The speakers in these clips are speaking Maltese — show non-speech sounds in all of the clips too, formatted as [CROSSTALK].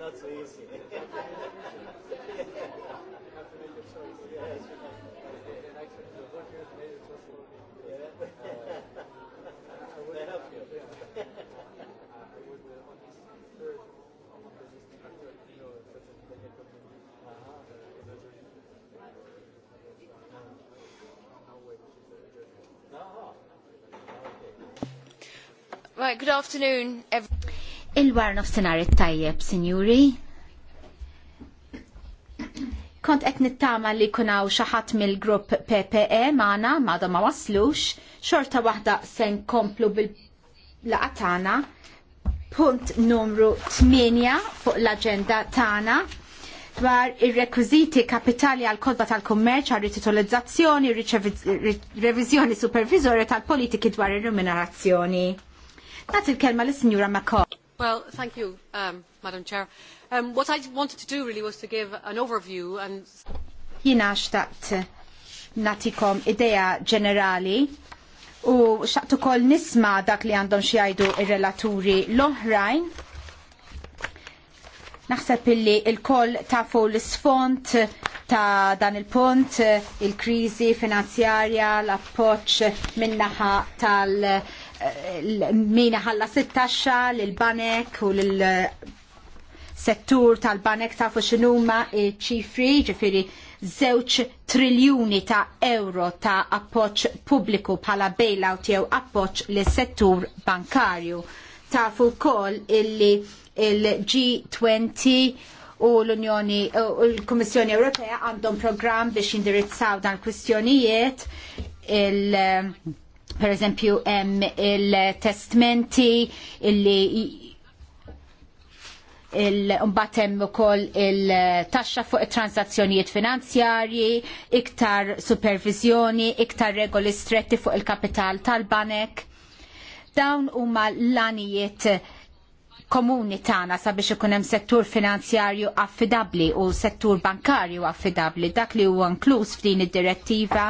not so easy. you. [LAUGHS] Uh-huh. Right, good afternoon, everyone. Il-war nofsinhar it-tajjeb, sinjuri. Kont qed nittama li kunaw xaħat mill-grupp PPE maħna, m'għadhom ma waslux, xorta waħda se nkomplu bil-laqatana. Punt numru 8 fuq l-aġenda tagħna dwar ir-rekwiżiti kapitali għal kodba tal-kummerċ għal rititolizzazzjoni, revizjoni supervizori tal-politiki dwar ir-remunerazzjoni. Nagħti il-kelma lis sinjura McCall. Well, thank you, um, Madam Chair. Um, what I wanted to do really was to give an overview and... Jina xtaqt natikom idea ġenerali u x'aqtu kol nisma dak li għandhom xi jgħidu ir-relaturi l-oħrajn. Naħseb illi il-koll tafu l-sfont ta' dan il-punt, il-krizi finanzjarja, l-appoċ minnaħa tal- min ħalla 16 l-banek u l-settur tal-banek ta' fuxinuma ċifri ġifiri zewċ triljuni ta' euro ta' appoċ publiku pala bailout jew appoċ l settur bankarju. Tafu kol illi il-G20 u l-Unjoni u l-Kommissjoni Ewropea għandhom program biex jindirizzaw dan kwistjonijiet il- Per eżempju, hemm il-testmenti illi il-mbatem u koll il-taxxa fuq il-transazzjonijiet finanzjarji, iktar supervizjoni, iktar regoli stretti fuq il-kapital tal-banek. Dawn huma l-anijiet komuni tagħna sabiex ikun hemm settur finanzjarju affidabbli u settur bankarju affidabbli. Dak li huwa inkluż f'din id-direttiva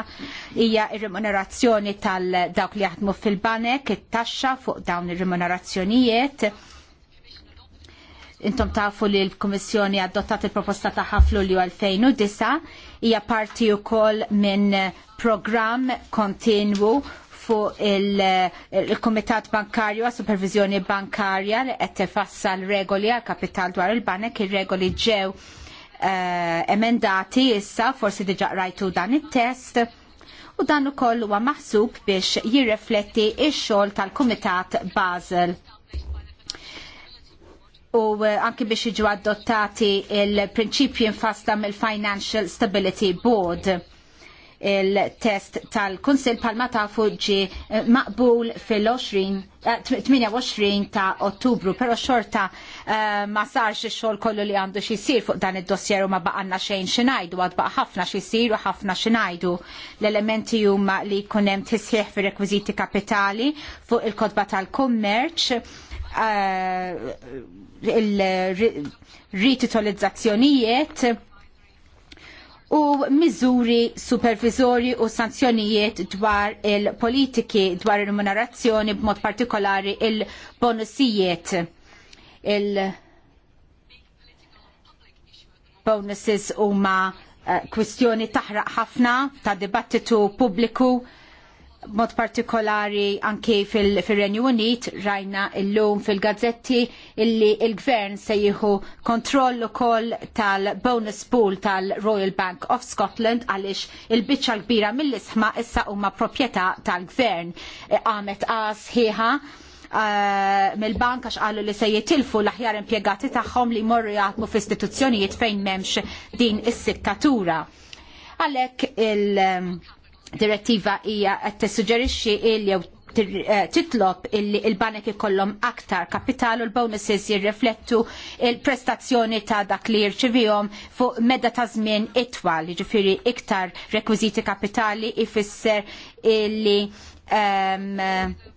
hija r-remunerazzjoni tal dawk li jaħdmu fil-banek, it-taxxa fuq dawn ir-remunerazzjonijiet intom tafu li l-Komissjoni adottat il-proposta ta' ħaflu li 2009 hija parti wkoll minn programm kontinwu fuq eh, il-Komitat Bankarju għas Supervizjoni Bankarja li qed tifassal regoli għal kapital dwar il-banek ir-regoli ġew eh, emendati issa forsi diġa rajtu dan it-test u dan ukoll huwa maħsub biex jirrefletti x-xogħol tal-Kumitat Basel u eh, anki biex jiġu adottati il-prinċipji infasta mill-Financial Stability Board il-test tal-Kunsil palma tafu fuġi eh, maqbul fil-28 eh, ta' ottubru, pero xorta eh, ma sarx il-xol kollu li għandu sir fuq dan id-dossier u ma baqanna xejn xinajdu, għad baqa ħafna xisir u ħafna xinajdu. L-elementi huma li kunem tisħiħ fi rekwiziti kapitali fuq il-kodba tal-kummerċ, il-retitolizzazzjonijiet, u miżuri supervizori u sanzjonijiet dwar il-politiki dwar il-remunerazzjoni b'mod partikolari il-bonusijiet il-bonuses huma eh, kwistjoni taħraq ħafna ta' dibattitu pubbliku mod partikolari anki fil-Renju fil Unit rajna lum fil-gazzetti illi il-gvern se jieħu kontroll ukoll tal-bonus pool tal-Royal Bank of Scotland għaliex il-biċċa l-kbira mill-isħma issa huma proprjetà tal-gvern e, għamet qas hiħa uh, e, mill-bank għax qalu li se jitilfu l-aħjar impjegati tagħhom li jmorru jaħdmu f'istituzzjonijiet fejn m'hemmx din is-sittatura. Għalhekk il- direttiva hija qed tissuġġerixxi li jew eh, titlob illi il-banek ikollhom aktar kapital u l-bonuses jirriflettu il-prestazzjoni ta' dak li jirċivihom fuq medda ta' żmien itwal, jiġifieri iktar rekwiżiti kapitali ifisser illi um,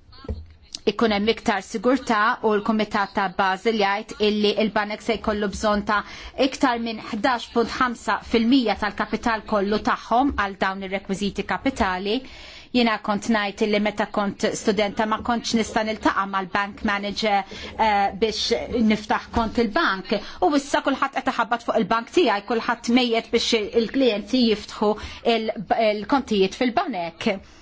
ikun hemm iktar sigurtà u l-Kumitat ta' Basel jgħid illi l-banek se jkollu bżonn ta' iktar minn 11.5% tal-kapital kollu tagħhom għal dawn ir-rekwiżiti kapitali. Jiena kont ngħid illi meta kont studenta ma kontx nista' niltaqa' mal-bank manager uh, biex niftaħ kont il-bank u issa kulħadd qed iħabbat fuq il-bank tiegħi kulħadd mejjed biex il-klijenti jiftħu il-kontijiet fil-banek. il kontijiet fil banek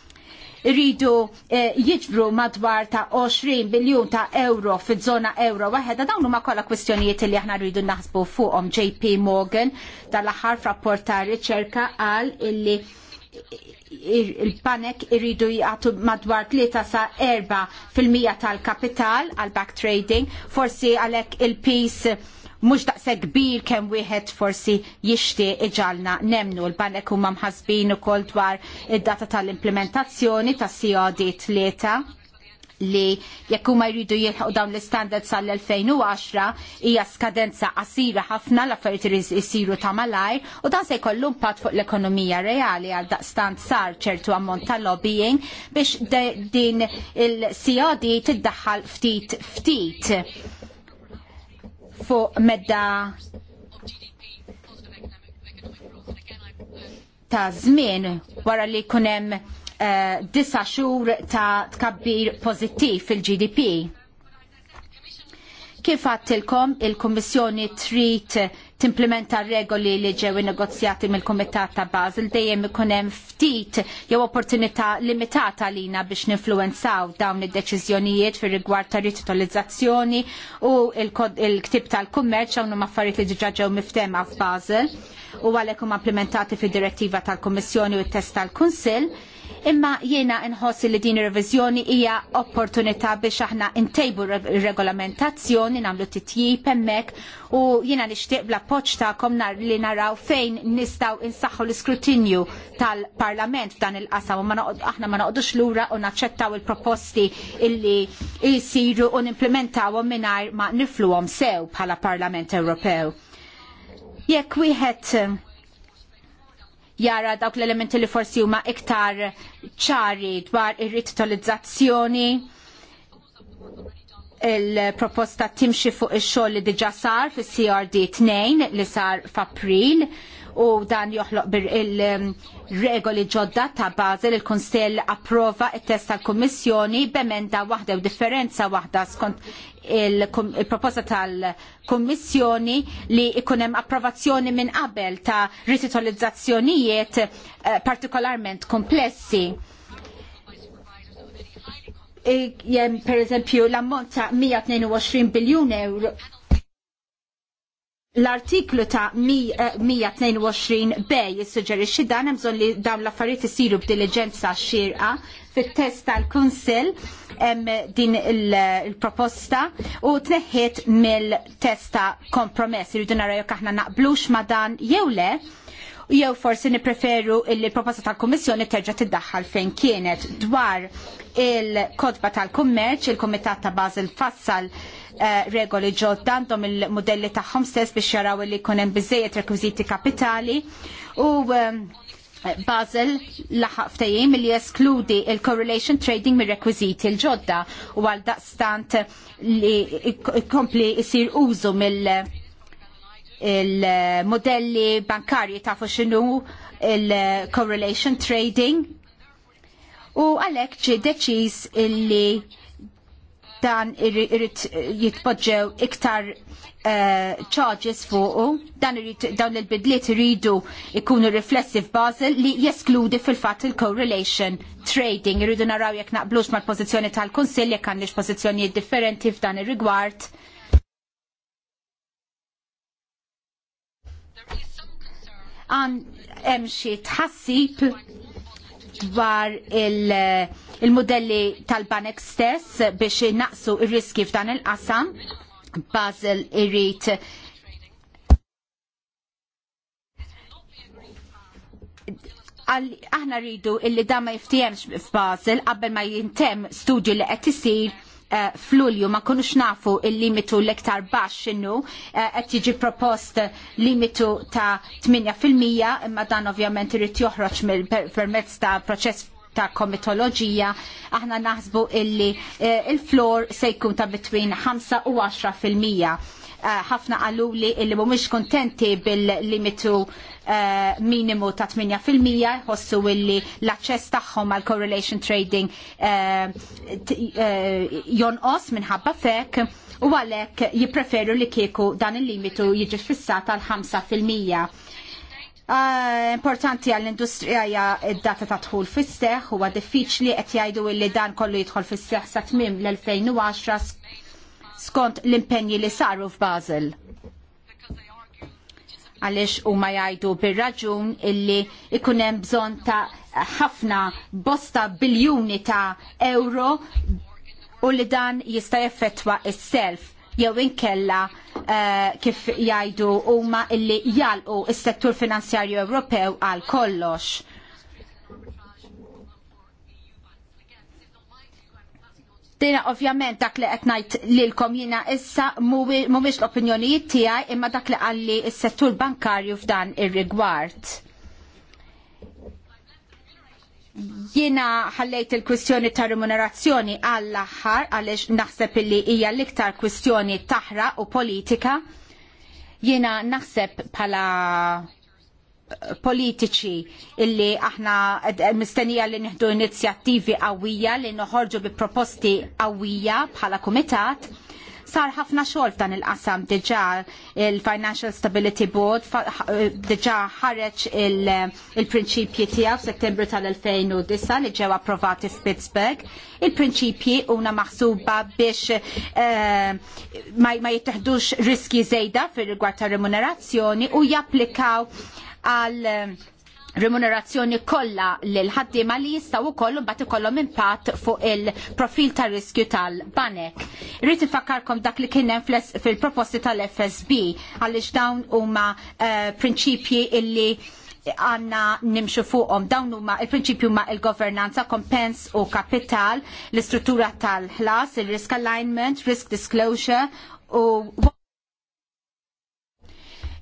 rridu eh, jiġbru madwar ta' 20 biljun ta' euro fi zona euro waħda dawn huma kollha kwistjonijiet li aħna rridu naħsbu fuqhom JP Morgan tal-aħħar frapport ta' riċerka qal illi il-panek irridu jgħatu madwar 3 sa 4 fil-mija tal-kapital għal-back trading, forsi għalek il-peace mhux daqshekk kbir kemm wieħed forsi jixtieq iġalna nemnu l-banek huma mħasbin ukoll dwar id-data tal-implementazzjoni tas COD tlieta li jekk huma jridu jilħqu dawn l-istandard sal-2010 hija skadenza qasira ħafna l-affarijiet isiru ta' malajr u dan se jkollu impatt fuq l-ekonomija reali għal daqstant sar ċertu ammont ta' lobbying biex din il-COD tiddaħħal ftit ftit fuq medda ta' żmien wara li kunem uh, eh, disa xur ta' tkabbir pozittiv fil-GDP. Kif għattilkom il-Kommissjoni trit timplementa regoli li ġew negozjati mill-Kumitat ta' Basel dejjem ikun hemm ftit jew opportunità limitata lina biex ninfluwenzaw dawn id-deċiżjonijiet fir rigward ta' rititolizzazzjoni u l ktib tal-kummerċ hawn huma affarijiet li diġà ġew miftema f'Basel u għalhekk huma implementati fid-direttiva tal-Kummissjoni u t-test tal-Kunsill imma jiena nħossi li din ir-reviżjoni hija opportunità biex aħna ntejbu regolamentazzjoni nagħmlu titjib hemmhekk u jiena nixtieq bl-appoġġ tagħkom li naraw fejn nistgħu insaħħu l-iskrutinju tal-Parlament f'dan il-qasam u aħna ma noqdux lura u naċċettaw il-proposti illi jsiru u nimplementawhom mingħajr ma nifluhom sew bħala Parlament Ewropew. Jekk wieħed jara dawk l-elementi li forsi huma iktar ċari dwar ir-rititolizzazzjoni il-proposta timxi fuq ix-xogħol li diġà sar fis-CRD 2 li sar f'April u dan joħloq bir il-regoli ġodda ta' Basel il-Kunsill approva il test tal-Kummissjoni b'emenda waħda u differenza waħda skont il-proposta tal-Kommissjoni li ikunem hemm approvazzjoni minn qabel ta' rititolizzazzjonijiet eh, partikolarment komplessi. Jem per eżempju l-ammont ta' 122 biljun euro L-artiklu ta' 122 eh, bej jissuġġerixxi dan hemm li dawn l-affarijiet isiru b'diligenza xirqa fit-test tal-Kunsill hemm din il-proposta u tneħħiet mill-testa kompromess. Irridu naraw jekk aħna naqblux ma dan jew le jew forsi nipreferu il-proposta tal kummissjoni terġa' tiddaħħal fejn kienet dwar il-kodba tal-kummerċ, il kumitat ta' Basel fassal eh, regoli ġodda għandhom il-modelli tagħhom stess biex jaraw li jkun hemm biżejjed rekwiżiti kapitali u eh, Eh, Basel laħaq ftejjim li jeskludi il-correlation trading mir rekwiziti l-ġodda u għal daqstant li kompli jisir użu mill il-modelli bankarji ta' xinu il-correlation trading u għalek ġi deċis illi dan jitpoġġew iktar Eh, charges fuq dan dawn il-bidliet iridu ikunu riflessi f'Basel li jeskludi fil-fatt il-correlation trading. Iridu naraw jekk naqblux mal-pożizzjoni tal-Kunsill jekk għandix pożizzjonijiet differenti f'dan ir-rigward. Għan hemm xi tħassib dwar il-modelli il tal banek stess biex naqsu ir-riski f'dan il-qasam. Basel irrit aħna rridu illi da ma jiftijemx f'Basel qabel ma jintem studju li qed isir eh, f'Lulju ma konux nafu il-limitu l-iktar baxx innu eh, qed jiġi propost limitu ta' 8% imma dan ovvjament irid joħroġ permezz ta' proċess ta' komitoloġija aħna naħsbu illi eh, il-flor se jkun ta' between 5 u 10 fil-mija. Eh, ħafna għalluli illi mhumiex kontenti bil-limitu eh, minimu ta' 8 fil-mija jħossu illi l-aċċess tagħhom għal correlation trading jonqos minħabba fek u għalhekk jippreferu li kieku dan il-limitu jiġi fissat għal 5 fil-mija Eh, importanti għall-industrija hija d-data ta' dħul fis-seħħ huwa diffiċli qed jgħidu li dan kollu jidħol fis-seħħ sa tmiem l-2010 skont l-impenji li saru f'Basel. Għaliex huma jgħidu bir-raġun illi ikun hemm bżonn ta' ħafna bosta biljuni ta' euro u li dan jista' jeffettwa s-self jew inkella eh, kif jgħidu huma illi jalqu is-settur finanzjarju Ewropew għal kollox. Dina ovvjament dak li qed ngħid lilkom jiena issa mhumiex l-opinjonijiet tiegħi imma dak li qalli s-settur bankarju f'dan ir-rigward Jiena ħallejt il-kwistjoni ta' remunerazzjoni għall-aħħar għaliex naħseb illi hija l-iktar kwistjoni taħra u politika. Jiena naħseb bħala eh, politiċi illi aħna mistennija li nieħdu inizjattivi qawwija li noħorġu bi proposti qawwija bħala kumitat Sar ħafna xogħol f'dan il-qasam diġà il-Financial Stability Board eh, diġà ħareġ eh, il-prinċipji tiegħu f'Settembru tal-2009 li ġew approvati f'Pittsburgh. Il-prinċipji huma maħsuba biex eh, ma, ma riski żejda fir rigward ta' remunerazzjoni u japplikaw għal remunerazzjoni kollha lil ħaddiema li jistgħu wkoll mbagħad ikollhom impatt fuq il-profil ta' riskju tal-banek. Rrid infakkarkom dak li kien hemm fil-proposti tal-FSB għaliex dawn huma eh, prinċipji illi għanna nimxu fuqhom dawn huma il-prinċipju ma il-governanza, kompens u kapital, l-istruttura tal-ħlas, il-risk alignment, risk disclosure u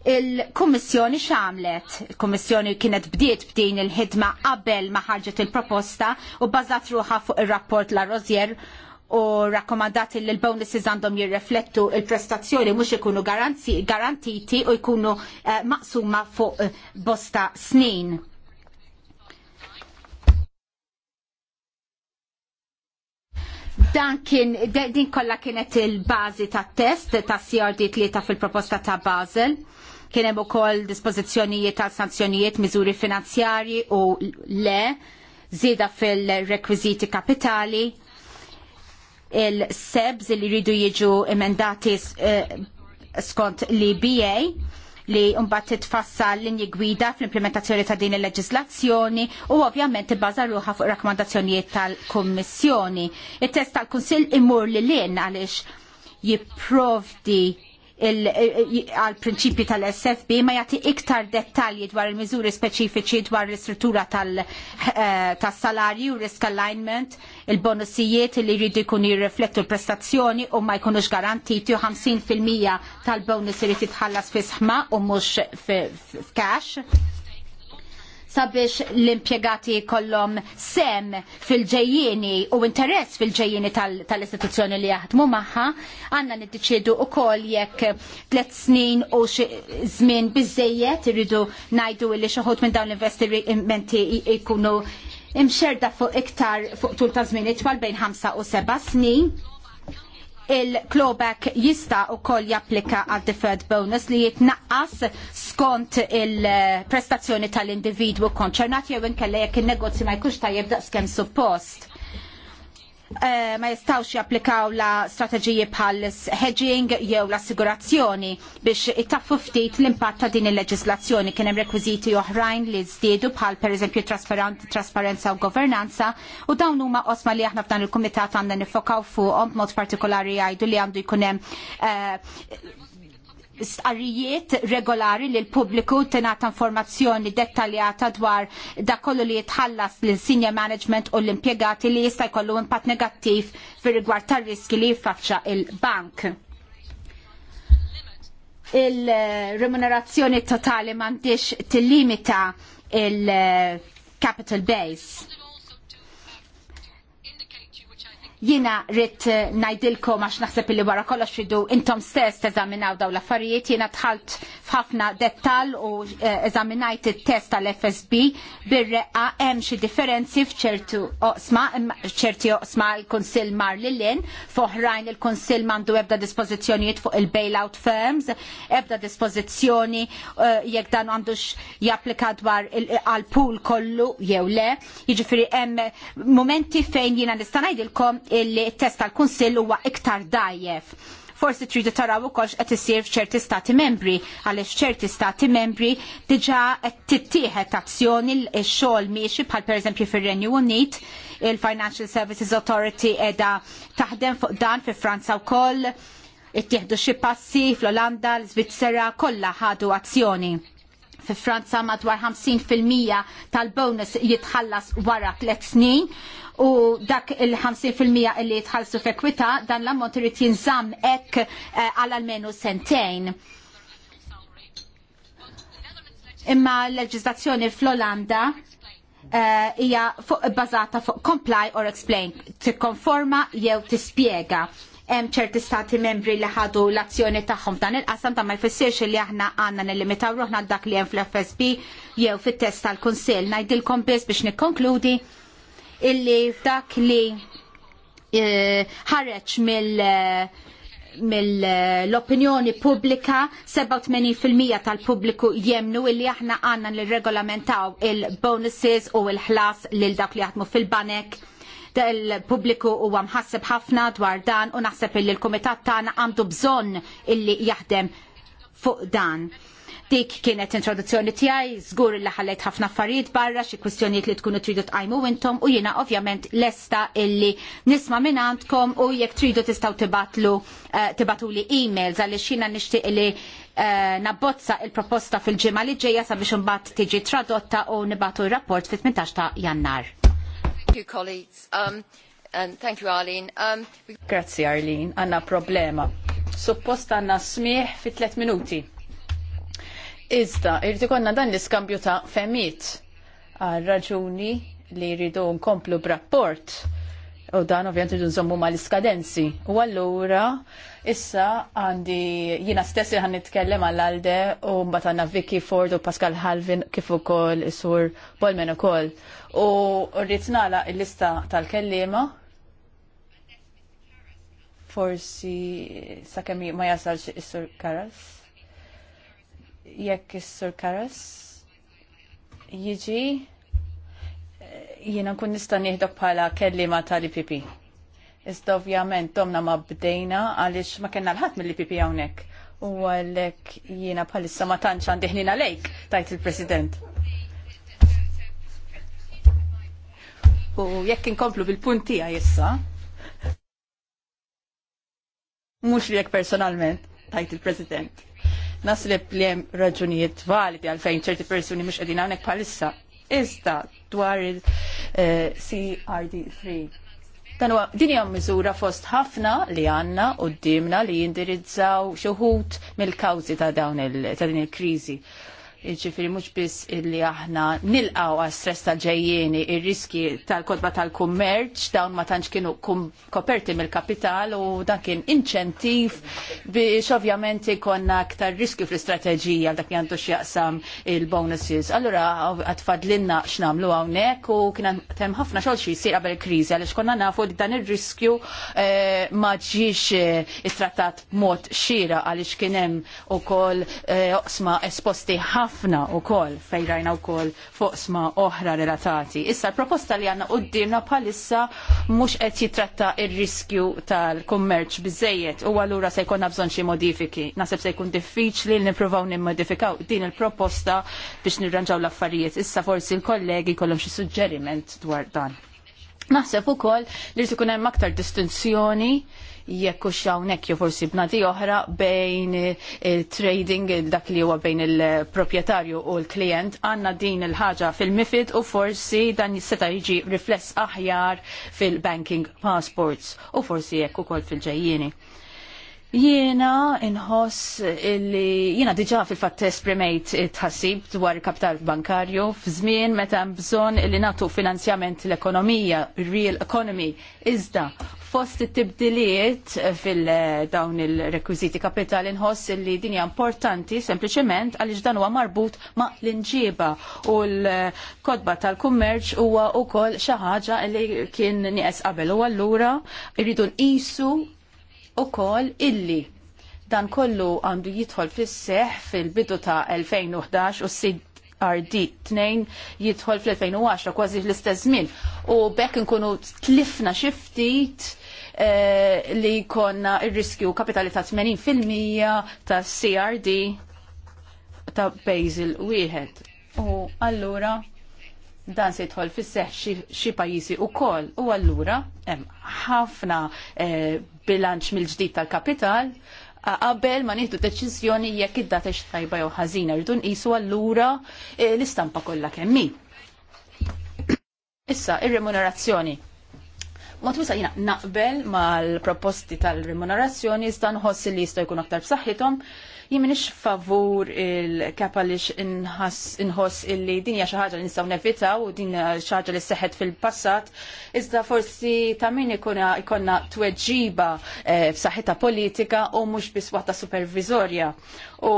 il-Kummissjoni xamlet. Il-Kummissjoni kienet bdiet b'din il-ħidma qabel ma ħarġet il-proposta u bażat ruħa fuq ir-rapport la Rozier u rakkomandati li l-bonuses għandhom jirreflettu il-prestazzjoni mhux ikunu garantiti u jkunu eh, maqsuma fuq eh, bosta snin. dan kien, din kollha kienet il bażi tat test ta' CRD 3 fil-proposta ta' Basel Kien hemm ukoll dispozizjonijiet ta' sanzjonijiet, miżuri finanzjarji u le, zida fil-rekwiżiti kapitali, il-sebs li jridu jiġu emendati eh, skont li BA li mbagħad titfassa linji gwida fl-implementazzjoni ta' din il-leġislazzjoni u ovvjament tibbaża ruħa fuq rakkomandazzjonijiet tal-Kummissjoni. it test tal-Kunsill imur li l-in għaliex jipprovdi għal prinċipju tal-SFB ma jagħti iktar dettalji dwar il-miżuri speċifiċi dwar l-istruttura eh, tas-salarju, risk alignment, il-bonusijiet li jridu jkun jirriflettu l-prestazzjoni u ma jkunux garantiti u 50% tal-bonus irid titħallas fi sħma u mhux f'cash sabiex l-impjegati kollom sem fil-ġejjini u interess fil-ġejjini tal-istituzzjoni tal li jaħdmu maħħa, għanna niddeċidu u koll jekk tlet snin u żmien bizzejiet irridu najdu li xaħut minn dawn l-investimenti jkunu imxerda fuq iktar fuq tul ta' żmien itwal bejn 5 u 7 snin il-clawback jista u koll japplika għal deferred bonus li jitnaqqas skont il-prestazzjoni tal-individwu konċernat jew inkella jekk in negozju ma jkunx tajjeb daqskemm suppost. Eh, ma jistawx japplikaw la strateġiji bħal hedging jew l-assigurazzjoni biex ittaffu ftit l-impatt ta' din il-leġislazzjoni kien hemm rekwiżiti oħrajn li żdiedu bħal pereżempju trasparenza u governanza u dawn huma qosma li aħna f'dan il-kumitat għandna nifokaw fuqhom b'mod partikolari jgħidu li għandu jkun hemm eh, stqarrijiet regolari li l-pubbliku tingħata informazzjoni dettaljata dwar dak kollu li jitħallas l senior management u l-impjegati li jista' jkollu impatt negattiv fir rigward tar-riski li jiffaċċa il-bank il-remunerazzjoni totali m'għandix tillimita il-capital base Jiena rrit eh, ngħidilkom għax naħseb li wara kollox ridu intom stess teżaminaw dawn l-affarijiet, jiena tħalt f'ħafna dettal u eh, eżaminajt it test tal-FSB bir-reqqa hemm xi differenzi f'ċertu oqsma, ċerti oqsma l-Kunsill mar lilin, f'oħrajn il-Kunsill m'għandu ebda dispożizzjonijiet fuq il-bailout firms, ebda dispożizzjoni eh, jekk dan għandux japplika dwar għal pool kollu jew le, jiġifieri hemm momenti fejn jiena nista' ngħidilkom il-test tal-Kunsill huwa iktar dajjef. Forsi tridu taraw ukoll qed isir f'ċerti stati membri għaliex ċerti stati membri diġà qed tittieħed azzjoni x-xogħol miexi bħal pereżempju fir-Renju Unit, il-Financial Services Authority qiegħda taħdem fuq dan fi Franza wkoll, ittieħdu xi passi fl-Olanda, l-Svizzera kollha ħadu azzjoni fi Franza madwar 50% tal-bonus jitħallas wara tliet snin u dak il-50% li tħallsu f'ekwità dan l-ammont irid jinżamm hekk eh, għal almenu sentejn. Imma l-leġiżlazzjoni fl-Olanda eh, hija bbażata fuq comply or explain, tikkonforma jew tispjega hemm ċerti stati membri li ħadu l-azzjoni tagħhom dan il-qasam ta' ma jfissirx li aħna għandna nillimitaw ruħna dak li hemm fl-FSB jew fit-test tal-Kunsill. Ngħidilkom biss biex nikkonkludi illi dak li eh, ħareġ mill eh, mill-opinjoni eh, pubblika 87% tal-pubbliku jemnu illi aħna għanna regolamentaw il-bonuses u il-ħlas lil dak li jaħdmu fil-banek il-pubbliku u għamħasseb ħafna dwar dan u naħseb illi l-komitat tagħna għandu bżonn illi jaħdem fuq dan. Dik kienet introduzzjoni tiegħi żgur li ħallet ħafna affarijiet barra xi kwistjonijiet li tkunu tridu tqajmu intom u jiena ovvjament lesta illi nisma' minn għandkom u jekk tridu tistgħu tibatlu eh, tibatuli emails għaliex jiena nixtieq li eh, nabbozza il-proposta fil-ġimgħa li ġejja sabiex imbagħad tiġi tradotta u nibatu r-rapport fit-18 ta' Jannar. Thank you, colleagues. Um, thank you, Arlene. Um, we... Grazie, Arlene. Għanna problema. Suppost għanna smieħ fit tliet minuti. Iżda, irrid konna dan l-iskambju ta' femit għal raġuni li rridu nkomplu b'rapport u dan ovvjament rridu nżommu mal iskadenzi U allura issa għandi jiena stess li nitkellem għal alde u mbagħad għandna Vicky Ford u Pascal Halvin kif ukoll is-sur Bolmen ukoll. U rrid nagħlaq il-lista tal-kellima forsi sakemm ma jasalx is-sur Karas jekk is-Sur Karas jiġi jiena nkun nista' nieħdok bħala kellima tal-IPP. Iżda ovvjament domna ma bdejna għaliex ma kellna l-ħadd mill-IPP hawnhekk. U għalhekk jiena bħalissa ma tantx għandi ħnina lejk, tajt il-President. U jekk inkomplu bil-punti issa. Mhux li jekk personalment, tajt il-President nasleb li hemm raġunijiet validi għalfejn ċerti persuni mhux qegħdin hawnhekk bħalissa. Iżda dwar il-CRD3. Eh, Dan huwa din hija miżura fost ħafna li għandna qudiemna li jindirizzaw xi wħud mill-kawżi ta' dawn ta' din il-kriżi. il kriżi Ġifiri mux biss illi aħna nilqaw għas-stress tal-ġejjeni il riski tal-kodba tal-kummerċ dawn ma tantx kienu koperti mill-kapital u dan kien inċentiv biex ovvjament ikonna aktar riski fl-istrateġija dak jandu x'jaqsam il-bonuses. Allura għatfadlinna x'namlu hawnhekk u kien hemm ħafna xogħol xi jsir qabel kriżi għaliex konna nafu li dan ir-riskju eh, ma ġiex eh, ittrattat b'mod xira għaliex kien hemm ukoll eh, oqsma esposti ħafna ħafna u koll fejrajna u koll foqsma oħra relatati. Issa l-proposta li għanna d-dirna palissa mux qed jitratta il-riskju tal-kummerċ bizzejiet u għallura se jkonna bżon xi modifiki. Naseb se jkun diffiċli li niprofaw nimmodifikaw din il-proposta biex nirranġaw l-affarijiet. Issa forsi l-kollegi kollhom xi suġġeriment dwar dan. Naħseb ukoll li jkun hemm aktar distinzjoni jekk u xawnek jew forsi b'nadi oħra bejn il-trading dak li huwa bejn il-proprjetarju u l-klient għandna din il-ħaġa fil-mifid u forsi dan jista' jiġi rifless aħjar fil-banking passports u forsi jekk ukoll fil-ġejjieni. Jiena inħoss li jiena diġa fil-fatt esprimejt tħassib dwar kapital bankarju f'żmien meta bżonn li nagħtu finanzjament l-ekonomija, real economy, iżda Fost it-tibdiliet eh, fil-dawn eh, il-rekwiziti kapitali nħoss li din hija importanti sempliċement għaliex dan huwa marbut ma' l-inġieba u l-kodba tal-kummerċ huwa wkoll xi ħaġa li kien nieqes qabel u allura irridu nqisu wkoll illi dan kollu għandu jidħol fis-seħ fil-bidu ta' 2011 u s RD 2 jidħol fl-2010 kważi l-istess żmien. U bekk nkunu tlifna xi ftit Eh, li jkollna il riskju kapitali ta' 80% ta' CRD ta' Basel wieħed. U allura dan se jidħol fis seħħ xi pajjiżi wkoll u allura hemm ħafna eh, bilanċ mill-ġdid tal-kapital qabel ma nieħdu deċiżjoni jekk id-data tajba jew ħażina rridu nqisu allura eh, l-istampa kollha kemm [COUGHS] Issa, ir-remunerazzjoni. Mod wisa jina naqbel mal-proposti tal-remunerazzjoni iżda nħoss li jista' jkun aktar b'saħħithom. Jien m'iniex favur il-kapa li inħoss illi din hija xi ħaġa li nistgħu nevitaw u din xi ħaġa li seħħet fil-passat, iżda forsi ta' min ikonna tweġiba eh, f'saħħitha politika u mhux biss waħda supervizorja. U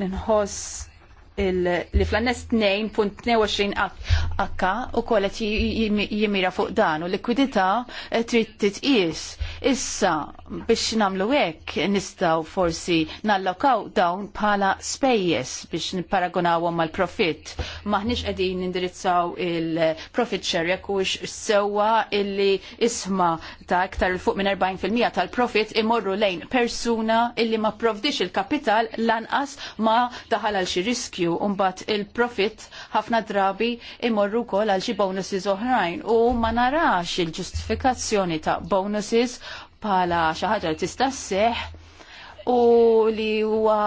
nħoss li fl-annes 2.22 akka u kollet jimira fuq dan u likwidita trid titqis. Issa biex namlu hekk nistaw forsi nallokaw dawn bħala spejjes biex niparagonawhom mal-profit. Maħniex qegħdin nindirizzaw il-profit share jekk hux sewwa illi isma ta' iktar il fuq minn 40% tal-profit imorru lejn persuna illi ma provdix il-kapital lanqas ma daħal għal xi riskju u mbagħad il-profit ħafna drabi imorru wkoll għal xi bonuses oħrajn u ma narax il-ġustifikazzjoni ta' bonuses bħala xi ħaġa li tista' sseħħ u li huwa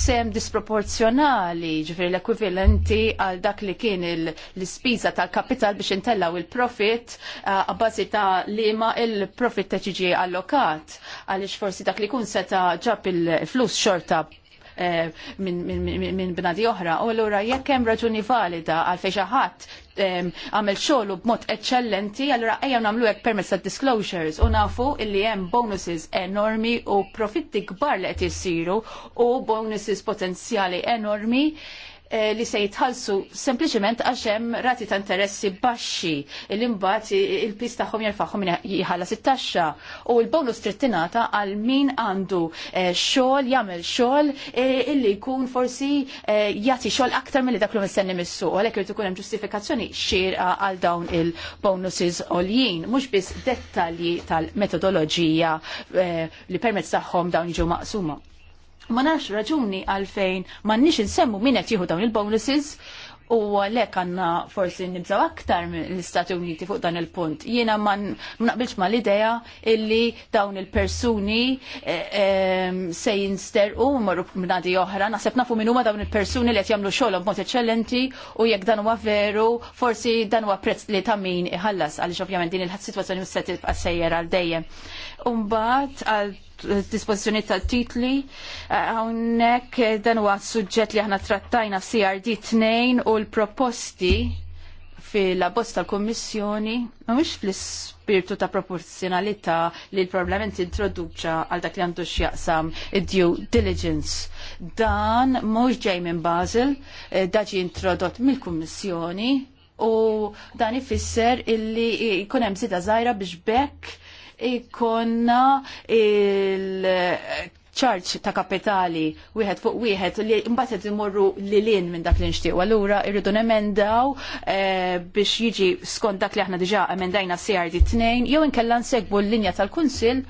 sem disproporzjonali ġifri l-ekwivalenti għal dak li kien l-ispiża tal-kapital biex intellaw il-profit eh, għabbażi ta' li ma il-profit ta' ġiġi allokat għaliex forsi dak li kun seta ġab il-flus xorta Eh, minn bnadi oħra. U allura jekk hemm raġuni valida għal xi ħadd għamel xogħlu b'mod eċċellenti, allura ejja nagħmlu hekk permezz disclosures u nafu illi hemm bonuses enormi u profitti kbar li qed jessiru u bonuses potenzjali enormi Eh, li se jitħallsu sempliċement għax hemm rati ta' interessi baxxi li mbagħad il-pis tagħhom jerfa'ħhom jħallas it-taxxa u l-bonus trittinata għal min għandu eh, xogħol jagħmel xogħol eh, illi jkun forsi jagħti xogħol aktar milli dak li mistenni mis missu għalhekk għalek ikun hemm ġustifikazzjoni xir għal dawn il-bonuses għoljin, mhux biss dettalji tal-metodoloġija li permezz tagħhom dawn jiġu maqsuma. Ma nafx raġuni għalfejn ma nix nsemmu min qed jieħu dawn il-bonuses u għalhekk għandna forsi nibżaw aktar mill-Istati Uniti fuq dan il-punt. Jiena ma naqbilx ma l-idea illi dawn il-persuni eh, ehm, se jinsterqu marru mnadi oħra, naħseb nafu minn huma dawn il-persuni li qed jagħmlu xogħol b'mod eċċellenti u jekk dan huwa veru, forsi dan huwa prezz li ta' min iħallas għaliex ovvjament din il-sitwazzjoni se tibqa' sejjer għal dejjem. Umbagħad għal disposizjoni ta' titli. Eh, hawnhekk eh, dan huwa suġġett li aħna trattajna CRD 2 u l-proposti fil labost tal-Kommissjoni mhumiex fl-ispirtu ta' proporzjonalità li l problement introduċa għal dak li għandu x'jaqsam due diligence. Dan mhux ġej minn Basel, eh, daġi introdott mill-Kummissjoni u dan ifisser illi jkun hemm żieda żgħira biex bekk ikonna il- ċarċ ta' kapitali wieħed fuq wieħed li mbagħad qed imorru lilin minn dak li nixtieq. Allura irridu nemendaw eh, biex jiġi skont dak li aħna diġà emendajna CRD 2 jew inkella nsegbu l-linja tal-Kunsill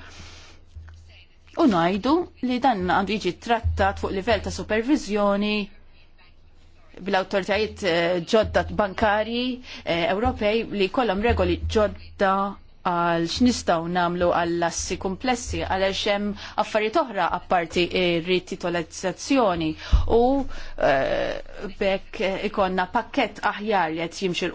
u ngħidu li dan għandu jiġi trattat fuq livell ta' supervizjoni bl-autoritajiet eh, ġodda bankari eh, Ewropej li kollhom regoli ġodda għal x'nistgħu nagħmlu għall assi komplessi għaliex hemm affarijiet oħra apparti rititolizzazzjoni u eh, bekk ikonna pakkett aħjar li qed jimxi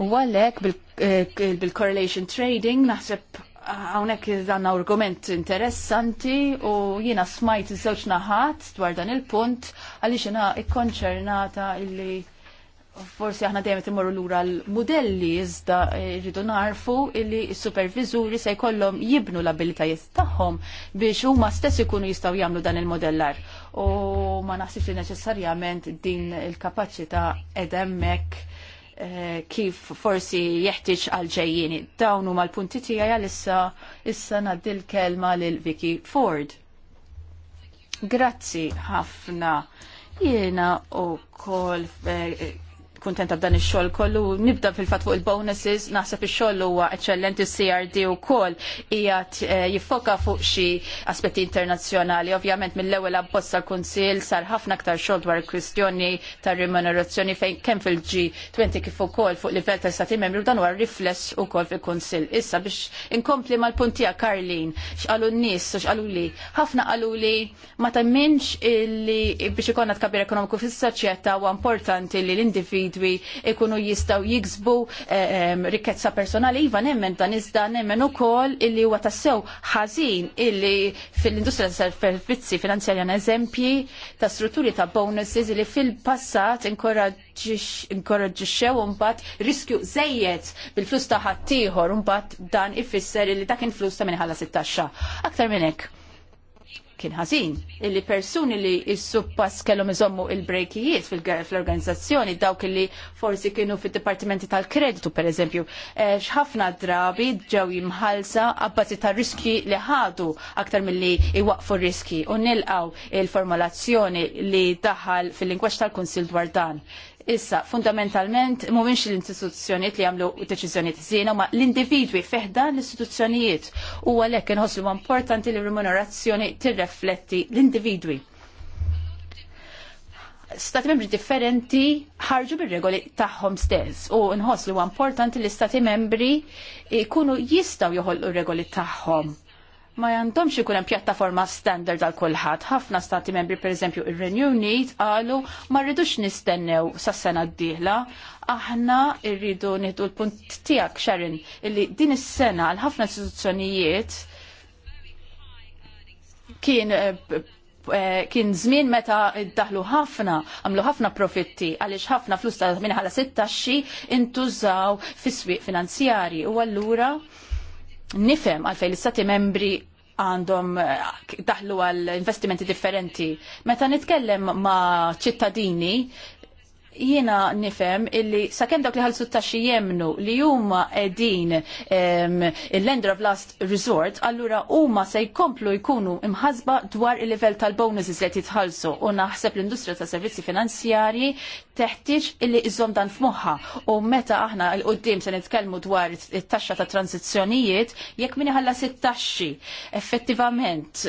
U għalhekk eh, bil-correlation trading naħseb għawnek dan argument interessanti u jina smajt iż-żewġ naħat dwar dan il-punt għaliex jina ikkonċernata illi forsi aħna dejjem imorru lura l-modelli iżda eh, rridu narfu illi s-supervizuri se jkollhom jibnu l-abilitajiet tagħhom biex huma stess ikunu jistgħu jagħmlu dan il-modellar. U ma naħsibx li neċessarjament din il-kapaċità edemmek eh, kif forsi jeħtieġ għal ġejjieni. Dawn huma l-punti tiegħi għalissa issa ngħaddi l-kelma lil Vicky Ford. Grazzi ħafna jiena u kol eh, kuntenta b'dan ix-xogħol kollu. Nibda fil-fatt fuq il-bonuses, naħseb ix-xogħol huwa eċċellenti CRD wkoll qiegħed eh, jiffoka fuq xi aspetti internazzjonali. Ovvjament mill-ewwel abbozza kunsill sar ħafna aktar xogħol dwar il-kwistjoni tar rimunerazzjoni fejn kemm fil-G20 kif ukoll fuq livell ta' stati membri u dan huwa rifless ukoll fil kunsill Issa biex inkompli mal-puntija Karlin, x'qalu n-nies, u x'qalu li. Ħafna qalu li ma temminx illi biex ikonna tkabbir ekonomiku fis-soċjetà huwa importanti li l-individwi individwi ikunu jistaw jiksbu eh, rikkezza personali iva nemmen dan iżda nemmen ukoll illi huwa tassew ħażin illi fil-industrija ta' servizzi finanzjarja eżempji ta' strutturi ta' bonuses illi fil-passat inkoraġġixxew mbagħad riskju żejjed bil-flus ta' ħaddieħor mbagħad dan ifisser illi dak influs ta' minħalla sit-taxxa. Aktar minn hekk kien ħażin. Illi persuni li s-suppass kellhom iżommu il-brejkijiet fil-organizzazzjoni dawk li forsi kienu fid-dipartimenti tal-kreditu pereżempju. Eh, x'ħafna drabi ġew jimħalsa abbażi ta' riski li ħadu aktar milli iwaqfu riski u nilqaw il-formulazzjoni li daħal fil-lingwaġġ tal-Kunsil dwar dan. Issa, fundamentalment, mumiex l-istituzzjoniet li għamlu deċizjoniet zina, ma l-individwi feħda l-istituzzjonijiet u għalek nħoslu importanti li remunerazzjoni tirrefletti l-individwi. Stati membri differenti ħarġu bir-regoli tagħhom stess u nħoslu importanti li stati membri jkunu jistgħu joħolqu regoli tagħhom ma jandomx ikun hemm pjattaforma standard għal kulħadd. Ħafna stati membri pereżempju ir-Renew Unit qalu ma rridux nistennew sas-sena d-dieħla. Aħna rridu nieħdu l-punt tiegħek Sharon illi din is-sena għal ħafna istituzzjonijiet kien eh, eh, kien żmien meta iddaħlu ħafna, għamlu ħafna profitti, għaliex ħafna flus ta' minħala sittaxxi intużaw fis-swieq finanzjari u allura nifem għalfej l-istati membri għandhom eh, daħlu għal investimenti differenti. Meta nitkellem ma' ċittadini, jiena nifem illi sakemm dawk li ħalsu taxxi jemnu li huma qegħdin il-lender of last resort, allura huma se jkomplu jkunu imħasba dwar il-livell tal-bonuses li qed jitħallsu u naħseb l-industrija ta' servizzi finanzjarji teħtieġ illi iżom dan f'moħħa u meta aħna l qudiem se nitkellmu dwar it-taxxa ta' tranzizzjonijiet jekk min iħallas it-taxxi effettivament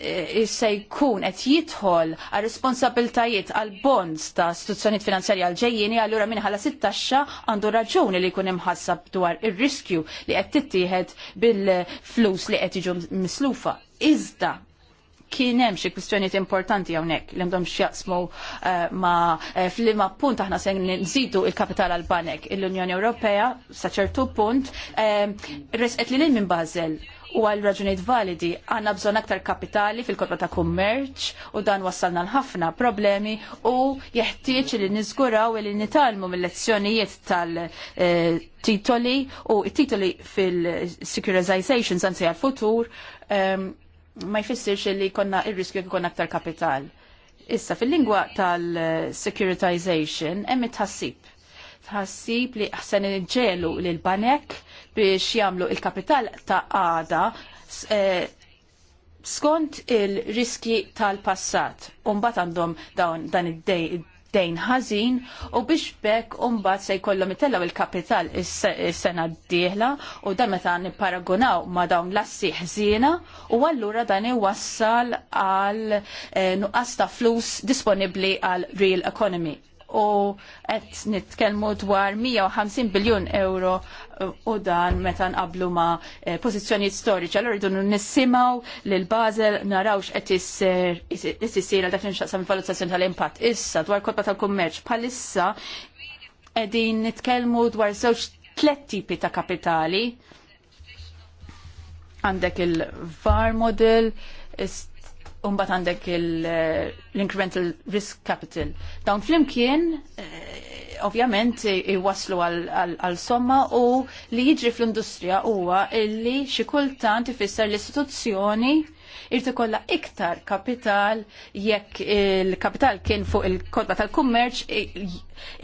Eh, se jkun qed jidħol għal responsabiltajiet għal bonds ta' istituzzjonijiet finanzjarji għal ġejjieni allura ħala sit-taxxa għandu raġuni li jkun imħassab dwar ir-riskju li qed tittieħed bil-flus li qed jiġu mislufa. Iżda kien hemm xi kwistjonijiet importanti hawnhekk li għandhom x'jaqsmu eh, ma' eh, fl-imma punt aħna se nżidu il-kapital għal banek. Il-Unjoni Ewropea sa ċertu punt resqet lil minn Basel u għal raġunijiet validi għanna bżon aktar kapitali fil kotba ta' kummerċ u dan wassalna l-ħafna problemi u jeħtieġ li niżguraw li nitalmu mill-lezzjonijiet tal-titoli u titoli fil-securitizations anzi għal-futur ehm, ma jfissirx li konna il-riskju konna aktar kapital. Issa, fil-lingwa tal-securitization, emmi tħassib. Tħassib li ħsen ġelu l-banek biex jagħmlu il-kapital ta' għada eh, skont il-riski tal-passat. Umbat għandhom dan id-dejn ħażin u biex bekk umbat se jkollhom itellaw il-kapital is-sena d-dieħla u dan meta nipparagunaw ma' dawn l-assi ħżiena u allura dan iwassal għal eh, nuqqas ta' flus disponibbli għal real economy u qed nitkellmu dwar 150 biljun euro u dan meta qablu ma' eh, pożizzjonijiet storiċi. Allora rridu nissimgħu l-bazel narawx qed issir għal dak li il-valutazzjoni tal-impatt. Issa dwar kotba tal-kummerċ bħalissa qegħdin nitkellmu dwar żewġ tliet tipi ta' kapitali għandek il-VAR model, is Umbat għandek eh, l-incremental risk capital. Dawn flimkien, eh, ovvjament, iwaslu għal somma u li jiġri fl-industrija huwa illi xikultant ifisser l-istituzzjoni irti kolla iktar kapital jekk il-kapital kien fuq il-kodba tal-kummerċ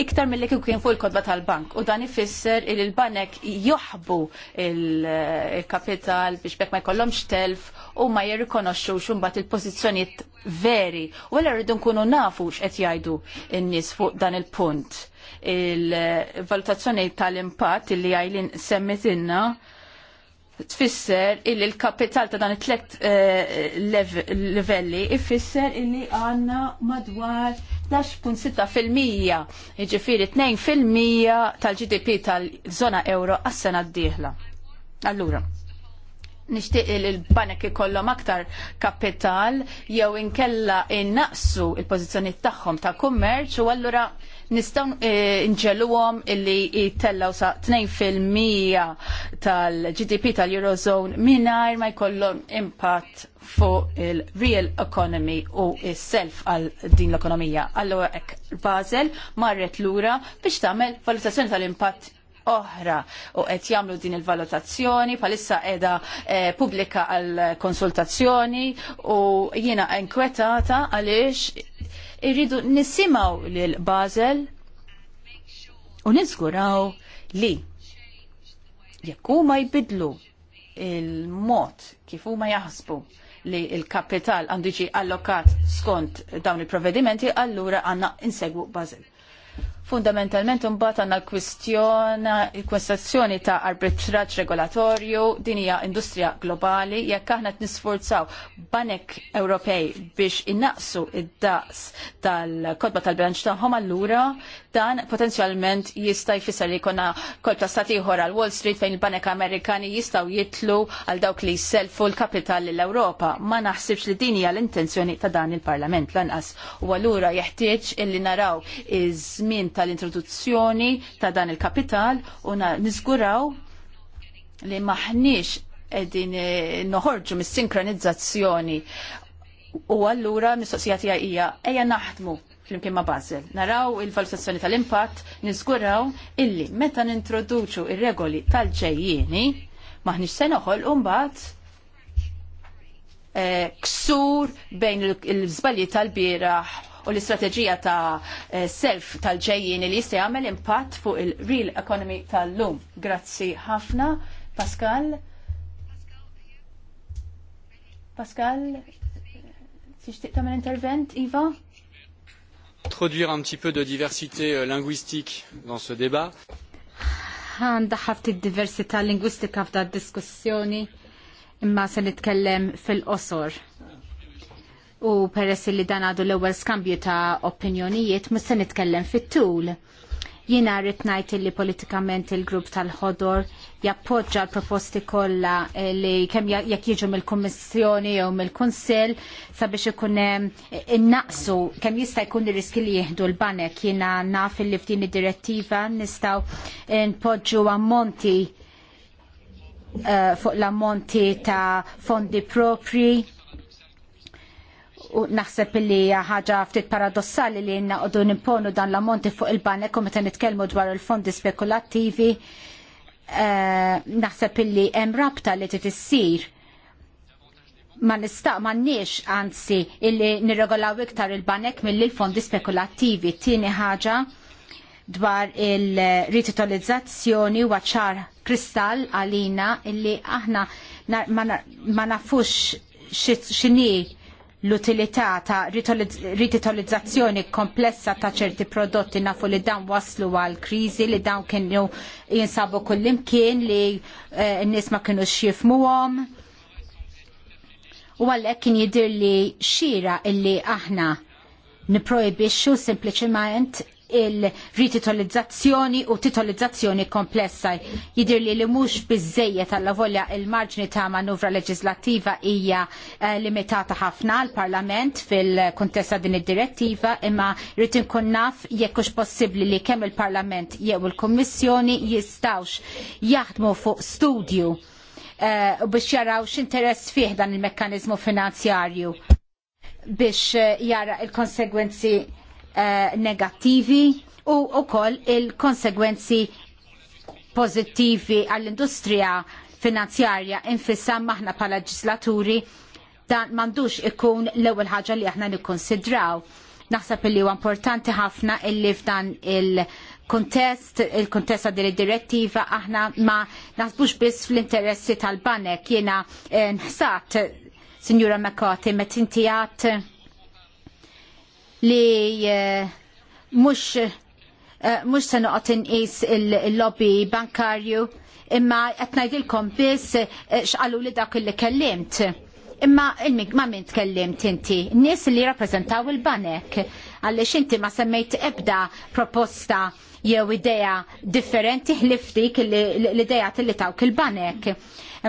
iktar mill-li kien fuq il-kodba tal-bank. U dan ifisser il banek joħbu il-kapital biex bekk ma jkollhomx telf u ma jirrikonoxxu xumbat il-pożizzjonijiet veri. U għal rridu nkunu nafu x'qed jgħidu n-nies fuq dan il-punt il-valutazzjoni tal-impatt li għajlin semmetinna tfisser illi l-kapital ta' dan it-tlet eh, livelli ifisser illi għanna madwar 10.6% iġifiri 2% tal-GDP tal-zona euro għas-sena d-dieħla. Allura, nishtiq li l-banek ikollhom aktar kapital jew inkella innaqsu il-pożizzjoni tagħhom ta' kummerċ u allura nistaw eh, nġeluhom illi jitellaw sa 2% tal-GDP tal-Eurozone mingħajr ma jkollhom impatt fuq il-real economy u s-self għal din l-ekonomija. Allora hekk Basel marret lura biex tagħmel valutazzjoni tal-impatt oħra u qed jagħmlu din il-valutazzjoni bħalissa qiegħda eh, pubblika għal konsultazzjoni u jiena inkwetata għaliex irridu nisimaw l-Bazel u nizguraw li jekk huma jbidlu il-mod kif huma jaħsbu li il-kapital għandu ġi allokat skont dawn il-provvedimenti, allura għanna insegwu bazel. Fundamentalment imbagħad għandna l-kwistjona, il-kwestazzjoni ta' arbitraġġ regolatorju, din hija industrija globali, jekk aħna qed nisforzaw banek Ewropej biex innaqsu id-daqs tal kotba tal-bilanċ tagħhom allura dan potenzjalment jista' jfisser li jkollna kol ta' stati ieħor għal Wall Street fejn il-banek Amerikani jistgħu jitlu għal dawk li jselfu l-kapital l-Ewropa. Ma naħsibx li din hija l-intenzjoni ta' dan il-Parlament lanqas. U allura jeħtieġ illi naraw iż-żmien tal-introduzzjoni ta' dan il-kapital u niżguraw li maħniex edin eh, noħorġu mis-sinkronizzazzjoni u allura mistoqsija tiegħi hija ejja naħdmu flimkien ma' Basel. Naraw il-valutazzjoni tal-impatt, niżguraw illi meta nintroduċu il regoli tal-ġejjieni maħniex se noħolqu mbagħad eh, ksur bejn il-żbalji tal-bieraħ u l-istrateġija ta' eh, self tal-ġejjin li jista' jagħmel impatt fuq il-real economy tal-lum. Grazzi ħafna, Pascal. Pascal, tixtieq tagħmel intervent, Iva? Introduire un petit peu de diversité euh, linguistique dans ce débat. Għanda ħafti diversità lingwistika f'da diskussjoni imma se nitkellem fil-qosor u peress li dan għadu l-ewwel skambju ta' opinjonijiet ma se nitkellem fit-tul. Jiena rrid ngħid li politikament il-grupp tal-ħodor jappoġġa l-proposti kollha eh, li kemm jekk jiġu mill-Kummissjoni jew mill-Kunsill sabiex ikun eh, innaqsu kemm jista' jkun ir-riski li jieħdu l-banek jiena naf li f'din id-direttiva nistgħu eh, npoġġu ammonti fuq l-ammonti ta' fondi propri u naħseb li ħaġa ftit paradossali li naqdu imponu dan l-ammonti fuq il-banek u meta nitkellmu dwar il-fondi spekulattivi eh, naħseb li hemm rabta li titissir ma nistaq ma nix anzi illi nirregolaw iktar il-banek mill fondi spekulattivi. tini ħaġa dwar il-rititolizzazzjoni waċar ċar kristall għalina illi aħna ma nafux xini l-utilità ta' rititolizzazzjoni komplessa ta' ċerti prodotti nafu li dan waslu għal kriżi li dan kienu jinsabu kullimkien li eh, n-nies ma kienu xjifmuhom. U għalhekk kien jidir li xira illi aħna niprojbixxu sempliċement il-rititolizzazzjoni u titolizzazzjoni komplessa. Jidir li li mux bizzejiet għalla volja il-marġni ta' manuvra leġislativa hija eh, limitata ħafna l-Parlament fil-kontesta din id-direttiva imma rritin nkun naf jekkux possibli li kemm il-Parlament jew il-Kommissjoni jistawx jaħdmu fuq studju u eh, biex jaraw x'interess fih dan il-mekkanizmu finanzjarju biex eh, jara il-konsegwenzi Eh, negattivi u wkoll il-konsegwenzi pożittivi għall-industrija finanzjarja infissa maħna bħala ġislaturi dan m'għandux ikun l-ewwel ħaġa li aħna nikkonsidraw. Naħseb li huwa importanti ħafna illi f'dan il-kontest, il kontesta għad direttiva aħna ma naħsbux biss fl-interessi tal-banek jiena eh, nħsat, Sinjura Mekati, metinti għat li eh, mhux eh, mux se noqgħod inqis il-lobby bankarju imma qed ngħidilkom biss eh, xqalu li dak li kellimt. Imma ma min tkellimt inti, nies li rappreżentaw il-banek għaliex inti ma semmejt ebda proposta jew idea differenti ħliftik l-idea tilli tawk il-banek.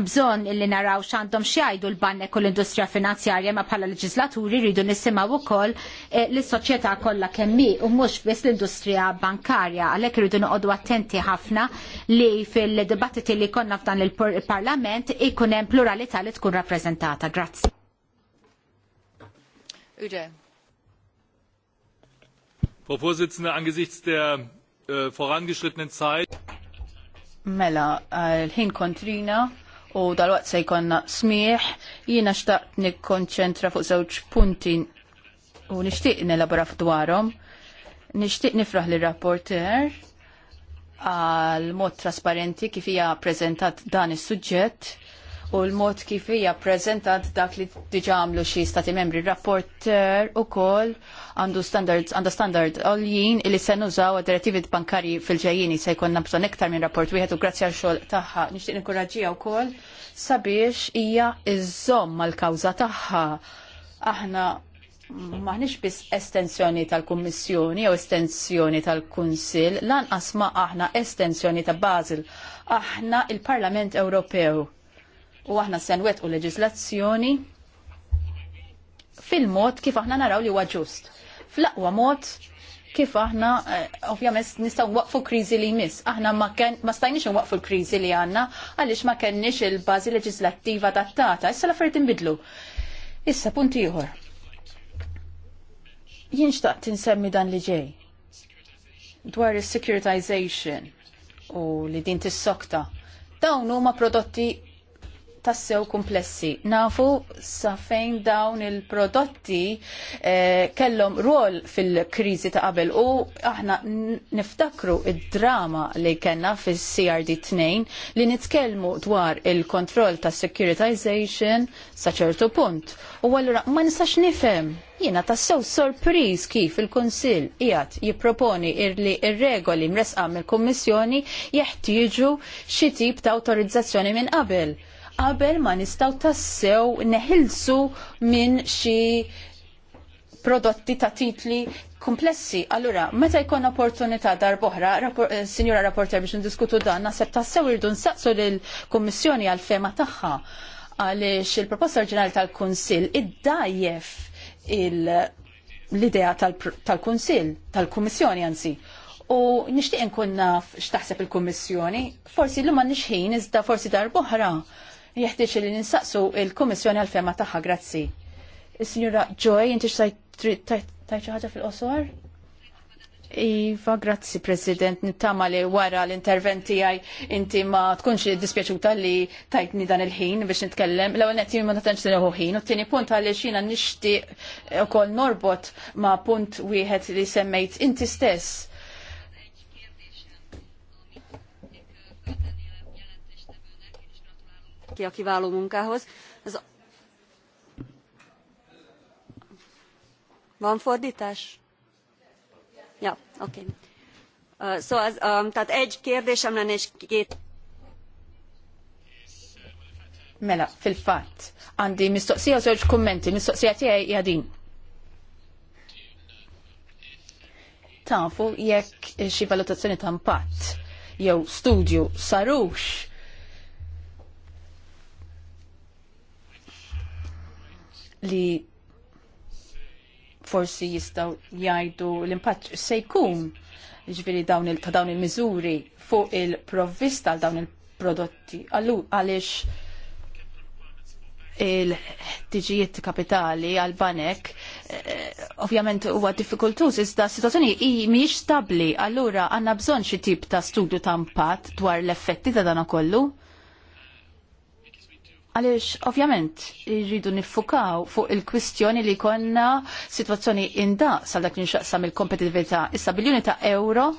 Bżon li naraw x'għandhom xjajdu l-banek u l-industrija finanzjarja ma bħala leġislaturi rridu nisimgħu wkoll eh, lis-soċjetà kollha kemm kemmi u mhux biss l-industrija bankarja għalhekk irridu noqogħdu attenti ħafna li fil-dibattiti li konna f'dan il-Parlament ikun hemm pluralità li tkun rappreżentata. Grazzi. Frau Vorsitzende, angesichts der Äh, vorangeschrittenen Zeit. Mela, äh, l-ħin kontrina u dal-waqt se jkonna smieħ, jiena xtaqt nikkonċentra fuq żewġ punti u nixtieq nelabora dwarhom. Nixtieq nifraħ lir rapporter għal mod trasparenti kif hija preżentat dan is-suġġett u l-mod kif hija prezentat dak li diġa għamlu xi stati membri rapporter u kol għandu standards għandu standard għoljien li se nużaw direttivi bankari fil-ġejjini se jkollna bżonn iktar minn rapport wieħed u grazzi għal xogħol tagħha nixtieq inkoraġġija wkoll sabiex hija iżomm mal-kawża tagħha. Aħna maħniex biss estensjoni tal-Kummissjoni jew estensjoni tal-Kunsill, lanqas ma aħna estensjoni ta' Basil Aħna il-Parlament Ewropew u aħna senwet u leġislazzjoni fil-mod kif aħna naraw li huwa ġust. Fl-aqwa mod kif aħna eh, ovvjament nistgħu waqfu kriżi li jmiss. Aħna ma ma stajniex waqfu l-kriżi li għandna għaliex ma kenniex il-bażi leġislattiva adattata. Issa l-affarijiet inbidlu. Issa punti ieħor. Jien xtaqt insemmi dan li ġej dwar is-securitization u li din tis-sokta. Dawn huma prodotti tassew komplessi. Nafu sa fejn dawn il-prodotti kellom eh, kellhom rol fil-kriżi ta' qabel u aħna niftakru id-drama li kellna fis-CRD 2 li nitkellmu dwar il-kontroll ta' securitization sa ċertu punt. U allura ma nistax nifhem jiena tassew sorpriż kif il-Kunsill qiegħed jipproponi li ir-regoli mresqa mill-Kummissjoni jeħtieġu xi tip ta' awtorizzazzjoni minn qabel qabel ma nistgħu tassew neħilsu minn xi prodotti ta' titli komplessi. Allura, meta jkun opportunità darbohra, boħra, eh, sinjora rapporter biex ndiskutu dan, nasab tassew irdu nsaqsu lill-Kummissjoni għal-fema tagħha għaliex il-proposta oriġinali tal-Kunsill iddajjef l-idea tal-Kunsill, tal-Kummissjoni anzi. U nixtieq nkun naf x'taħseb il-Kummissjoni, forsi l-ma nixħin iżda forsi dar boħra jeħtieġ li ninsaqsu il-Kummissjoni għal fema tagħha grazzi. Is-Sinjura Joy, inti tajt xi ħaġa fil-qosor? Iva, grazzi President, nittama li wara l-interventi għaj inti ma tkunx dispieċuta li tajtni dan il-ħin biex nitkellem. l għal netti ma t li ħin, u t-tini punt għalli xina nishti u kol norbot ma punt wieħed li semmejt inti stess ki a kiváló munkához. Ez a... Van fordítás? Ja, oké. Okay. Uh, so, az, um, tehát egy kérdésem lenne és két. Mela, fil-fat, għandi mistoqsija żewġ kummenti, mistoqsija tiegħi hija din. Tafu jekk xi valutazzjoni ta' impatt jew studju sarux li forsi jistaw jajdu l-impatt se jkun ġviri dawn il, ta' dawn il-mizuri fuq il-provvista għal dawn il-prodotti. Allu għalix il-ħtiġijiet kapitali għal banek eh, ovvjament huwa diffikultuż iżda situazzjoni hi mhijiex stabbli allura għandna bżonn xi tip ta' studju ta' impatt dwar l-effetti ta' dan kollu. Għalix, ovvjament, irridu nifukaw fuq il-kwistjoni li konna situazzjoni inda sal dak nxaqsam il-kompetitività. Issa biljoni ta' euro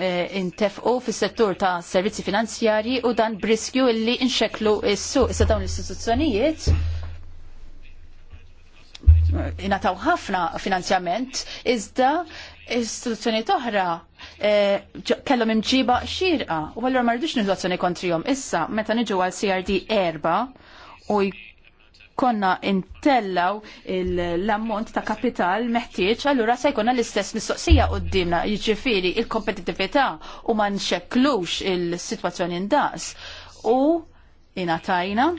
eh, intefqu fis settur ta' servizzi finanzjarji u dan briskju illi inxeklu s-suq. Issa dawn l-istituzzjonijiet inataw ħafna finanzjament, iżda istituzzjoni toħra eh, kellhom imġiba xirqa u allura ma rridux nizzazzjoni kontrihom. Issa meta niġu għal CRD erba u konna intellaw l-ammont ta' kapital meħtieġ, allura se jkunna l-istess mistoqsija qoddimna jiġifieri il-kompetitività u ma nxekklux il-sitwazzjoni ndaqs u inatajna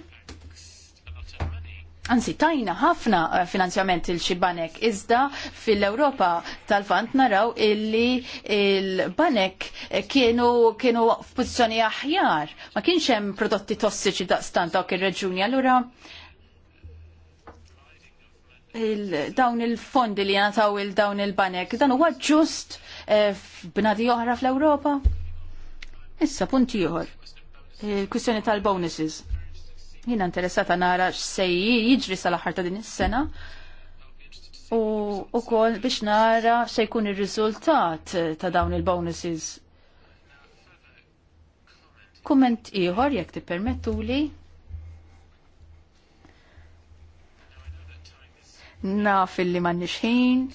Anzi, tajna ħafna eh, finanzjament il-xibanek, iżda fil-Europa tal-fant naraw illi il-banek eh, kienu, kienu f'pożizzjoni aħjar, ma kienx hemm prodotti tossiċi daqstan dawk ir-reġuni. Allura il dawn il-fondi li jataw il-dawn il-banek, dan huwa ġust eh, b'nadi oħra fl-Europa? Issa, punti ieħor. Il-kwistjoni tal-bonuses Jina interessata nara x'sejji jiġri sal-aħħar ta' din is-sena u wkoll biex nara se jkun ir-riżultat ta' dawn il-bonuses. Kumment ieħor jekk tippermettuli. fil li man ħin,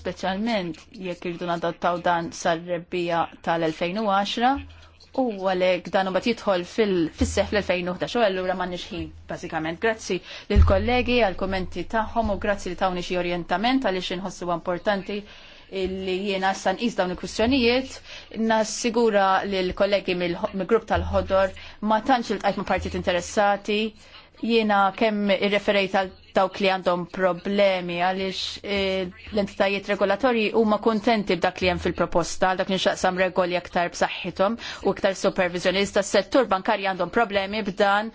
speċjalment jekk irdu nadattaw dan sar-rebbija tal-2010 U għalek dan u bat jitħol fil-seħ fil 2011 u għallura ma nixħin, basikament. Grazzi l-kollegi għal-kommenti taħħom u grazzi li tawni xie orientament għalix nħossu importanti li jiena san is dawn il-kwistjonijiet, nassigura li l-kollegi mill-grupp tal-ħodor ma tantx il-tajt ma partit interessati, jiena kemm irreferejt għal dawk li għandhom problemi għaliex eh, l-entitajiet regolatorji huma kontenti b'dak li hemm fil-proposta għal dak xaqsam regoli aktar b'saħħithom u aktar supervizjoni. Iżda s-settur bankarji għandhom problemi b'dan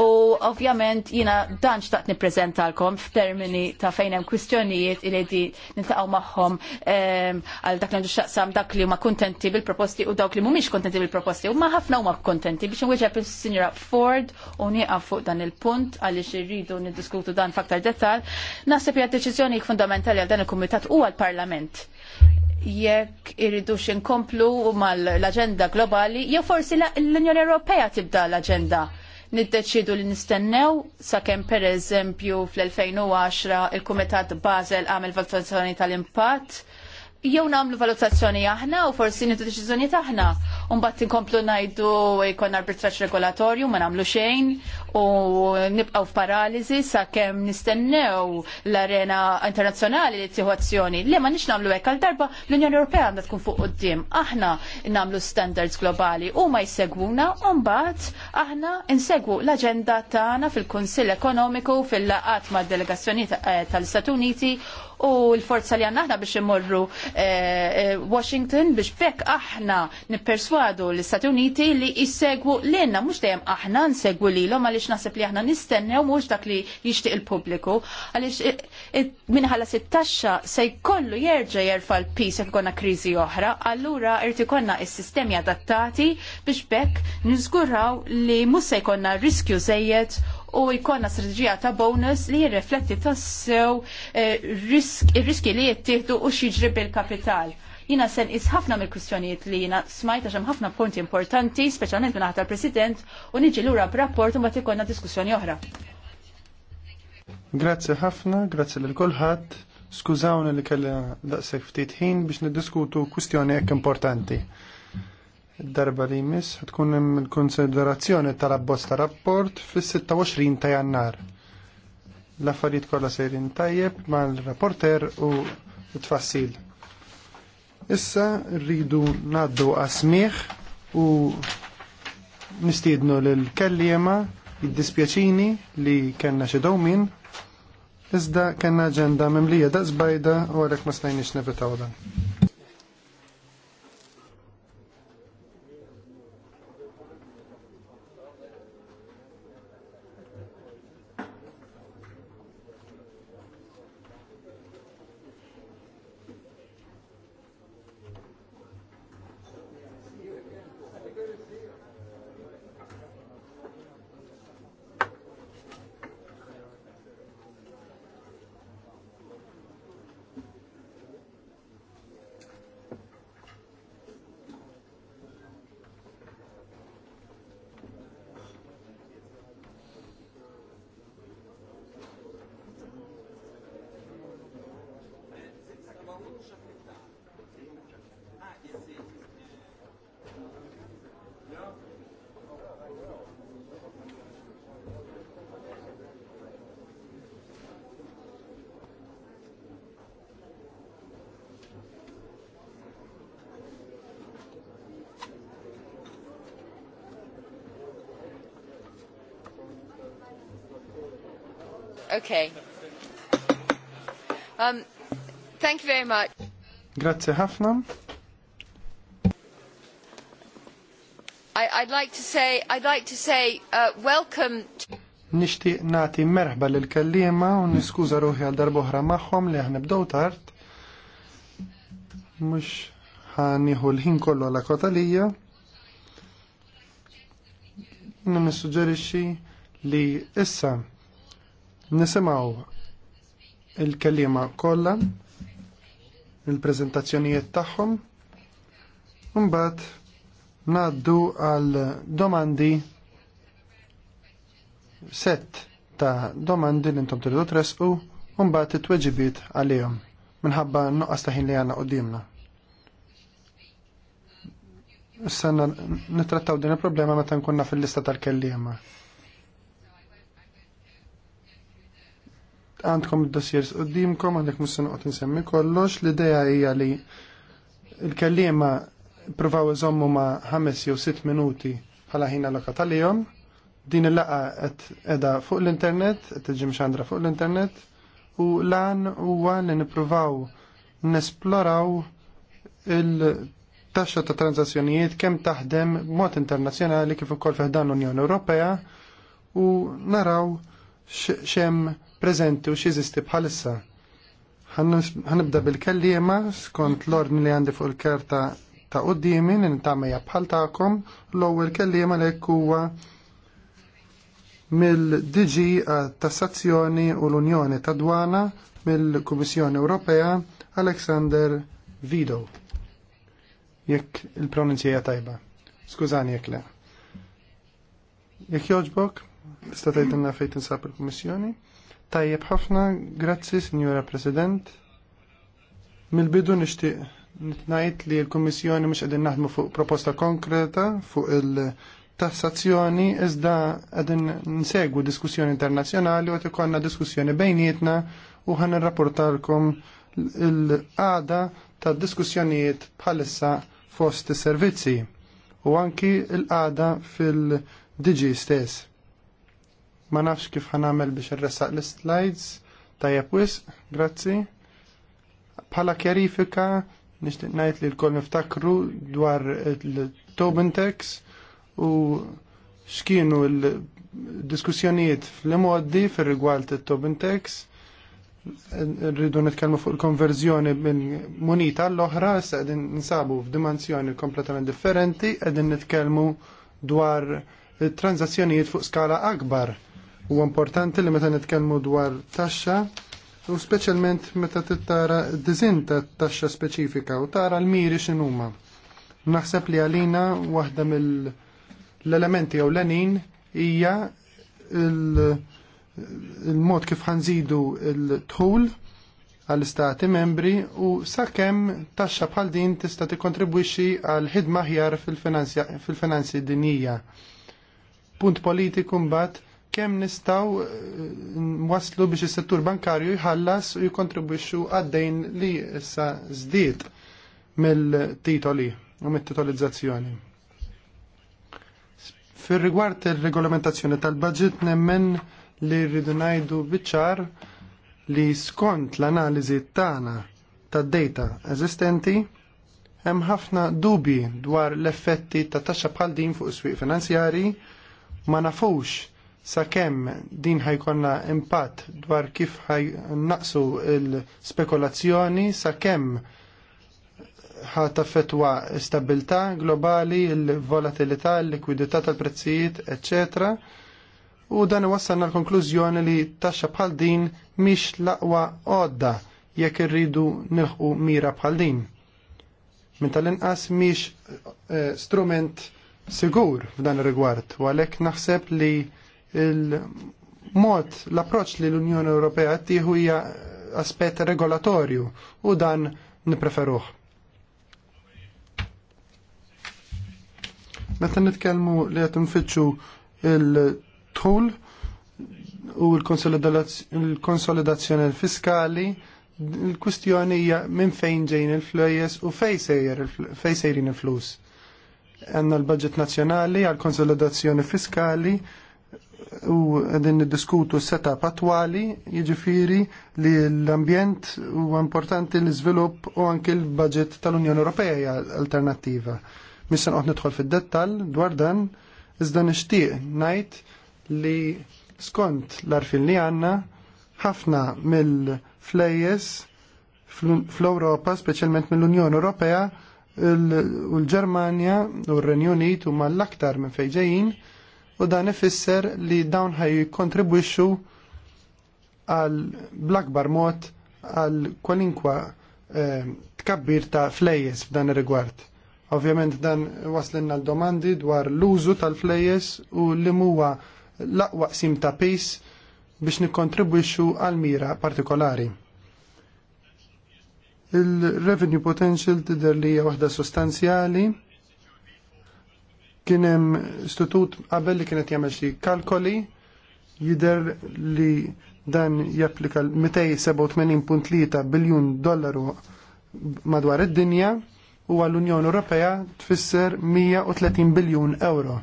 u ovvjament jina dan xtaqt nippreżentalkom f'termini ta' fejn hemm kwistjonijiet li di niltaqgħu magħhom ehm, għal dak li x'aqsam dak li huma kontenti bil-proposti u dawk li mhumiex kontenti bil-proposti u ma ħafna huma kontenti biex nwieġeb is-Sinjora Ford u nieqaf fuq dan il-punt għaliex irridu niddiskutu dan dan faktar dettal, nasib jgħad deċizjoni fundamentali għal dan il-Kumitat u għal-Parlament jekk irridu inkomplu mal-agenda globali, jew forsi l-Unjoni Ewropea tibda l-agenda niddeċidu li nistennew sakemm per eżempju fl-2010 il-Kumitat Basel għamel valutazzjoni tal-impatt jew nagħmlu valutazzjoni aħna u forsi nitu deċiżjoni taħna. mbagħad inkomplu najdu jkun arbitraċ regolatorju ma nagħmlu xejn u nibqgħu f'paralisi, sakemm nistennew l-arena internazzjonali li tieħu azzjoni. Le ma nix nagħmlu hekk għal darba l-Unjoni Ewropea għandha tkun fuq quddiem. Aħna nagħmlu standards globali u ma jsegwuna u mbagħad aħna insegwu l-aġenda tagħna fil-Kunsill Ekonomiku fil-laqat mad delegazzjoni eh, tal-Istati Uniti u l-forza li għanna biex imorru eh, eh, Washington biex fekk aħna nipperswadu l-Istati Uniti li jissegwu l-inna, mux dejjem aħna nsegwu li l-om għalix nasib li aħna u mux dak li jishtiq il-publiku, għalix eh, minħala sit-taxxa se jkollu jerġa jerfa l-pis jek konna krizi oħra, allura irti konna il-sistemi adattati biex bekk nizguraw li mus se jkonna riskju zejjed u jkollna strategija ta' bonus li jirrefletti tassew eh, ir-riski li jittieħdu u xiġri bil-kapital jina sen isħafna mill kwistjonijiet li jina smajta xem ħafna punti importanti, specialment minna ħata president, u niġi l-ura b'rapport u bat jikonna diskussjoni oħra. Grazie ħafna, grazie l-kolħat. Skużawni li kalla daqseg ftit ħin biex niddiskutu kwistjoni ek importanti darba li jmiss tkun hemm il-konsiderazzjoni tal-abbozz ta' rapport fis-26 ta' Jannar. L-affarijiet kollha sejrin tajjeb mal-rapporter u t-tfassil. Issa rridu ngħaddu għasmih u nistiednu lil kelliema jiddispjaċini li kellna xi dowmin iżda kellna aġenda mimlija daqs bajda u għalhekk ma stajniex nevitaw dan. Okay. Um, thank you very much. Grazie ħafna. I'd like to say, I'd like to say uh, welcome. To... Nishti nati merħba lil kallima u niskuza ruħi għal darbohra magħhom li aħna bdew tart. Mhux ħanieħu l-ħin kollu la kotalija. Nissuġġerixxi li issa Nisimaw il-kellima kollha, il-prezentazzjonijiet tagħhom, mbagħad ngħaddu għal domandi set ta' domandi li intom tridu tresqu u mbagħad it-tweġibiet għalihom minħabba nuqqas ta' ħin li għandna qudiemna. Issa nittrattaw din il-problema meta nkunna fil-lista tal-kelliema. għandkom id-dossiers qoddimkom, għandek mussan uqt nsemmi kollox, l-ideja hija li il-kellima provaw iżommu ma' 5 jew 6 minuti bħala ħin tal-jom, Din il-laqa qed qiegħda fuq l-internet, qed iġim xandra fuq l-internet, u lan huwa li nippruvaw nesploraw il-taxxa ta' tranzazzjonijiet kemm taħdem b'mod internazzjonali kif ukoll fiħdan l-Unjoni Ewropea u naraw xem preżenti u xizisti bħalissa. Ħanibda bil-kellima skont l-ordni li għandi fuq il-karta ta' d-dimin, n nitagħmejja bħal tagħkom l-ewwel kellima li huwa mill-DG tassazzjoni u l-Unjoni ta' Dwana mill-Kummissjoni Ewropea Alexander Vido. Jekk il-pronunzija tajba. Skużani jekk le. Jekk joġbok, sta tgħidilna fejn tinsab il-Kummissjoni? Tajjeb ħafna, grazzi Signora President. Mil-bidu nixtieq ngħid li l-Kummissjoni mhux qegħdin naħdmu fuq proposta konkreta fuq il-tassazzjoni iżda qegħdin nsegwu diskussjoni internazzjonali u qed ikollna diskussjoni bejnietna u ħan rapportalkom l-għada ta' diskussjonijiet bħalissa fost is-servizzi u anki l-għada fil-Digi stess. Ma nafx kif ħanamel biex irressaq l-slides. Tajab wis, grazzi. Bħala kjarifika, nixtieq ngħid li l-kol niftakru dwar il-Tobin Tax u x'kienu l-diskussjonijiet fl-imoddi fir-rigward il-Tobin Tax rridu nitkellmu fuq il-konverżjoni minn munita l-oħra, issa qegħdin nsabu f'dimensjoni kompletament differenti, qegħdin nitkellmu dwar transazzjonijiet fuq skala akbar. U importanti li meta nitkellmu dwar taxxa u speċjalment meta tittara d-dizin ta' taxxa speċifika u tara l-miri x'inhuma. Naħseb li għalina waħda mill-elementi jew l-għanin hija il-mod kif ħanżidu il tħul għall-istati membri u sakemm taxxa bħal din tista' tikkontribwixxi għal ħidma ħjar fil-finanzi dinija. Punt politiku mbagħad kemm nistaw eh, waslu biex is-settur bankarju jħallas u jikontribwixxu għaddejn li issa żdied mill-titoli u mit-titolizzazzjoni. Fir rigward ir-regolamentazzjoni tal-budget nemmen li rridu ngħidu biċċar li skont l-analiżi tagħna tad-data eżistenti hemm ħafna dubi dwar l-effetti ta' taxxa bħal din fuq is-swieq finanzjarji ma nafux sakemm din ħajkonna impatt dwar kif naqsu l-spekulazzjoni, sakemm ħataffetwa stabilità globali, il-volatilità, l-likwidità tal-prezzijiet, etc. U dan wassalna l-konklużjoni li taxxa bħal din miex laqwa għodda jekk irridu nilħu mira bħal din. Min tal-inqas miex eh, strument sigur f'dan ir-rigward, u għalhekk naħseb li il-mod l-approċ li l-Unjoni Ewropea tieħu hija aspett regolatorju u dan nipreferuh. Meta nitkellmu li qed nfittxu il-tul u l-konsolidazzjoni fiskali, il-kwistjoni hija minn fejn ġejn il flejjes u fejn sejrin il-flus. Għanna l-budget nazzjonali għal konsolidazzjoni fiskali u għedin diskutu s-seta patwali, jġifiri li l-ambjent u importanti l-izvilup u anki l-budget tal-Unjoni Ewropea alternativa. Missan uħt nidħol fil-dettal dwar dan, iżda nishtiq najt li skont l-arfin li għanna, ħafna mill-flejjes fl-Europa, specialment mill-Unjoni Ewropeja, u l-Ġermanja u r-Renju Unit u mal-aktar minn fejġejjin, u dan ifisser li dawn ħaj kontribwixxu għal blakbar mod għal kwalinkwa eh, tkabbir ta' flejjes f'dan ir-rigward. Ovvjament dan waslinna l-domandi dwar l-użu tal-flejjes u li huwa l-aqwa qsim ta' pis biex nikkontribwixxu għal mira partikolari. Il-revenue potential tidher li hija waħda sostanzjali Kien hemm istitut qabel li kienet jagħmel xi kalkoli jidher li dan japplika l-287.3 biljun dollaru madwar id-dinja u għall-Unjoni Ewropea tfisser 130 biljun euro.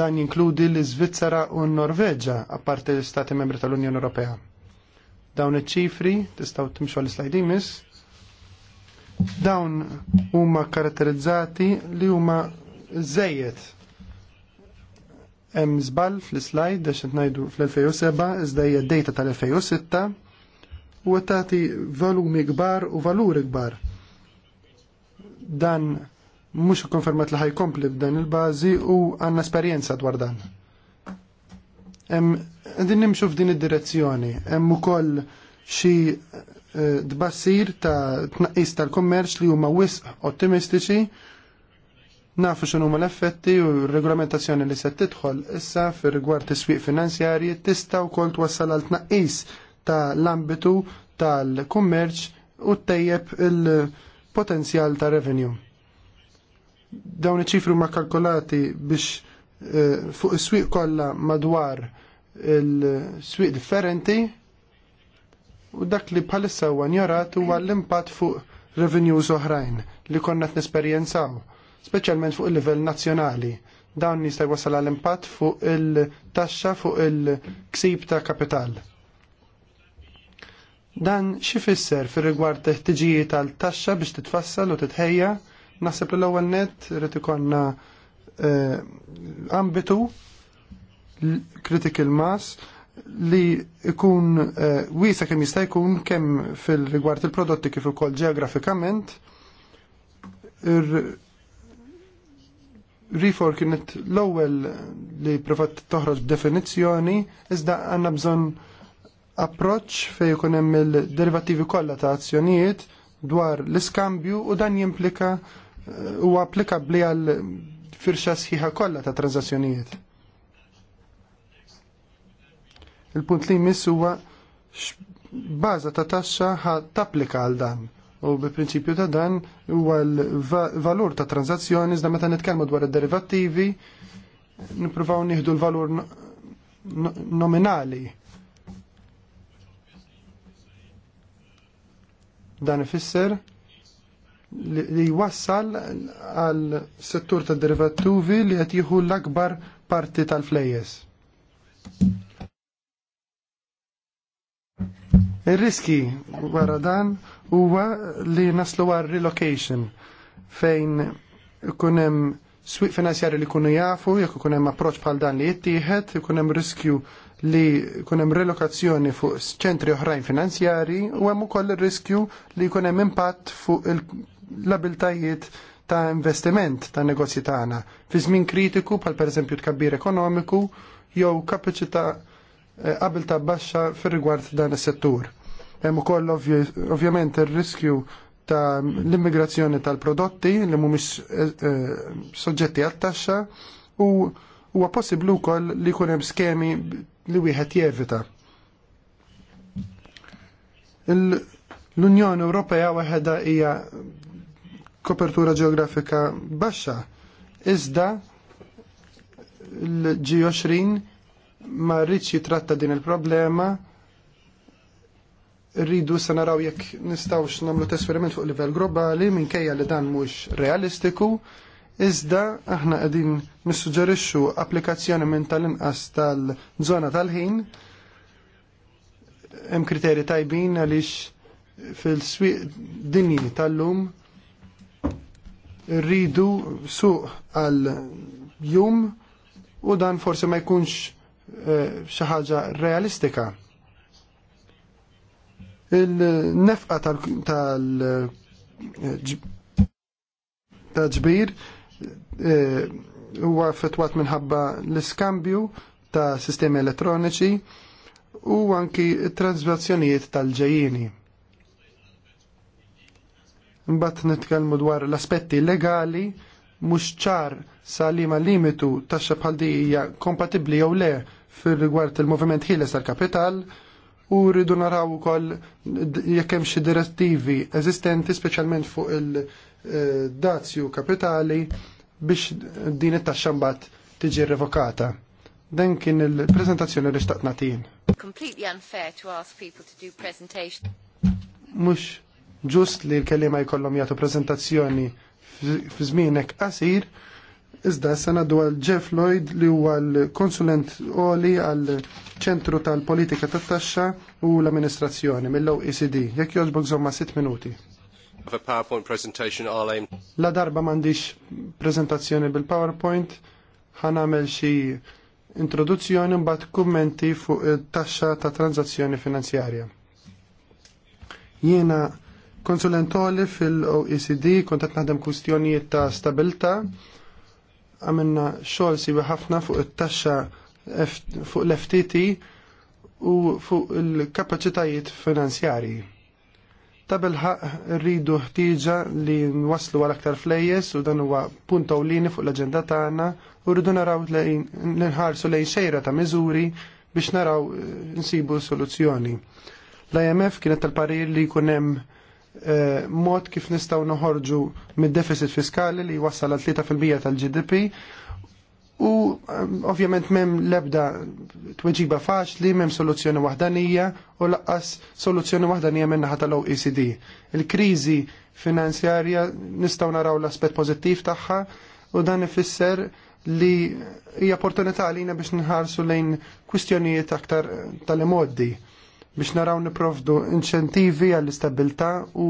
Dan jinkludi l-Iżvizzera u n-Norveġa apparti l-Stati membri tal-Unjoni Ewropea. Dawn iċ-ċifri tistgħu timxu l-slajdimis Dawn huma karatterizzati li huma żejjed hemm żball fl-slide għax qed ngħidu fl-2007 iżda hija data tal-2006 u tagħti volumi kbar u valuri kbar. Dan mhux ikkonfermat li ħajkompli b'dan il-bażi u għandna esperjenza dwar dan. Hemm qegħdin nimxu f'din id-direzzjoni, hemm ukoll xi d-bassir ta' tnaqqis tal-kommerċ li huma wisq ottimistiċi nafu xinu huma l-effetti u regolamentazzjoni li se tidħol issa fir rigward swieq finanzjarji tista' wkoll twassal għal tnaqqis ta' l-ambitu tal-kummerċ u tejjeb il-potenzjal ta' revenue. Dawn iċ ċifri ma kalkolati biex eh, fuq is-swieq kollha madwar il-swieq differenti u dak li bħalissa huwa njorat huwa l-impatt fuq revenues oħrajn li konnat nesperienzaw, nesperjenzaw speċjalment fuq il-livell nazzjonali. Dawn jista' wasal għall impatt fuq il-taxxa fuq il-ksib ta' kapital. Dan x'ifisser fir-rigward teħtiġiji tal taxxa biex titfassal u titħejja, naħseb l-ewwel net irid ikollna eh, ambitu critical mass li ikun uh, eh, wisa kemm jista' jkun kemm fil-rigward il-prodotti kif ukoll ġeografikament Rifor kienet l-ewwel li provat toħroġ b'definizzjoni iżda għandna bżonn approċċ fejn ikun hemm il-derivattivi kollha ta' azzjonijiet dwar l-iskambju u dan jimplika eh, u applikabbli għal firxa sħiħa kollha ta' tranzazzjonijiet. Il-punt li jmiss huwa x'baża ta' taxxa tapplika għal dan. U bil-prinċipju ta' dan huwa l-valur ta' tranzazzjoni iżda meta nitkellmu dwar id-derivattivi nippruvaw nieħdu l-valur nominali dan ifisser li jwassal għal settur ta' derivativi li qed jieħu l-akbar parti tal-flejjes. Ir-riski wara dan huwa li naslu għal relocation fejn ikun hemm finanzjari li kunu jafu, jek ikun hemm approċċ bħal dan li jittijħet, ikun hemm riskju li jkun hemm relokazzjoni fuq ċentri oħrajn finanzjari u hemm ukoll ir-riskju li jkun hemm impatt fuq l-abiltajiet ta' investiment ta' negozji tagħna fi żmien kritiku bħal pereżempju tkabbir ekonomiku jew kapaċità eh, qabil ta' baxxa fir rigward dan is-settur. Hemm ukoll ovvjament ir-riskju ta' l-immigrazzjoni tal-prodotti li mhumiex eh, eh, soġġetti għat-taxxa u huwa possibbli wkoll li jkun hemm skemi li wieħed jevita. L-Unjoni Ewropea waħedha hija kopertura ġeografika baxxa, iżda l-G20 ma rridx jitratta din il-problema rridu se naraw jekk nistawx namlu tesperiment fuq livell globali minkejja li dan mhux realistiku, iżda aħna qegħdin nissuġġerixxu applikazzjoni minn tal-inqas tal-żona tal-ħin hemm kriterji tajbin għaliex fil-swieq dinji tal-lum rridu suq għal jum u dan forsi ma jkunx eh, xi ħaġa realistika il-nefqa tal-ġbir e, huwa fetwat minħabba l-iskambju ta' sistemi elettroniċi u anki trasvazzjonijiet tal-ġejjini. Mbatt nitkellmu dwar l-aspetti legali mhux ċar sa li ma limitu taxxa bħal di hija kompatibbli jew le fir rigward il-moviment ħieles tal-kapital, u rridu naraw ukoll jekk hemm xi direttivi eżistenti speċjalment fuq il-dazju eh, kapitali biex din it-taxxa mbagħad tiġi revokata. Dan kien il-preżentazzjoni li xtaqt nagħtin. Completely unfair to ask people to do presentation. Mhux ġust li l-kelliema jkollhom jagħtu preżentazzjoni f'żmienek qasir Iżda sena dwar Jeff Lloyd li huwa l-konsulent oli għal ċentru tal-politika tat-taxxa u l-amministrazzjoni mill-OECD. Jekk jogħġbu żomma 6 minuti. La darba m'għandix prezentazzjoni bil-PowerPoint, ħanamel xi introduzzjoni bat kummenti fuq it-taxxa ta' tranzazzjoni finanzjarja. Jiena konsulentoli fil-OECD kontat naħdem kwistjonijiet ta' stabilta' għamilna xogħol si ħafna fuq it-taxxa fuq l-FTT u fuq il-kapaċitajiet finanzjarji. Ta' bilħaq rridu ħtieġa li nwaslu għal aktar flejjes u dan huwa punt ewlieni fuq l-aġenda tagħna u rridu naraw nħarsu lejn xejra ta' miżuri biex naraw eh, nsibu soluzzjoni. L-IMF kienet tal-parir li jkun hemm Eh, mod kif nistaw noħorġu mid-deficit fiskali li wassal għal 3% tal-GDP u eh, ovvjament mem lebda tweġiba faċli, mem soluzzjoni wahdanija u laqqas soluzzjoni wahdanija minnaħa tal-OECD. Il-krizi finanzjarja nistaw naraw l-aspet pozittiv tagħha u dan ifisser li hija opportunità għalina biex nħarsu lejn kwistjonijiet aktar tal-emoddi biex naraw niprovdu inċentivi għall-istabilta u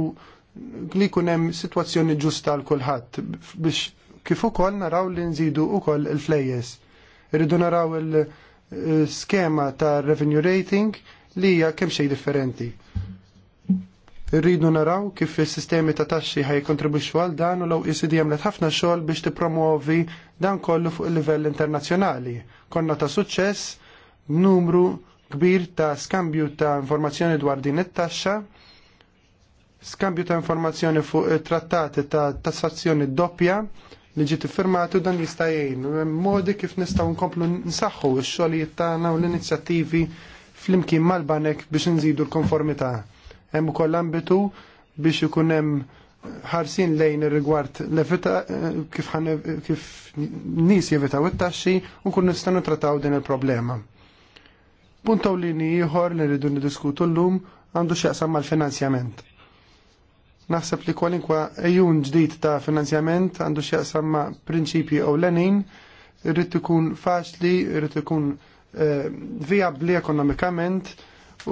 li kunem situazzjoni ġusta għal kulħadd biex kif ukoll naraw li nżidu ukoll il-flejjes. Irridu naraw il-skema ta' revenue rating li hija kemm xejn differenti. Irridu naraw kif is-sistemi ta' taxxi ħaj kontribwixxu għal dan u l-OECD għamlet ħafna xogħol biex tippromuovi dan kollu fuq il-livell internazzjonali. Konna ta' suċċess numru kbir ta' skambju ta' informazzjoni dwar din it-taxxa, skambju ta' informazzjoni fuq trattati ta' tassazzjoni doppja li ġiet iffirmatu dan jista' jgħin. Modi kif nistgħu nkomplu nsaħħu x-xogħlijiet tagħna u l-inizjattivi flimkien mal-banek biex nżidu l-konformità. Hemm ukoll ambitu biex ikun hemm ħarsin lejn rigward l kif, kif nies jevitaw it-taxxi u kun nistgħu trattaw din il-problema. Punta u lini ieħor li rridu niddiskutu llum għandu x'jaqsam mal-finanzjament. Naħseb li kwalinkwa ejjun ġdid ta' finanzjament għandu xieqsam ma' prinċipji ewlenin, rrit ikun faċli, rrit ikun eh, viabli ekonomikament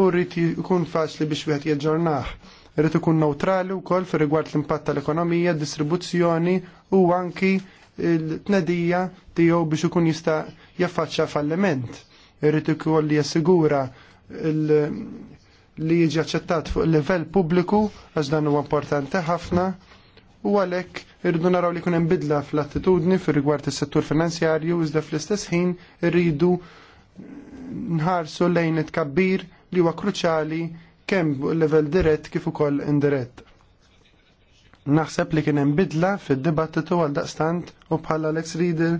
u rrit ikun faċli biex wieħed jieġġornaħ. Rrit ikun neutrali wkoll fi rigward l-impatt tal-ekonomija, distribuzzjoni u anki il tnedija tiegħu biex ikun jista' jaffaċċja falliment irrid li jassigura li jiġi aċċettat fuq il-livell pubbliku għax dan huwa importanti ħafna u għalhekk irridu naraw li jkun hemm bidla fl-attitudni fir rigward is-settur finanzjarju iżda fl-istess ħin irridu nħarsu lejn it-kabbir li huwa kruċjali kemm fuq livell dirett kif ukoll indirett. Naħseb li kien hemm bidla fid-dibattitu għal daqstant u bħala Alex Reader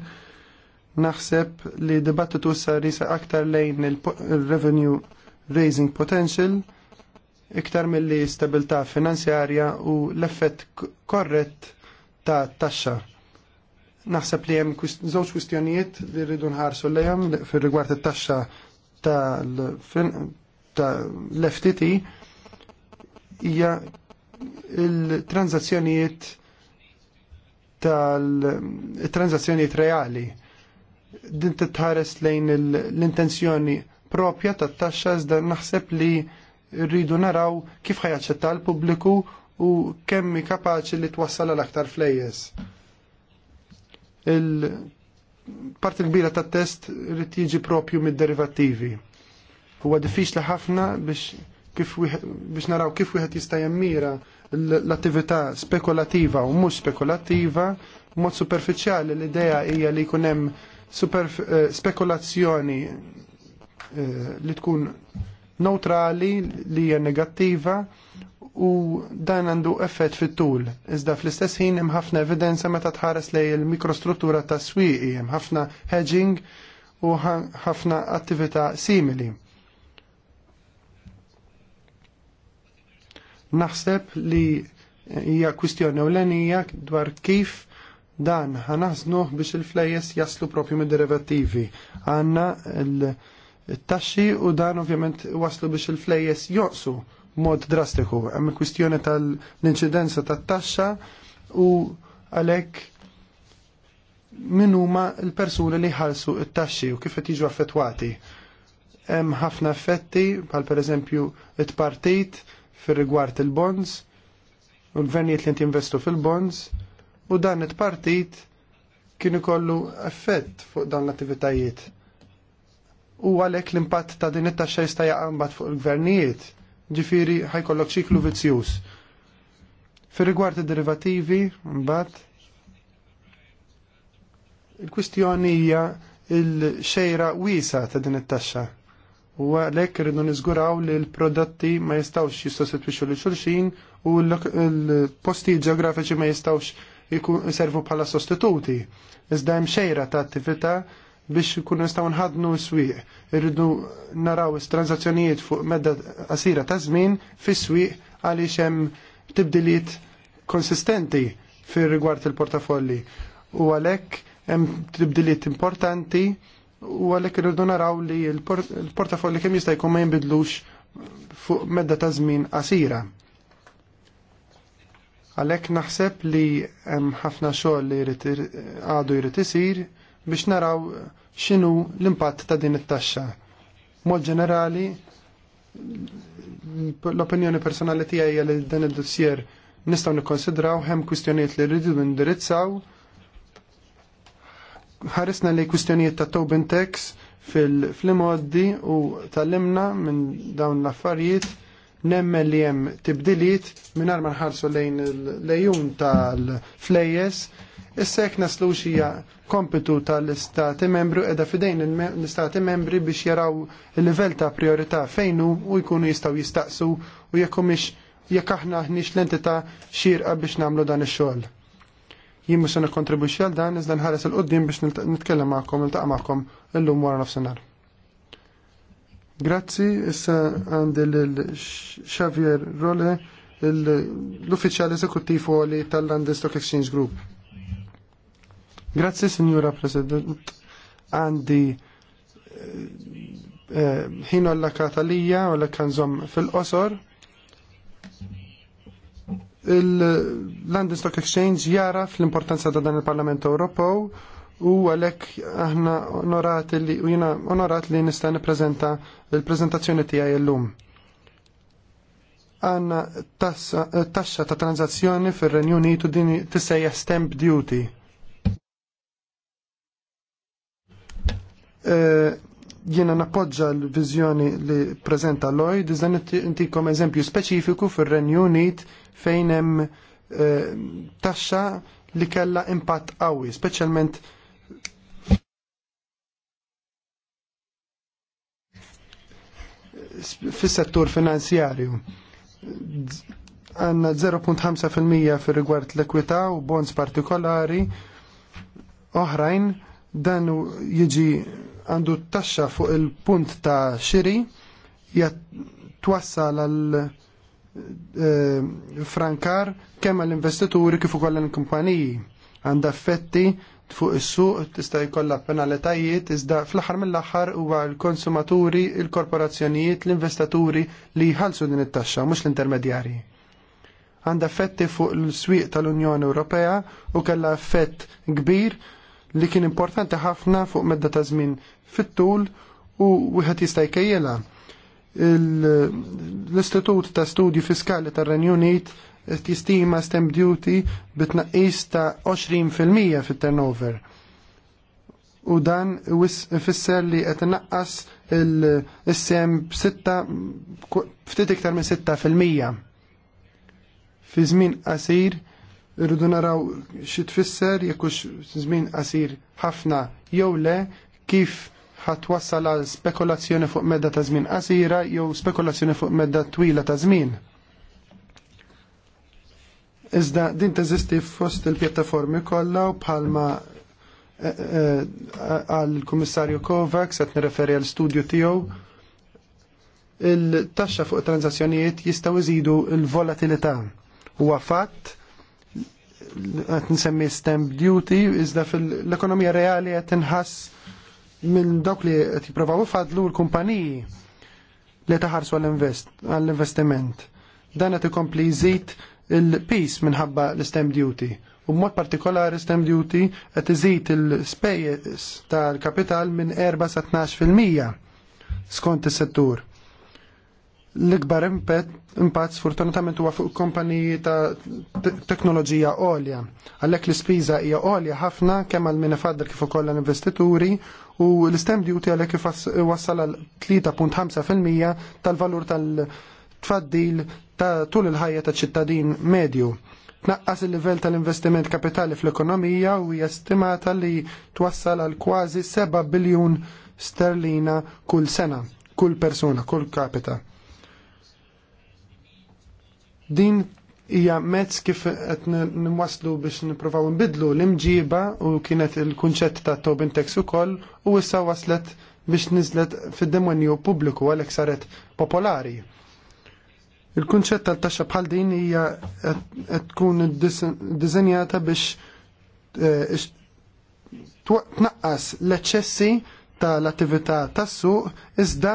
Naħseb li dibattitu sar jisa aktar lejn il-revenue raising potential iktar mill-li stabilta finanzjarja u l-effett korrett ta' taxxa. Naħseb li hemm żewġ kwistjonijiet li rridu nħarsu lejem fir-rigward it-taxxa ta' l-FTT hija il-tranzazzjonijiet tal transazzjonijiet reali din titħares lejn l-intenzjoni propja tat-taxxa iżda naħseb li rridu naraw kif ħajaċċetta l-pubbliku u kemm hi kapaċi li twassal l-aktar flejjes. Il-parti kbira tat test rrid jiġi propju mid-derivattivi. Huwa diffiċli ħafna biex kif biex naraw kif wieħed jista' jemmira l-attività spekulativa u mhux spekulattiva, mod superfiċjali l-idea hija li jkun hemm Eh, spekulazzjoni eh, li tkun neutrali li hija negattiva u dan għandu effett fit-tul. Iżda fl-istess ħin hemm ħafna evidenza meta tħares lej il-mikrostruttura ta' swieqi, hemm ħafna hedging u ħafna attività simili. Naħseb li hija kwistjoni ewlenija dwar kif Dan ħanaħsnuh biex il flejes jaslu propju mid derivattivi Għanna il-taxxi u dan ovvjament waslu biex il flejes joqsu mod drastiku. Hemm kwistjoni tal-inċidenza tat-taxxa u għalhekk min huma l-persuni li ħalsu il taxxi u kif qed jiġu affettwati. Hemm ħafna effetti bħal pereżempju it-partit fir-rigward il-bonds u l-gvernijiet li inti investu fil-bonds u dan it-partit kien ikollu effett fuq dawn l-attivitajiet. U għalhekk l-impatt ta' din it-taxxa jista' jaqambat fuq il-gvernijiet, ġifieri ħajkollok ċiklu vizzjus. Fir-rigward id-derivativi, mbagħad il-kwistjoni hija il-xejra wiesa ta' din it-taxxa. U għalhekk irridu niżguraw li l-prodotti ma jistgħux jistostitwixu lil xulxin u l-posti ġeografiċi ma jistgħux servu bħala sostituti. Iżda hemm xejra ta' attività biex ikun nistgħu nħadnu s-swieq. Irridu naraw is-transazzjonijiet fuq medda qasira ta' żmien fis-swieq għaliex hemm tibdiliet konsistenti fir rigward il-portafolli. U għalhekk hemm tibdiliet importanti u għalhekk irridu naraw li l-portafolli kemm jista' jkun ma jinbidlux fuq medda ta' żmien qasira. Għalhekk naħseb li hemm ħafna xogħol li għadu jrid isir biex naraw x'inhu l-impatt ta' din it-taxxa. Mod ġenerali l-opinjoni personali tiegħi hija li dan id-dossier nistgħu nikkonsidraw hemm kwistjonijiet li rridu indirizzaw. Ħarisna li kwistjonijiet ta' Tobin Tex fil-imoddi u tal-imna minn dawn l-affarijiet nemmen li hemm tibdiliet mingħajr ma nħarsu lejn lejun tal-flejjes issa jekk naslu xija kompitu tal-istati membru edha fidejn l-istati membri biex jaraw il-livell ta' priorita fejnu u jkunu jistgħu jistaqsu u jekk mhix jekk aħna ħniex l-entità xirqa biex nagħmlu dan ix-xogħol. Jien mhux se għal dan iżda nħares il qudiem biex nitkellem magħkom niltaqa' l illum wara nofsinhar. Grazzi, issa għandil il-Xavier Role, l-uffiċjal eżekuttiv li tal-London Stock Exchange Group. Grazzi, Signora President, għandi eh, eh, ħin għalla katalija u kanżom fil-qosor. Il-London Stock Exchange jara fl-importanza ta' dan il-Parlament Ewropew u għalhekk aħna onorat li u jiena onorat li nista' nippreżenta l-preżentazzjoni tiegħi llum. Għanna taxxa ta' tranzazzjoni fir-Renju Unitu din tissejja stamp duty. Eh, jiena nappoġġa l-viżjoni li preżenta Lloyd, iżda kom eżempju speċifiku fir-Renju Unit fejn hemm eh, taxxa li kella impatt qawwi, speċjalment fis-settur finanzjarju għanna 0.5% fil rigward l-ekwita u bonds partikolari oħrajn dan jiġi għandu taxxa fuq il-punt ta' xiri jatwassal għal eh, frankar kemm għall investituri kif ukoll il kumpaniji għandha effetti fuq is-suq tista' jkollha penalitajiet iżda fl-aħħar mill-aħħar huwa l-konsumaturi, il-korporazzjonijiet, l-investaturi li jħallsu din it-taxxa mhux l-intermedjarji. Għandha effetti fuq l-swieq tal-Unjoni Ewropea u kellha effett kbir li kien importanti ħafna fuq medda ta' żmien fit-tul u wieħed jista' jkejjela l-Istitut ta' Studju Fiskali tar-Renju Unit tistima stamp duty bitnaqqis ta' 20% fit-turnover. U dan fisser li qed naqqas il-sem ftit iktar minn 6%. Fi żmien qasir irridu naraw xi tfisser jekk żmien qasir ħafna jew le kif ħatwassal għal spekulazzjoni fuq medda ta' żmien qasira jew spekulazzjoni fuq medda twila ta' żmien. Iżda din teżisti fost il-pjattaformi kollha u bħalma eh, eh, għal-Kummissarju Kovacs qed nirreferi għal studju tiegħu il-taxxa fuq transazzjonijiet jistgħu iżidu l-volatilità. Huwa fatt qed nsemmi stamp duty iżda fil-ekonomija reali qed inħass minn dawk li qed jippruvaw ifadlu l-kumpaniji li taħarsu għall-investiment. Dan qed ikompli jżid il-pis minħabba l-stem duty. U mod partikolari stem duty qed iżid il-spejjeż tal-kapital minn 4 sa 12% skont is-settur. L-ikbar impatt sfortunatament huwa fuq kompaniji ta' teknoloġija olja. Għalhekk l-ispiża hija għolja ħafna kemm għal minn ifadder kif ukoll l investituri u l-stem duty għalhekk iwassal għal 3.5% tal-valur tal-, -valur tal tfaddil ta' tul il-ħajja ta' ċittadin medju. Tnaqqas il-livell tal-investiment kapitali fl-ekonomija u hija stimata li twassal għal kważi 7 biljun sterlina kull sena, kull persuna, kull kapita. Din hija mezz kif qed nwaslu biex nippruvaw nbidlu l-imġiba u kienet il-kunċett ta' Tobin Tex ukoll u issa waslet biex nizlet fid-demonju pubbliku għalhekk saret popolari Il-kunċett tal-taxxa bħal din hija qed tkun iddiżenjata biex eh, tnaqqas l-eċċessi tal-attività tas-suq iżda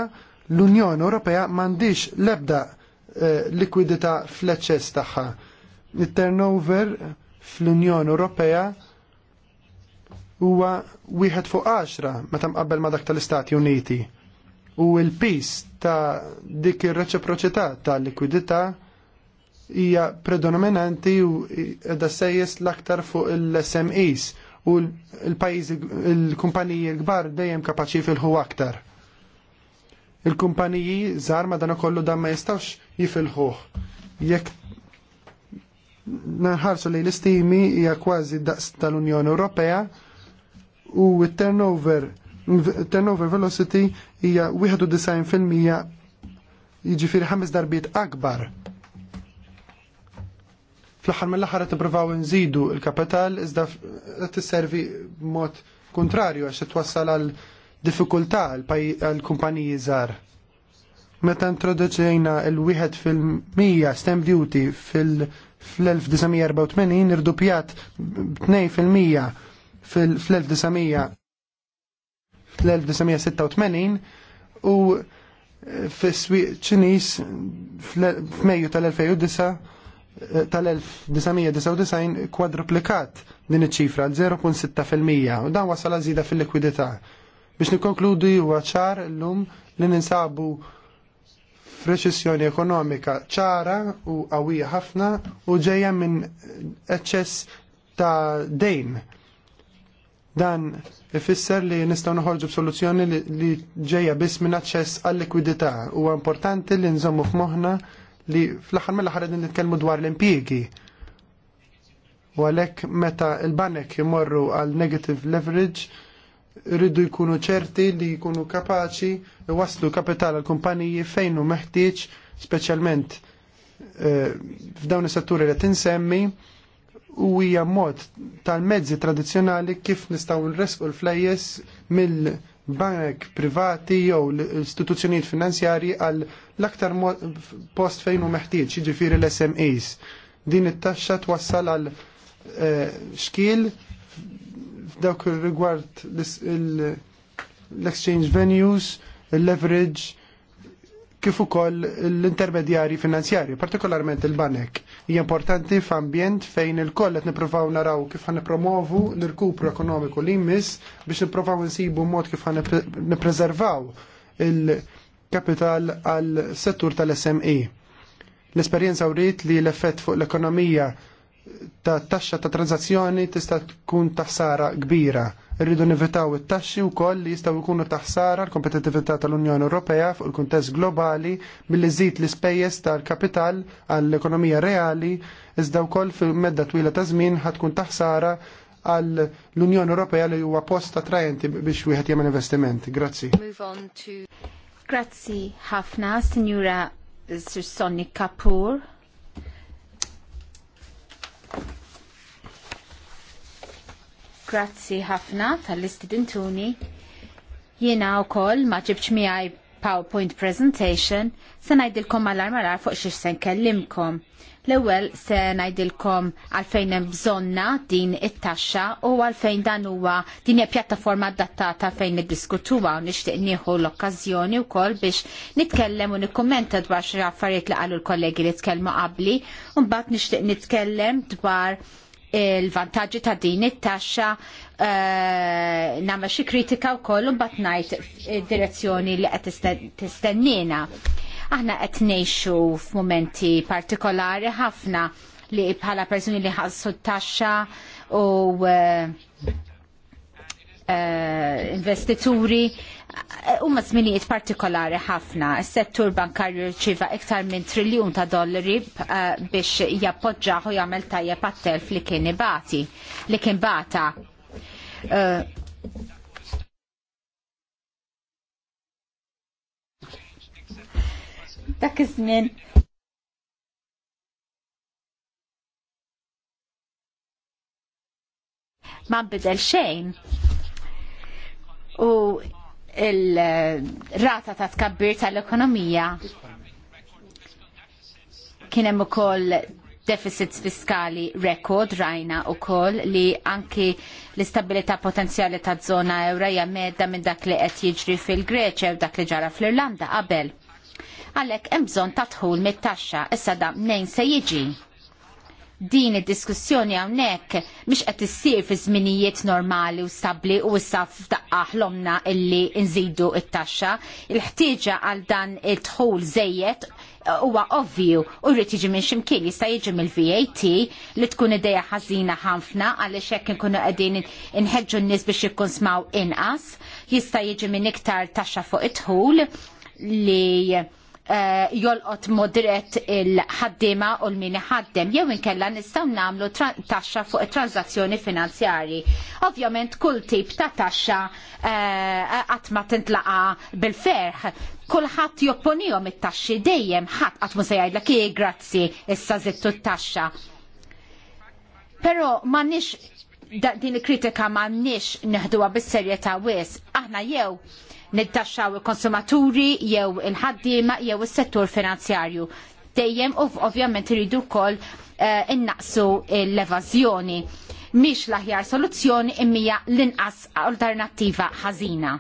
l-Unjoni Ewropea m'għandix l-ebda eh, likwidità fl-eċċess tagħha. Il-turnover fl-Unjoni Ewropea huwa wieħed fuq 10 meta mqabbel ma' dak tal-Istati Uniti u l-pis ta' dik ir-reċiproċità ta' likwidità hija predominanti u edha sejjes l-aktar fuq il-SMEs u l-pajjiżi l-kumpaniji kbar dejjem kapaċi filħu aktar. Il-kumpaniji żgħar ma dan ukollu dan ma jistgħux jifilħuh. Jekk nanħarsu li l-istimi hija kważi daqs tal-Unjoni Ewropea u t-turnover turnover velocity hija 91% jiġifieri ħames darbiet akbar fl-aħħar mill-aħħar qed ippruvaw nżidu l-kapital iżda qed tisservi b'mod kontrarju għax twassal għal diffikultà għal kumpaniji żgħar. Meta introduċejna l-1 fil-mija stamp duty fil-1984 irdupjat b'2 fil-mija fil-1900 fl-1986 u eh, fis-swieq ċinis f'Mejju tal-2009 eh, tal-1999 kwadruplikat din iċ-ċifra 0.6% u dan wasal għazida fil-likwidità. Biex nikonkludi huwa ċar l-lum li ninsabu f'reċessjoni ekonomika ċara u qawwija ħafna u ġejja minn eċċess ta' dejn. Dan ifisser li nistgħu noħorġu b'soluzzjoni li ġejja biss minn aċċess għall likwidità huwa importanti li nżommu f'moħħna li fl-aħħar mill-aħħar nitkellmu dwar l-impjiegi. U għalhekk meta l-banek imorru għal negative leverage rridu jkunu ċerti li jkunu kapaċi waslu kapital għal kumpaniji fejn hu meħtieġ speċjalment eh, f'dawn is-setturi li tinsemmi u hija mod tal-mezzi tradizzjonali kif nistgħu nresqu l-flejjes mill-bank privati jew l-istituzzjonijiet finanzjarji għal l-aktar post fejn hu meħtieġ, jiġifieri l-SMEs. Din it-taxxa twassal għal eh, xkiel f'dawk rigward l-exchange venues, il-leverage, kif ukoll l-intermedjari finanzjarji, partikolarment il-banek hija importanti f'ambjent fejn il-koll qed nippruvaw naraw kif ħan nippromovu l-irkupru ekonomiku li jmiss biex nippruvaw insibu mod kif ħan nippreservaw il-kapital għal settur tal-SME. L-esperjenza wrid li l-effett fuq l-ekonomija ta' taxxa ta' tranzazzjoni tista' tkun taħsara kbira Irridu nivitaw it-taxxi wkoll li jistgħu jkunu taħsara l kompetitività tal-Unjoni Ewropea fuq il-kuntest globali billi żid l-ispejjeż tal-kapital għall-ekonomija reali iżda wkoll fil-medda twila ta' żmien tkun taħsara għal l-Unjoni Ewropea li huwa post attrajenti biex wieħed jagħmel investimenti. Grazzi. Grazzi ħafna, Sinjura Sir Sonny Kapur. Grazzi ħafna tal-istidintuni. Jiena u koll ma ġibx miħaj PowerPoint presentation se najdilkom mal għal fuq xiex se nkellimkom. L-ewwel se ngħidilkom għalfejn hemm bżonna din it-taxxa u għalfejn dan huwa din hija pjattaforma adattata fejn niddiskutuha u nixtieq nieħu l-okkażjoni wkoll biex nitkellem u nikkummenta dwar xi affarijiet li qalu l-kollegi li tkellmu qabli u mbagħad nixtieq nitkellem dwar il-vantaġġi ta' din it-taxxa eh, nagħmel xi kritika wkoll u mbagħad ngħid id-direzzjoni li qed tistennina. Aħna qed ngħixu f'mumenti partikolari ħafna li bħala persuni li ħassu t-taxxa u eh, eh, investituri huma żminijiet partikolari ħafna. settur bankarju rċiva iktar minn triljun ta' dollari eh, biex jappoġġaħ u jagħmel tajjeb għat-telf li kien ibati li kien bata. Eh, dak iż-żmien ma nbidel xejn. U il-rata ta' tkabbir tal-ekonomija kien hemm ukoll deficits fiskali rekord rajna wkoll li anki l-istabilità potenzjali ta' żona ewra hija medda minn dak li qed jiġri fil-Greċja u dak li ġara fl-Irlanda qabel. Għalhekk hemm bżonn ta' tħul mit-taxxa issa da mnejn se jiġi din id-diskussjoni hawnhekk mhix qed issir fi żminijiet normali u stabbli u issa f'daqqa ħlomna illi nżidu t taxxa Il-ħtieġa għal dan id-dħul żejjed huwa ovvju u rrid jiġi minn ximkien jista' jiġi mill-VAT li tkun idea ħażina ħafna għaliex hekk inkunu qegħdin inħeġġu n-nies biex jikkonsmaw inqas, jista' jiġi minn iktar taxxa fuq it-dħul li Eh, jolqot modret il-ħaddima u l mini ħaddem, jew inkella nistgħu nagħmlu taxxa fuq it transazzjoni finanzjarji. Ovvjament kull tip ta' taxxa eh, qatt ma tintlaqa bil-ferħ. Kulħadd jopponihom it-taxxi dejjem ħadd qatt ma se jgħidlek ej grazzi issa żittu t-taxxa. Però m'għandniex din il-kritika m'għandniex neħduha bis-serjetà wis. Aħna jew nittaxxaw il-konsumaturi jew il-ħaddiema jew is-settur finanzjarju. Dejjem ovvjament iridu wkoll uh, innaqsu l-evażjoni. Mhix l-aħjar soluzzjoni imija l-inqas alternattiva ħażina.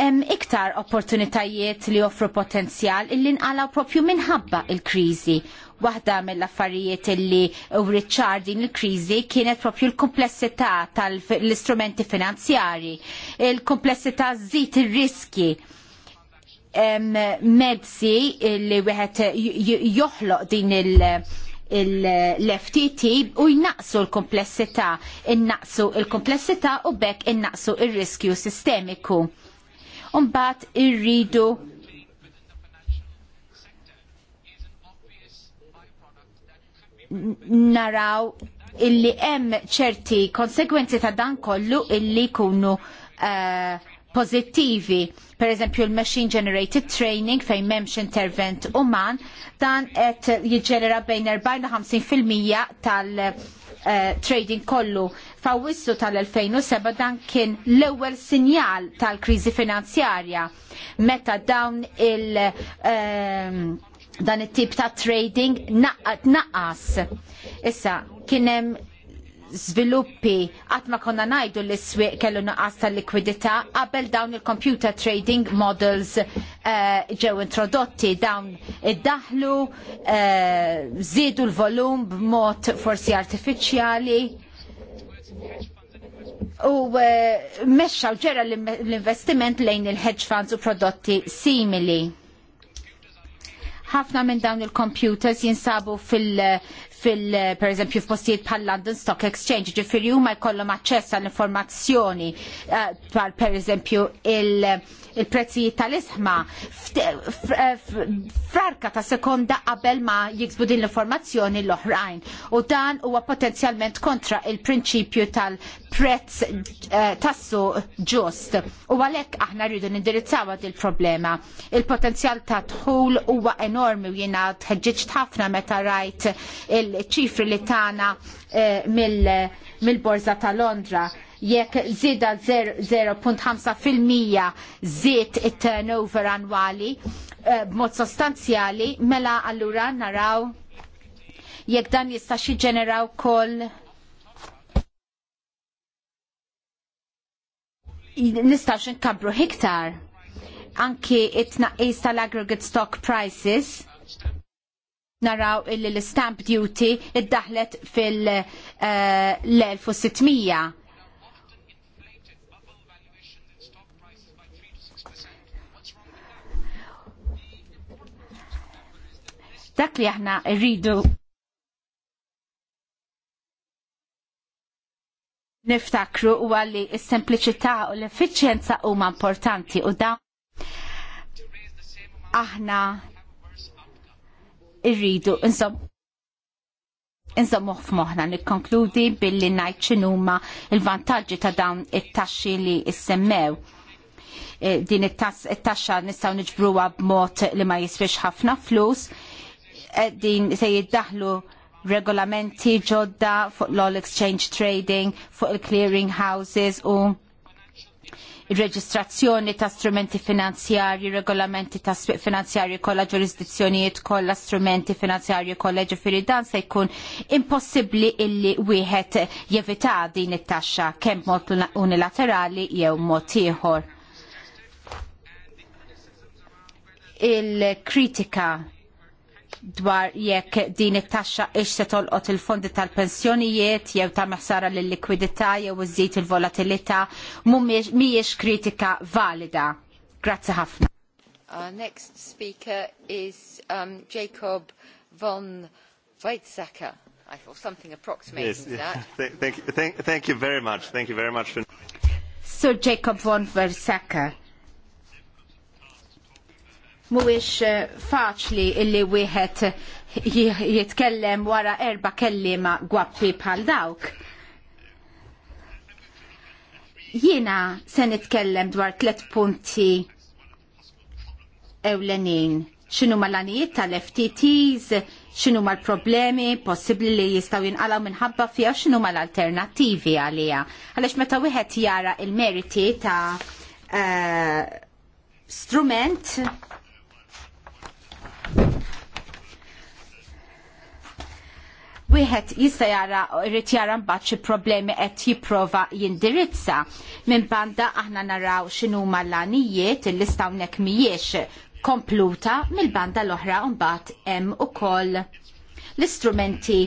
hemm iktar opportunitajiet li joffru potenzjal illi nqalaw propju minħabba il-kriżi Waħda mill-affarijiet illi uriċċar din il-kriżi kienet propju l-komplessità tal-istrumenti finanzjari, il-komplessità żid ir-riski mezzi li wieħed joħloq din il- l-FTT u jnaqsu l-komplessità, innaqsu l-komplessità u bekk innaqsu il-riskju sistemiku. Umbat irridu naraw illi hemm ċerti konsegwenzi ta' dan kollu illi jkunu uh, eh, pozittivi. Per eżempju l-machine generated training fejn m'hemmx intervent uman dan qed jiġġenera bejn 40-50% tal-trading eh, kollu. Fawissu tal-2007 dan kien l-ewwel sinjal tal-kriżi finanzjarja meta dawn il- uh, dan it-tip ta' trading naqqas. Issa, kienem sviluppi qatt ma konna ngħidu li s-swieq kellu naqqas ta' likwidità qabel dawn il-computer trading models eh, ġew uh, introdotti dawn iddaħlu uh, eh, żiedu l-volum b'mod forsi artifiċjali u uh, mexxaw ġera l-investiment lejn il-hedge funds u prodotti simili ħafna minn dawn il-computers jinsabu fil- uh fil per eżempju f'postijiet bħal London Stock Exchange, ġifieri huma jkollhom aċċess għall informazzjoni eh, bħal per eżempju il-prezzijiet tal-isħma eh, frarka ta' sekonda qabel ma jiksbu din l-informazzjoni l-oħrajn. U dan huwa potenzjalment kontra il-prinċipju tal-prezz eh, tassu ġust. U għalhekk aħna rridu nindirizzaw il problema. Il-potenzjal ta' dħul huwa enormi u jiena tħeġġiġt ħafna meta rajt il il-ċifri li tana eh, mill-Borza ta' Londra jekk zida 0.5% zid it-turnover annwali eh, b'mod sostanzjali, mela allura naraw jekk dan jista' ġeneraw kol nistax nkabru hiktar anki it-tnaqqis tal-aggregate stock prices naraw illi l-stamp duty iddaħlet fil-1600. Eh, Dak li aħna rridu niftakru u għalli s-sempliċità u l-effiċjenza huma importanti u da aħna irridu insab Inżammuħ f'moħna nikkonkludi billi ngħid x'inhuma l-vantaġġi ta' dawn it-taxxi li issemmew. E, din it-taxxa nistgħu niġbruha b'mod li ma jiswix ħafna flus, din se jiddaħlu regolamenti ġodda fuq l-all exchange trading, fuq il-clearing houses u il-reġistrazzjoni ta' strumenti finanzjarji, regolamenti ta' finanzjarji kollha ġurisdizzjonijiet kollha strumenti finanzjarji kollha ġifieri dan se jkun impossibbli illi wieħed jevita din it-taxxa kemm mod unilaterali jew mod ieħor. Il-kritika dwar jekk din it-taxxa ix se tolqot il-fondi tal-pensjonijiet jew ta' meħsara lill likwidità jew iżżid il-volatilità mhijiex kritika valida. Grazzi ħafna. Our next speaker is um, Jacob von Weizsäcker. I thought something approximating yes, that. [LAUGHS] Th thank, thank, thank you very much. Thank you very much. For... Sir Jacob von Weizsäcker mhuwiex eh, faċli illi wieħed jitkellem wara erba kelliema gwappi bħal dawk. Jiena se nitkellem dwar tliet punti ewlenin. X'inhu mal-għanijiet tal-FTTs, x'inhu mal-problemi possibbli li jistgħu jinqalgħu minħabba fiha u x'inhu mal-alternattivi għaliha. Għaliex meta wieħed jara l meriti ta' uh, strument wieħed jista' jara jrid jara mbagħad xi problemi qed jipprova jindirizza. Minn banda aħna naraw x'inhuma l-għanijiet il stawnek mhijiex kompluta mill-banda l-oħra mbagħad hemm ukoll l-istrumenti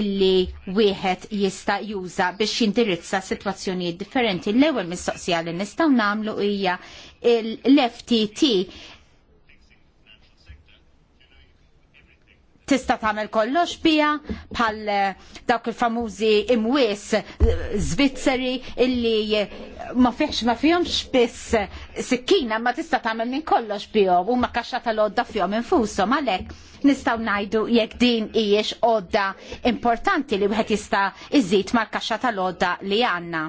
illi wieħed jista' juża biex jindirizza sitwazzjonijiet differenti. L-ewwel mistoqsija li nistgħu nagħmlu hija l-FTT tista' tagħmel kollox bija bħal eh, dawk il-famużi imwis eh, Zvizzeri illi eh, ma fiħx ma fihomx biss sikkina ma tista' tagħmel minn kollox bihom huma kaxxa tal-għodda fihom infushom għalhekk nistgħu ngħidu jekk din hijiex odda importanti li wieħed jista' iżid mal-kaxxa tal odda li għandna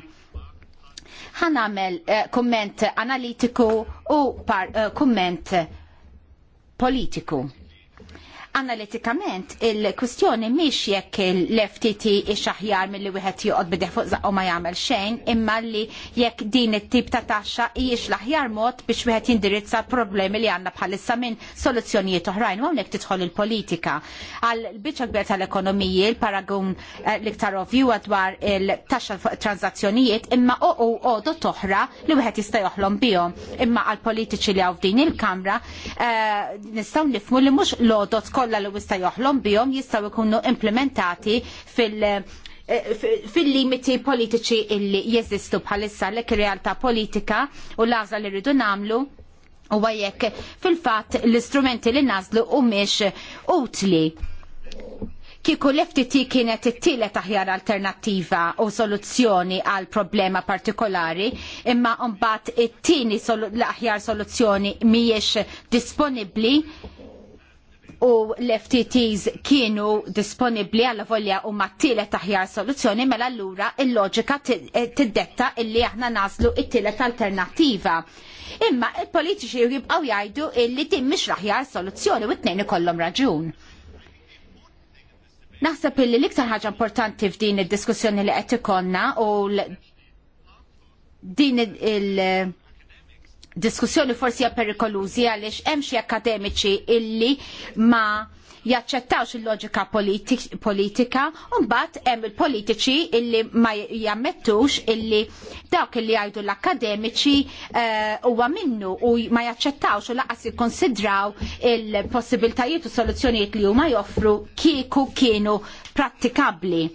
ħanamel komment analitiku u par, komment politiku. Analitikament, il-kwistjoni miex jekk l-FTT ixaħjar mill-li wieħed joqgħod bideħ fuq u ma jagħmel xejn, imma li jekk din it-tip ta' taxxa hijiex l-aħjar mod biex wieħed jindirizza problemi li għandna bħalissa minn soluzzjonijiet oħrajn u hawnhekk tidħol il-politika. Għal biċċa kbir tal-ekonomiji, il-paragun eh, l-iktar ovju dwar il-taxxa fuq transazzjonijiet imma u għodu toħra li wieħed jista' joħlom bihom. Imma għal politiċi li għaw din il-Kamra eh, nistgħu nifmu li mhux l-għodot kollha li wista joħlom bihom jistgħu jkunu implementati fil- eh, fil-limiti politiċi illi jeżistu bħalissa l realtà politika u l-għażla li rridu nagħmlu u għajek fil-fat l-istrumenti li nazlu u miex utli. Kiku l-FTT kienet it-tielet aħjar alternativa u soluzzjoni għal problema partikolari, imma mbagħad it-tieni l-aħjar soluzzjoni mhijiex disponibbli u l-FTTs kienu disponibli għalla volja u mat-tielet taħjar soluzzjoni mela allura il-loġika eh, tiddetta illi aħna nazlu it-tielet alternativa. Imma il-politiċi jibqaw jgħidu illi din mhix l soluzzjoni u t nejni ikollhom raġun. Naħseb illi l-iktar ħaġa importanti f'din id-diskussjoni li qed ikonna u din il- diskussjoni forsi hija perikolużi għaliex hemm xi akademiċi illi ma jaċċettawx il-loġika politika, u mbagħad hemm il-politiċi illi ma jammettux illi dawk illi jgħidu l-akademiċi eh, huwa uh, minnu u ma jaċċettawx u laqas jikkonsidraw il-possibiltajiet u soluzzjonijiet li huma joffru kieku kienu prattikabbli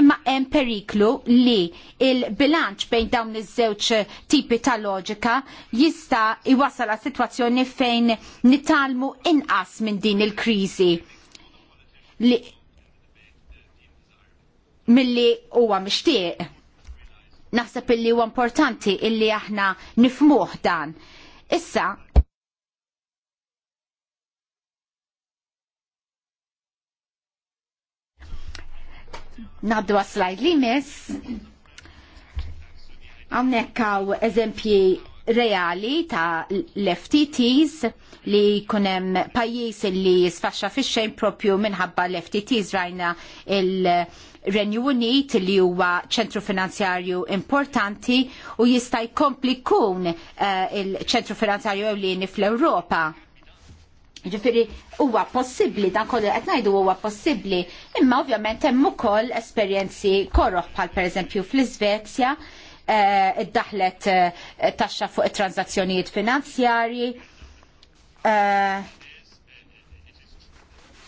imma hemm periklu li il-bilanċ bejn dawn iż-żewġ tipi ta' loġika jista' iwassal għal sitwazzjoni fejn nitalmu inqas minn din il-kriżi li milli huwa mixtieq. Naħseb illi huwa importanti illi aħna nifmuh dan. Issa Naddu għaslajd li mis. Għamnekkaw eżempji reali ta' l-FTTs li kunem pajis li sfaxa fi xejn propju minħabba l-FTTs rajna il-Renju Unit li huwa ċentru finanzjarju importanti u jista' jkompli kun uh, eh, il-ċentru finanzjarju ewlieni fl-Ewropa Ġifiri, huwa possibli, dan kollu qed ngħidu huwa possibbli, imma ovvjament hemm ukoll esperjenzi korroħ bħal pereżempju fl-Iżvezja, eh, iddaħlet eh, taxxa fuq it-transazzjonijiet finanzjarji. Eh,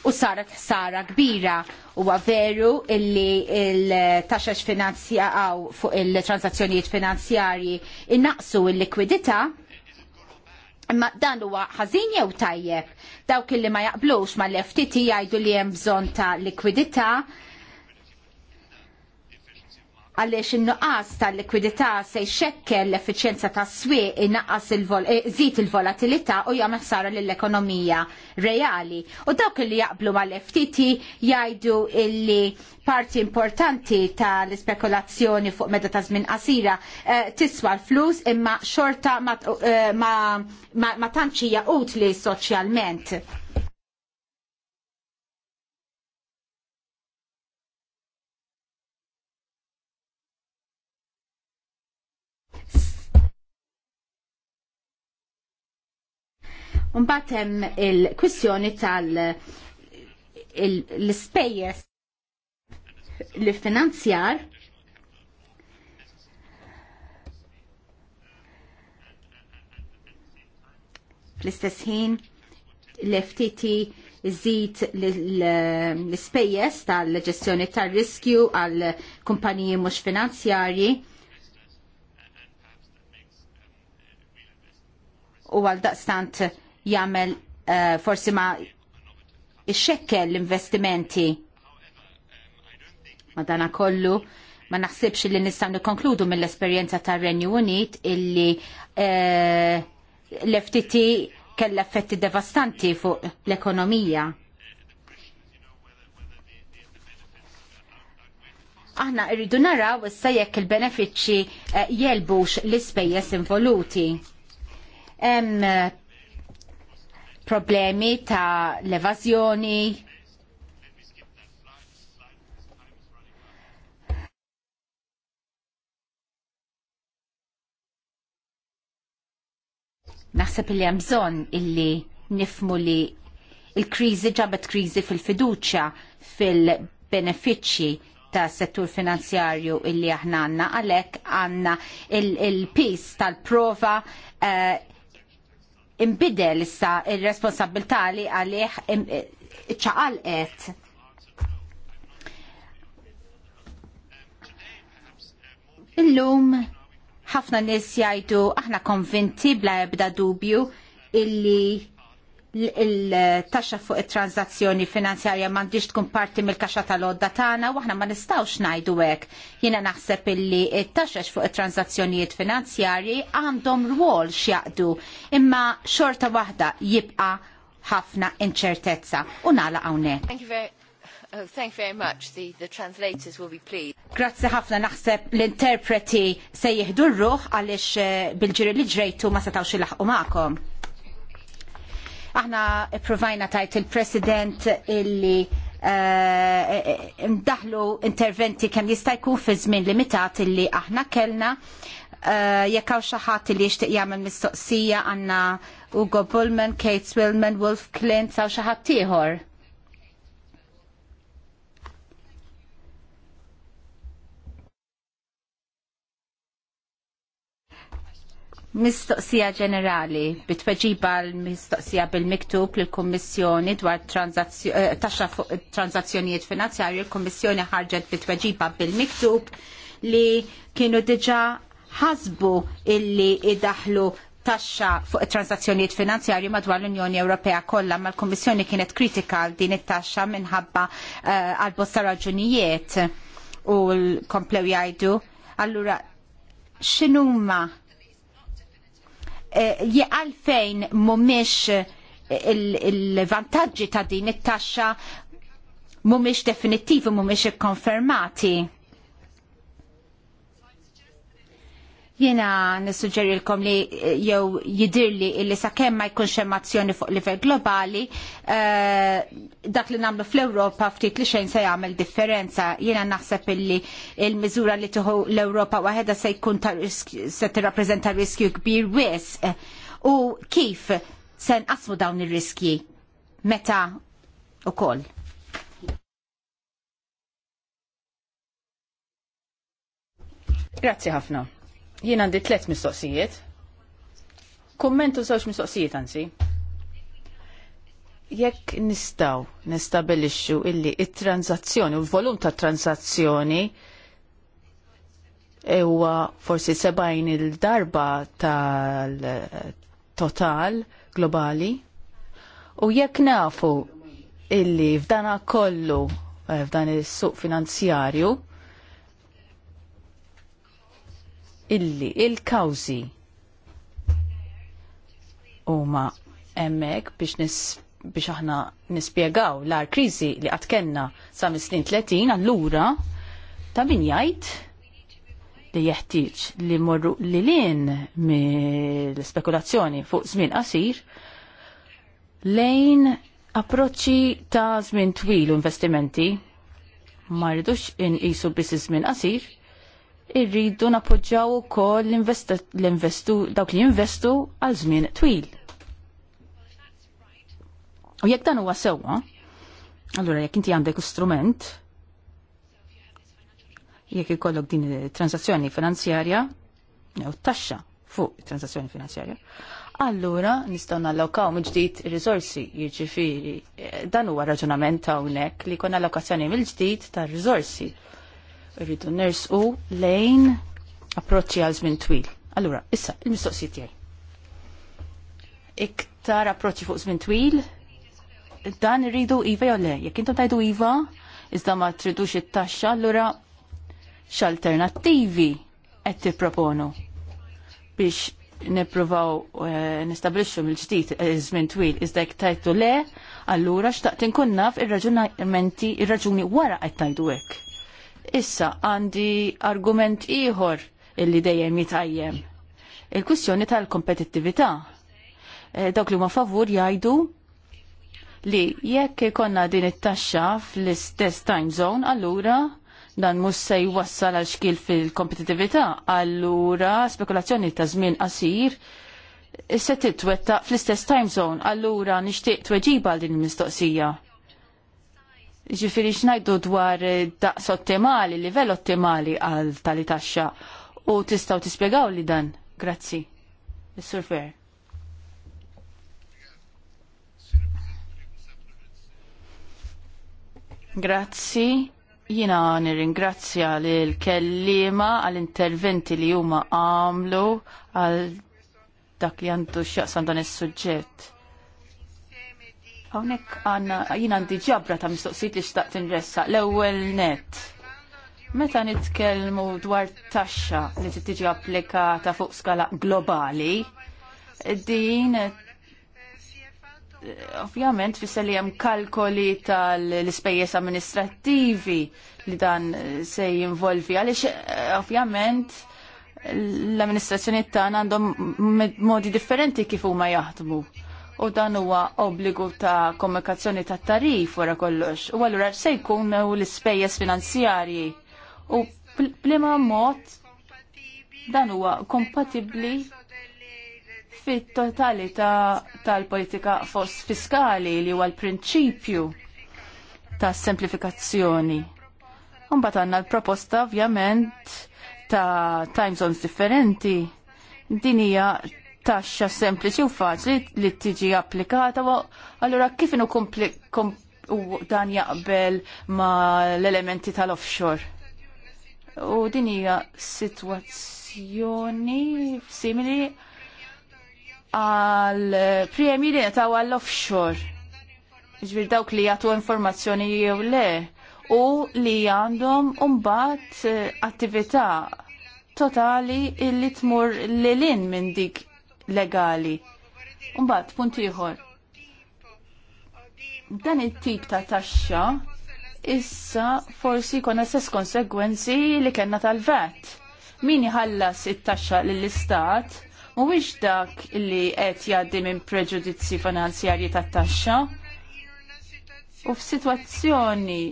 u saret ħsara kbira huwa veru illi il-taxxax finanzja fuq il-transazzjonijiet finanzjarji innaqsu il-likwidità il likwidità Imma dan huwa ħażin jew tajjeb dawk illi ma jaqblux mal-FTT jgħidu li hemm bżonn ta' likwidità għaliex in-nuqqas tal-likwidità se jxekkel l-effiċjenza tas-swieq inaqqas żid eh, il-volatilità u jgħam ħsara lill-ekonomija reali. U dawk li jaqblu mal-FTT jgħidu illi parti importanti tal-ispekulazzjoni fuq meta ta' żmien qasira eh, tiswa l-flus imma xorta ma eh, tantx hija utli soċjalment Mbagħad hemm il-kwistjoni tal- l-ispejjeż li finanzjar fl-istess ħin l-FTT iżid l-ispejjeż tal-ġestjoni tar-riskju għal kumpaniji mhux finanzjarji. u għal daqstant jagħmel uh, forsi ma ixxekkel l-investimenti. dana kollu, ma naħsibx li nistgħu nikkonkludu mill-esperjenza tar-Renju Unit illi uh, eh, l-FTT kellha effetti devastanti fuq l-ekonomija. aħna rridu naraw issa jekk il-benefiċċji eh, jelbux l-ispejjeż involuti. Hemm problemi ta' l-evazjoni, naħseb li hemm bżonn illi nifmu li il-kriżi ġabet kriżi fil-fiduċja fil-benefiċċji ta' settur finanzjarju illi aħna għanna għalhekk għandna il-pis il pis tal prova uh, eh, imbidel issa il-responsabilta li għalih ċaqalqet. Illum ħafna nies jgħidu aħna konvinti bla ebda dubju illi il-taxxa fuq it-transazzjoni finanzjarja m'għandix tkun parti mill-kaxxa tal-odda tagħna u aħna ma nistgħux ngħidu hekk. Jiena naħseb illi it-taxxa fuq it-transazzjonijiet finanzjarji għandhom rwol x'jaqdu imma xorta waħda jibqa' ħafna inċertezza u nagħlaq hawnhekk. Oh, thank you very much. The, the translators will be pleased. Grazzi ħafna naħseb l-interpreti se jihdu r-ruħ għalix uh, bil-ġiri li ġrejtu ma setawx il-ħu maqom. Aħna provajna tajt il-President illi eh, ndaħlu interventi kemm jista' jkun fi żmien limitat illi aħna kellna eh, jekaw hawn xi ħadd li jagħmel mistoqsija għanna Ugo Bullman, Kate Swillman, Wolf Clint, saw xi ħadd ieħor. Mistoqsija ġenerali bitweġiba l-mistoqsija bil-miktub l kummissjoni dwar eh, taxxa transazzjonijiet Finanzjarju l-Kummissjoni ħarġet bitweġiba bil-miktub li kienu diġa ħasbu illi idaħlu taxxa fuq transazzjonijiet finanzjarju madwar l-Unjoni Ewropea kollha ma l-Kummissjoni kienet kritika għal din it-taxxa minħabba eh, għal bosta raġunijiet u l-komplew jajdu. Allura x'inhuma Eh, għalfejn mhumiex eh, il-vantaġġi ta' din it-taxxa mhumiex definittivi mhumiex ikkonfermati. Jena nissuġġerilkom li eh, jew jidirli illi sakemm ma jkunx hemm fuq livell globali, eh, dak li nagħmlu fl-Ewropa ftit li xejn se jagħmel differenza. Jiena naħseb illi il-miżura li tuħu l-Ewropa waħedha se jkun se tirrappreżenta riskju kbir wis. U kif se nqasmu dawn ir-riskji? Meta ukoll? Grazzi ħafna. Jien għandi tlet mistoqsijiet. Kummentu żewġ mistoqsijiet anzi. Jekk nistaw nestabilixxu illi it-tranzazzjoni u l-volum ta' tranzazzjoni huwa forsi sebajn il-darba tal-total globali u jekk nafu illi f'dan kollu eh, f'dan is-suq finanzjarju illi il-kawzi huma hemmhekk biex nis biex aħna nispjegaw l-ar kriżi li qatt kellna sa mis-snin 30 allura ta' min jgħid li jeħtieġ li morru li lin mill-spekulazzjoni fuq żmien qasir lejn approċċi ta' żmien twil u investimenti ma rridux inqisu biss żmien qasir irridu napoġġaw ukoll l-investu dawk li investu għal żmien twil. U jekk dan huwa sewwa, allura jekk inti għandek strument, jekk ikollok din transazzjoni finanzjarja, jew taxxa fuq transazzjoni finanzjarja, allura nistgħu nallokaw mill-ġdid ir-riżorsi, jiġifieri eh, dan huwa raġunament hawnhekk li jkun allokazzjoni mill-ġdid tar-riżorsi rridu nersqu lejn approċċi għal żmien twil. Allura, issa, il-mistoqsijiet tiegħi. Iktar approċċi fuq żmien twil, dan irridu iva jew le, jekk intom tajdu iva, iżda ma tridux it-taxxa, allura x'alternattivi qed tipproponu biex nippruvaw eh, nistabilixxu mill-ġdid eh, żmien twil iżda jekk tajtu le, allura xtaqt inkun naf ir-raġunamenti, ir-raġuni wara qed tajdu hekk Issa għandi argument ieħor illi dejjem jitqajjem. Il-kwistjoni tal-kompetittività. E, dawk li huma favur jgħidu li jekk ikonna din it-taxxa fl-istess time zone, allura dan mhux se jwassal għal xkil fil-kompetittività, allura spekulazzjoni ta' żmien qasir se titwettaq fl-istess time zone, allura nixtieq tweġiba għal din il-mistoqsija Ġifiri xnajdu dwar daqs ottimali, livell ottimali għal tali taxxa u tistaw tispiegaw li dan. Grazzi. is Fair. Grazzi. Jina nirringrazzja li l-kellima għal-interventi li huma għamlu għal dak li għandu xjaqsam dan is-suġġett Hawnhekk għandna jien għandi ġabra ta' mistoqsijiet li xtaqt inressa l-ewwel net. Meta nitkellmu dwar taxxa li tiġi applikata fuq skala globali, din ovvjament fisser li hemm kalkoli tal-ispejjeż amministrattivi li dan se jinvolvi għaliex ovvjament l-amministrazzjoni tagħna għandhom modi differenti kif huma jaħdmu u dan huwa obbligu ta' komunikazzjoni ta' tarif wara kollox. U allura se jkun l-ispejjeż finanzjarji u blima mod dan huwa kompatibbli fit-totalità tal-politika fost fiskali li huwa l-prinċipju ta' semplifikazzjoni. Mbagħad għandna l-proposta ovvjament ta' time zones differenti din hija taxxa sempliċi u faċli li tiġi applikata, allura kif inu dan jaqbel ma l-elementi tal-offshore? U din hija sitwazzjoni simili għal premi li jataw għall offshore. Ġvir dawk li jagħtu informazzjoni jew le u li għandhom umbat eh, attività totali illi tmur lilin minn dik legali. Umbat, punt ieħor. Dan it-tip ta' taxxa issa forsi jkun stess konsegwenzi li kellna tal-vet. Min jħallas it-taxxa lill-istat mhuwiex dak li qed jgħaddi minn preġudizzi finanzjarji tat-taxxa. U f'sitwazzjoni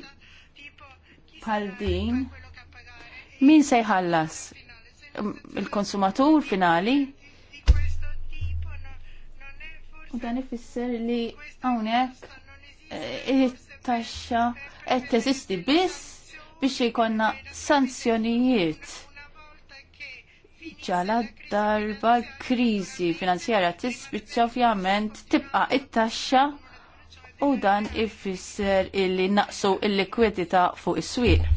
bħal din, min se jħallas? Il-konsumatur finali? U dan ifisser li hawnhekk eh, it-taxxa qed teżisti biss biex ikonna sanzjonijiet. Ġala darba kriżi finanzjarja tispiċċa ovvjament tibqa' it-taxxa u dan ifisser illi naqsu il-likwidità fuq is-swieq.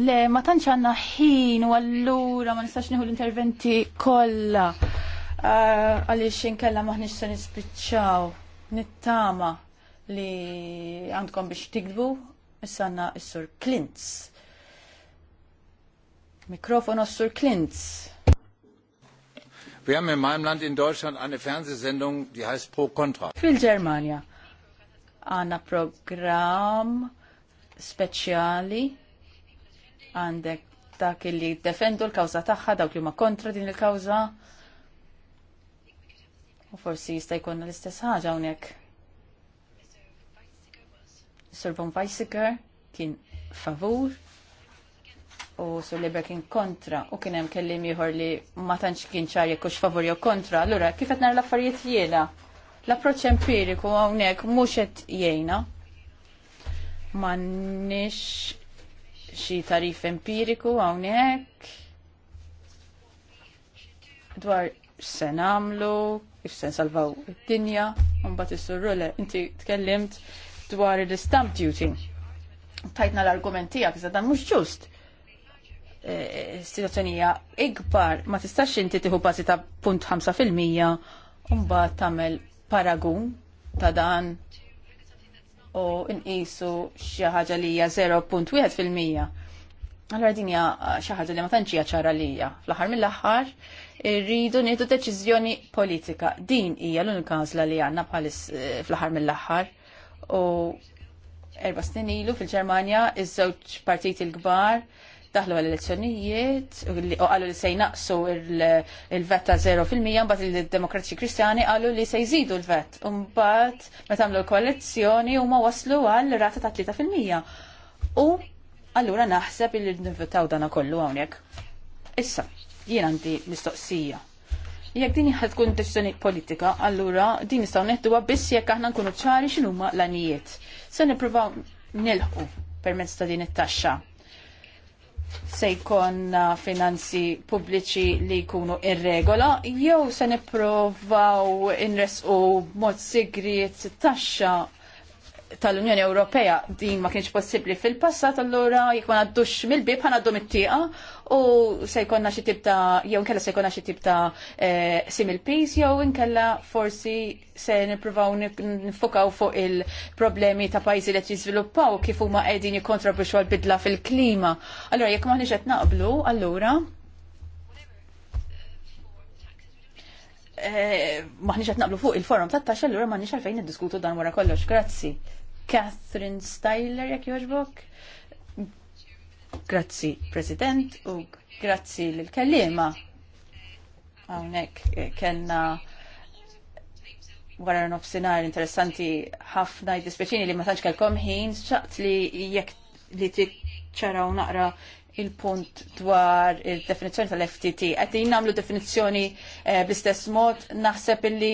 Le, ma tantx għandna ħin u allura ma nistax nieħu l-interventi kollha ah, għaliex inkella maħniex se nispiċċaw. Nittama li għandkom biex tikbu issa għandna s-sur Klintz. Mikrofon s-sur Klintz. Wir haben in meinem Land in Deutschland eine Fernsehsendung, die heißt Pro Contra. Fil-Germania għandna programm speċjali għandek dak illi defendu l-kawza tagħha, dawk li ma kontra din il-kawza. U forsi jista' jkun l-istess ħaġa hawnhekk. Sir Von Weisseker kien favur u Sir Liber kien kontra u kien hemm kellim ieħor li ma tantx kien ċar jekk hux favur jew kontra. Allura kif qed nara l-affarijiet jiena? L-approċċ empiriku hawnhekk mhux qed jgħinna. M'għandniex xi tarif empiriku hawnhekk dwar se namlu, kif se salvaw id-dinja, mbagħad is-surrule inti tkellimt dwar il-stamp duty. Tajtna l-argument tiegħek iżda dan mhux ġust. E, Situazzjonija ikbar ma tistax inti tieħu bażi ta' punt 5% u mbagħad tagħmel paragun ta' dan u nqisu xi ħaġa li hija 0.1 fil-mija. Allora din hija xi ħaġa li ma tantx hija ċara lija. Fl-aħħar mill-aħħar irridu nieħdu deċiżjoni politika. Din hija l-unika għażla li għandna bħalis eh, fl-aħħar mill-aħħar. U erba' snin ilu fil-Ġermanja iż-żewġ partiti il-kbar daħlu għal elezzjonijiet u għallu li se jnaqsu il vetta 0% mbagħad il-Demokratiċi Kristjani għallu li se jżidu l vett Mbagħad meta għamlu l-koalizzjoni huma waslu għal rata ta' 3%. U allura naħseb il nivvitaw dana kollu hawnhekk. Issa, jien għandi mistoqsija. Jekk din tkun deċiżjoni politika, allura din nistgħu neħduha biss jekk aħna nkunu ċari x'inhuma l-anijiet. Se nippruvaw nilħu permezz ta' din it-taxxa se jkun finanzi pubbliċi li jkunu irregola, jew se nipprovaw inresqu mod sigriet taxxa tal-Unjoni Ewropea din ma kienx possibbli fil-passat, allura jekk ma mill-bib ħanaddu mit-tieqa u se jkollna xi jew nkella se jkollna tibta eh, simil peace jew inkella forsi se nippruvaw nifukaw fuq il-problemi ta' pajjiżi li qed jiżviluppaw kif huma qegħdin jikkontribwixxu għall bidla fil-klima. Allura jekk maħniex qed naqblu, allura e, maħniex qed naqblu fuq il-forum tat-taxxa, allura maħniex għalfejn niddiskutu dan wara kollox. Grazzi. Catherine Styler, jekk jogħġbok? Grazzi, President, u grazzi l-kellima. Għawnek eh, kena wara nofsinar interessanti ħafna id-dispeċini li ma tantx kalkom ħin, xaqt li jekk li ċaraw naqra il-punt dwar il-definizjoni tal-FTT. Għedin namlu definizjoni eh, bl-istess mod, naħseb illi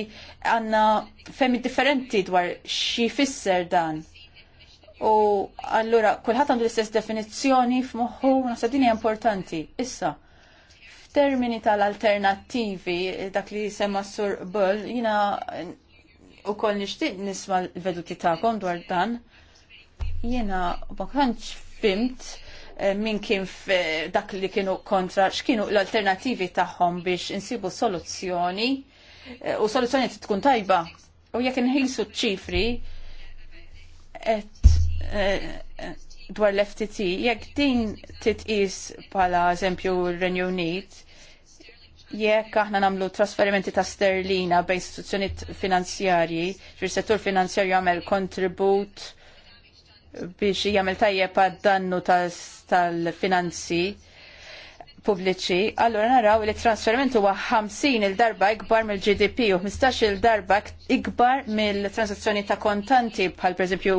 għanna femi differenti dwar xi fisser dan. U allura kulħadd għandu l-istess definizzjoni f'moħħu naħseb din hija importanti. Issa, f'termini tal-alternattivi dak li semma Sur Bull, jina koll nixtieq nisma' l-veduti tagħkom dwar dan. Jiena ma kontx fimt eh, minn kien eh, dak li kienu kontra, x'kienu l-alternativi tagħhom biex insibu soluzzjoni eh, u soluzzjoni tkun tajba. U jekk inħilsu ċifri, et Eh, dwar l-FTT, jekk din titqis pala eżempju r-Renju Unit, jekk aħna namlu trasferimenti ta' sterlina bejn istituzzjonijiet finanzjarji, fir settur finanzjarju għamel kontribut biex jagħmel tajjeb għad-dannu tal-finanzi, pubbliċi, allora naraw li trasferiment huwa 50 il-darba ikbar mill-GDP u 15 il-darba ikbar mill-transazzjoni ta' kontanti bħal pereżempju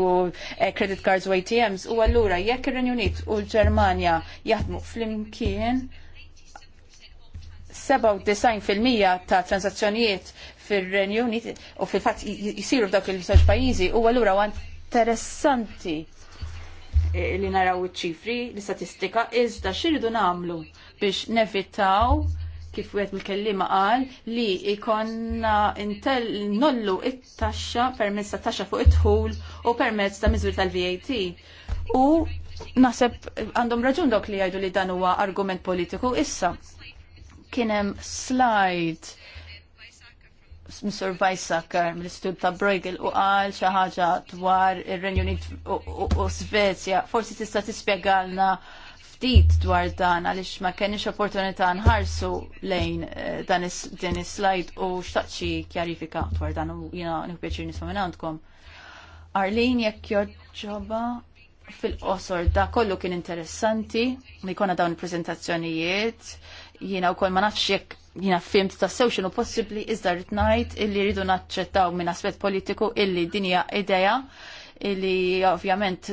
eh, credit cards u ATMs u allura jekk ir-Renju Unit u l-Ġermanja jaħdmu flimkien 97% ta' transazzjonijiet fir-Renju Unit u fil-fatt jisiru f'dawk il-żewġ pajjiżi u allura huwa interessanti eh, li naraw iċ-ċifri, l-istatistika, iżda xiridu nagħmlu biex nevitaw kif għed mill-kellima qal li ikonna nollu it-taxxa permezz ta' taxxa fuq it ħul u permezz ta' miżur tal-VAT. U naħseb għandhom raġun dok li jgħidu li dan huwa argument politiku issa. Kien hemm slide Mr. Weissacker mill-Istud ta' Bruegel u qal xi ħaġa dwar ir-Renju Unit u Svezja. Forsi tista' tispjegalna ftit dwar dan għaliex ma kenix opportunità nħarsu lejn eh, dan din is-slide u xtaqt xi kjarifika dwar dan u jiena nħupieċir nisma' minn għandkom. Arlin jekk joġġoba fil-qosor da kollu kien interessanti li jkollna dawn il-prezentazzjonijiet jiena wkoll ma nafx jekk jiena fimt ta' sew xinu possibbli iżda rrid ngħid illi rridu naċċettaw minn aspett politiku illi dinja idea illi ovvjament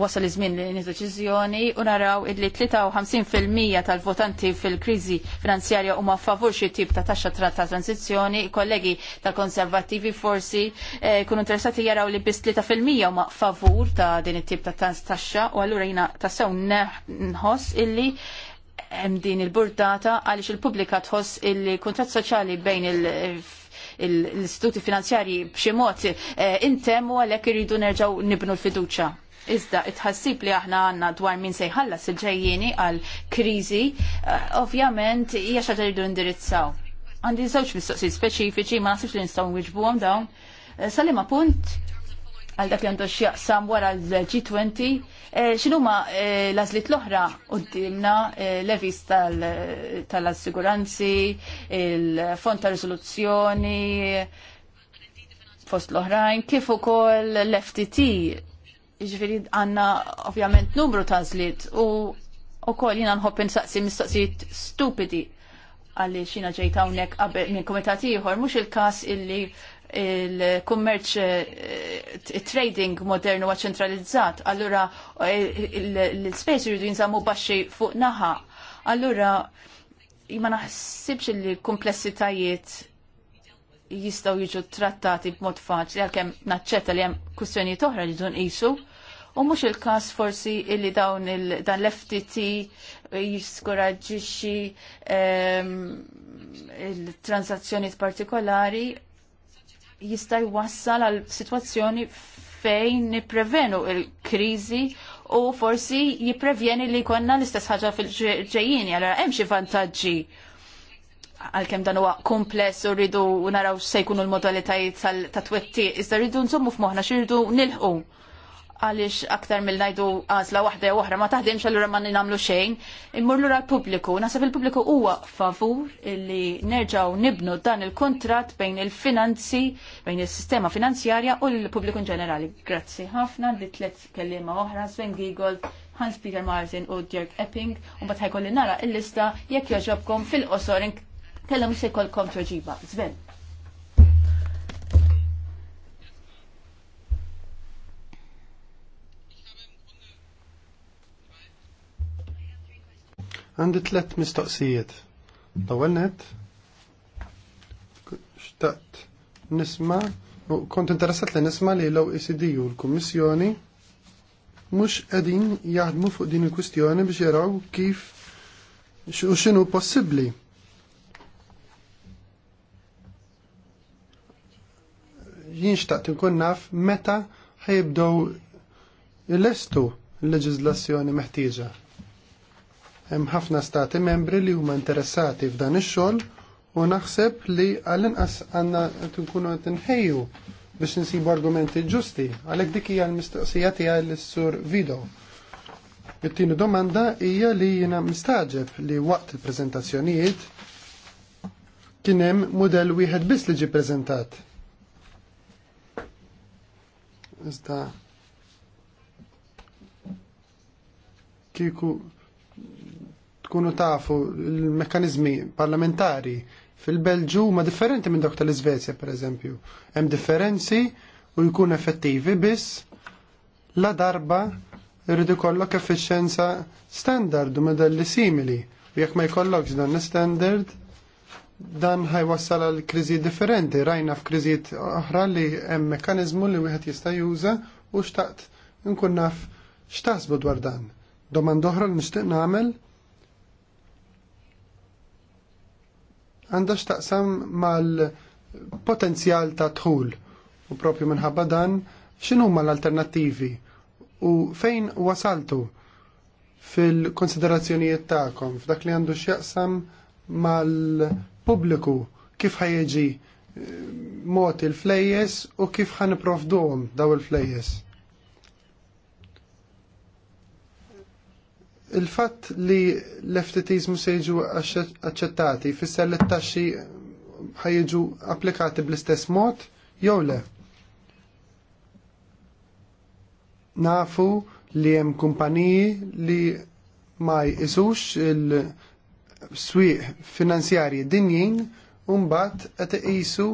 wasal iż-żmien li deċiżjoni u naraw illi 53% tal-votanti fil-kriżi finanzjarja huma favur xi tip ta' taxxa ta' transizzjoni, kollegi tal-konservattivi forsi eh, jkunu interessati jaraw li biss 3% huma favur ta' din it-tip ta' taxxa u allura jina tassew nħoss illi hemm din il-burdata għaliex il-pubblika tħoss il-kuntratt soċjali bejn il- l-istituti finanzjarji b'xi eh, intem u għalhekk iridu nerġgħu nibnu l-fiduċja. Iżda, itħassib li aħna għanna dwar minn sejħallas il-ġejjeni għal krizi, eh, ovvjament, hija xaġa rridu indirizzaw. Għandi żewġ mistoqsijiet speċifiċi, ma nasibx li nistgħu nwiġbuhom dawn. Eh, Salima punt, għal dak li għandu xjaqsam wara l-G20, ma lażlit l-oħra dimna eh, levis tal-assiguranzi, il-fond ta' risoluzzjoni, fost l-oħrajn, kif ukoll l-FTT, ġifiri għanna ovvjament numru ta' zlit u u koll jina nħobb nsaqsi mistaqsijiet stupidi għalli xina ġejta unnek minn komitati ieħor mhux il-każ illi il-kummerċ eh, trading modernu u ċentralizzat, allura eh, l-space jridu jinżammu baxxi fuq naħa. Allura ma naħsibx li komplessitajiet jistaw jiġu trattati b'mod faċli għalkemm naċċetta li hemm kwistjonijiet oħra li dun qisu. U mhux il-każ forsi illi dawn il dan l-FTT jiskoraġġixxi ehm, il transazzjoniet partikolari jista' jwassal għal sitwazzjoni fejn nipprevenu il-kriżi u forsi jipprevjeni li konna l-istess ħaġa fil-ġejjini, allora hemm xi vantaġġi għalkemm dan huwa kompless u rridu naraw se jkunu l-modalitajiet tal twetti, iżda rridu nżommu f'moħħna xi rridu nilħu għaliex aktar mill-najdu għazla waħda u oħra ma taħdimx allura ma nagħmlu xejn, immur lura l-pubbliku. Nasab il-pubbliku huwa favur li nerġgħu nibnu dan il kontrat bejn il-finanzi, bejn is-sistema finanzjarja u l-pubbliku in ġenerali. Grazzi ħafna li tliet kelliema oħra Sven Giegold, Hans Peter Marzin u Dirk Epping, u mbagħad ħajkolli nara il lista jekk jogħġobkom fil-qosor kellhom se jkollkom tweġiba. Sven. Għandi tlet mistoqsijiet. L-ewwel net xtaqt nisma' u kont interessat li nisma' li l-OECD u l-Kummissjoni mhux qegħdin jaħdmu fuq din il-kwistjoni biex jaraw kif u x'inhu possibbli. Jien xtaqt inkun naf meta ħajbdew lestu l leġislazzjoni meħtieġa Hemm ħafna stati membri li huma interessati f'dan ix-xogħol u naħseb li għall-inqas għandna qed nkunu qed inħejju biex insibu argumenti ġusti għalhekk dik hija l-mistoqsija tiegħi lis-sur Vido. It-tieni domanda hija li jiena mistaġeb li waqt il-preżentazzjonijiet kien hemm mudell wieħed biss li ġie preżentat. Iżda kieku tkunu tafu l mekanizmi parlamentari fil-Belġu ma differenti minn dawk tal-Iżvezja pereżempju. Hemm differenzi u jkun effettivi biss la darba irridu kollok effiċenza standard u modelli simili. U jekk ma jkollokx dan standard, dan ħajwassal għal kriżi differenti. Rajna f'kriżijiet oħra li hemm mekkaniżmu li wieħed jista' juża u xtaqt nkun naf x'taħsbu dwar dan. Domanda oħra li nixtieq nagħmel għandha x'taqsam mal-potenzjal ta' dħul u propju minħabba dan x'inhu l-alternattivi u fejn wasaltu fil-konsiderazzjonijiet tagħkom f'dak li għandu x'jaqsam mal-pubbliku kif ħajjeġi eh, mod il-flejjes u kif ħaniprovduhom daw il-flejjes. Il-fatt li l-FTTs mhux se jiġu aċċettati fisser li t-taxxi ħajġu applikati bl-istess mod jew le. Nafu li hemm kumpaniji li ma jisux il-swieq finanzjarji dinjin u mbagħad qed iqisu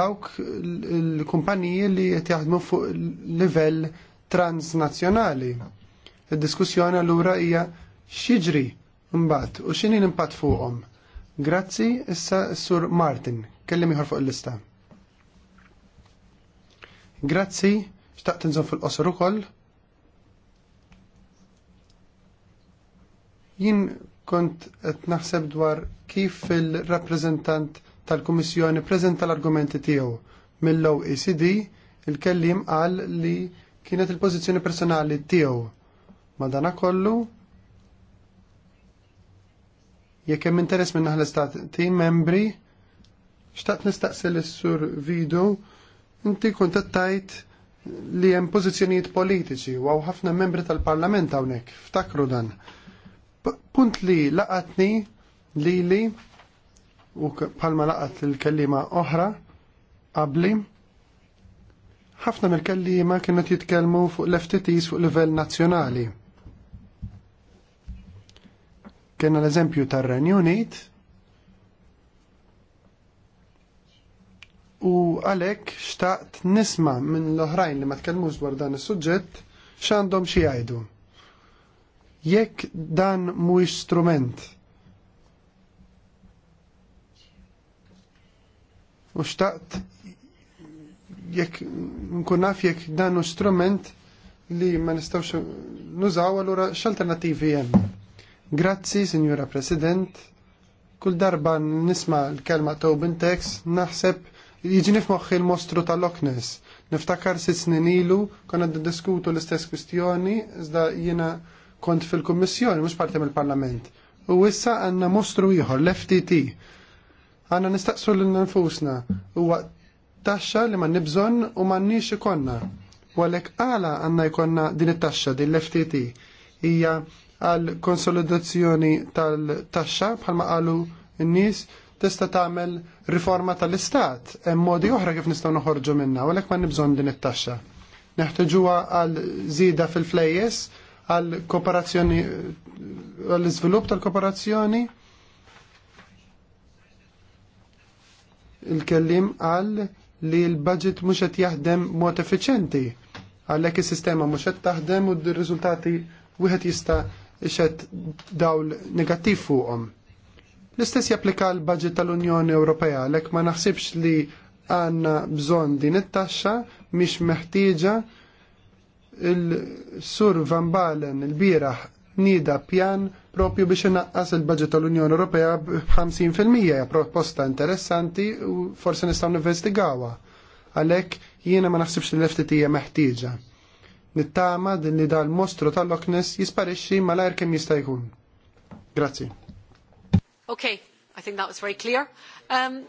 dawk il-kumpaniji li qed jaħdmu fuq livell transnazzjonali Id-diskussjoni allura hija x'jiġri mbagħad u x'inhi l-impatt fuqhom. Grazzi issa Sur Martin, kellim ieħor fuq il-lista. Grazzi, xtaqt nżomm fil-qosor ukoll. Jien kont qed naħseb dwar kif il-rappreżentant tal-Kummissjoni preżenta l-argumenti tiegħu mill-OECD il-kellim qal li kienet il-pożizzjoni personali tiegħu Madana kollu, jekk hemm interess minn naħla stati membri, xtaqt nistaqsi l-sur vidu, inti kont tajt li hemm pożizzjonijiet politiċi u għaw ħafna membri tal-Parlament hawnhekk, ftakru dan. Punt li laqatni li li u palma laqat il-kellima oħra qabli ħafna mill-kellima kienu jitkellmu fuq l-FTTs fuq livell nazzjonali Kena l-eżempju tar-Renju Unit u għalhekk xtaqt nisma minn l-oħrajn li ma tkellmux dwar dan is-suġġett x'għandhom xi jgħidu. Jekk dan mhuwiex strument u xtaqt jekk nkun naf jekk dan strument li ma nistawx nużaw allura x'alternattivi hemm. Grazzi, Signora President. Kull darba nisma l-kelma Tobin Tex, naħseb jiġini f'moħħi l-mostru tal-Loch Ness. Niftakar sitt snin ilu, konna diskutu l-istess kwistjoni, iżda jiena kont fil-Kummissjoni, mhux parti mill-Parlament. U issa għandna mostru ieħor, l-FTT. Għanna nistaqsu lil nfusna huwa taxxa li ma nibżonn u nix ikonna. U għalhekk għala għandna jkollna din it-taxxa din l-FTT għal konsolidazzjoni tal-taxxa bħalma qalu n-nies tista' tagħmel riforma tal-istat hemm modi oħra kif nistgħu noħorġu minnha u ma nibżonn din it-taxxa. Neħtieġuha għal żieda fil-flejjes għal kooperazzjoni għall iżvilupp tal-kooperazzjoni il-kellim għal li l-budget mhux qed jaħdem mod effiċjenti għalhekk is-sistema mhux qed taħdem u d-riżultati wieħed jista' ixed dawl negattiv fuqhom. L-istess japplika l-budget tal-Unjoni Ewropea, lek ma naħsibx li għanna bżon din it-taxxa miex meħtieġa il-sur Van Balen il-biraħ nida pjan propju biex inaqqas il-budget tal-Unjoni Ewropea b-50% hija proposta interessanti u forse nistgħu nivvestigawa. Għalhekk jiena ma naħsibx li l-FTT hija meħtieġa. Nittama din li dal-mostru tal-Loch Ness jisparixxi malajr kemm jista' jkun. Grazzi. Okay, I think that was very clear. Um,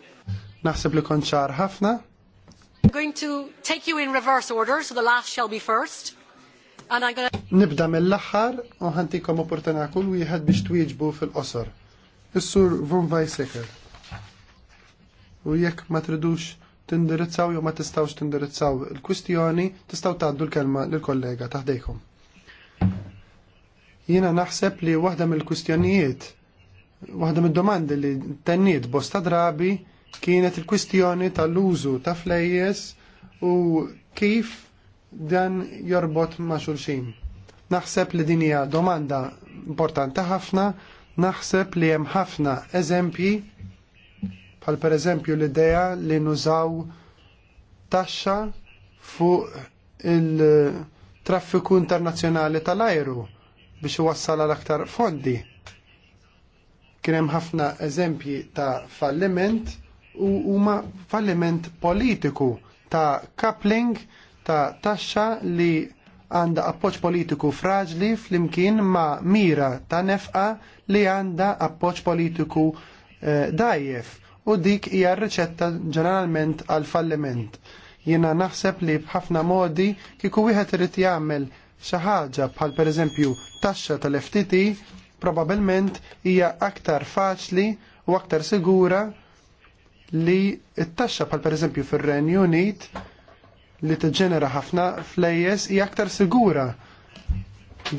Naħseb li kont ċar ħafna. I'm going to take you in reverse order, so the last shall be first. And I'm gonna... Nibda mill laħħar u ħantikom opportunità kull wieħed biex twieġbu fil-qosor. Is-sur Von Weisseker. U jekk ma tridux tindirizzaw jew ma tistawx tindirizzaw il-kwistjoni, tistgħu tgħaddu l-kelma lill-kollega taħdejkom. Jiena naħseb li waħda mill-kwistjonijiet, waħda mid-domandi li tenniet bosta drabi kienet il-kwistjoni tal-użu ta' flejjes u kif dan jorbot ma' xulxin. Naħseb li din hija domanda importanti ħafna, naħseb li hemm ħafna eżempji bħal pereżempju l-idea li nużaw taxxa fuq il-traffiku internazzjonali tal-ajru biex iwassal għal aktar fondi. Kien hemm ħafna eżempji ta' falliment u huma falliment politiku ta' coupling ta' taxxa li għanda appoġġ politiku fraġli flimkien ma' mira ta' nefqa li għanda appoġġ politiku eh, dajjef u dik hija r-riċetta ġeneralment għal falliment. Jiena naħseb li b'ħafna modi kieku wieħed irid jagħmel xi ħaġa bħal pereżempju taxxa tal-FTT probabbilment hija aktar faċli u aktar sigura li t-taxxa bħal pereżempju fir-Renju Unit li tiġġenera ħafna flejjes hija aktar sigura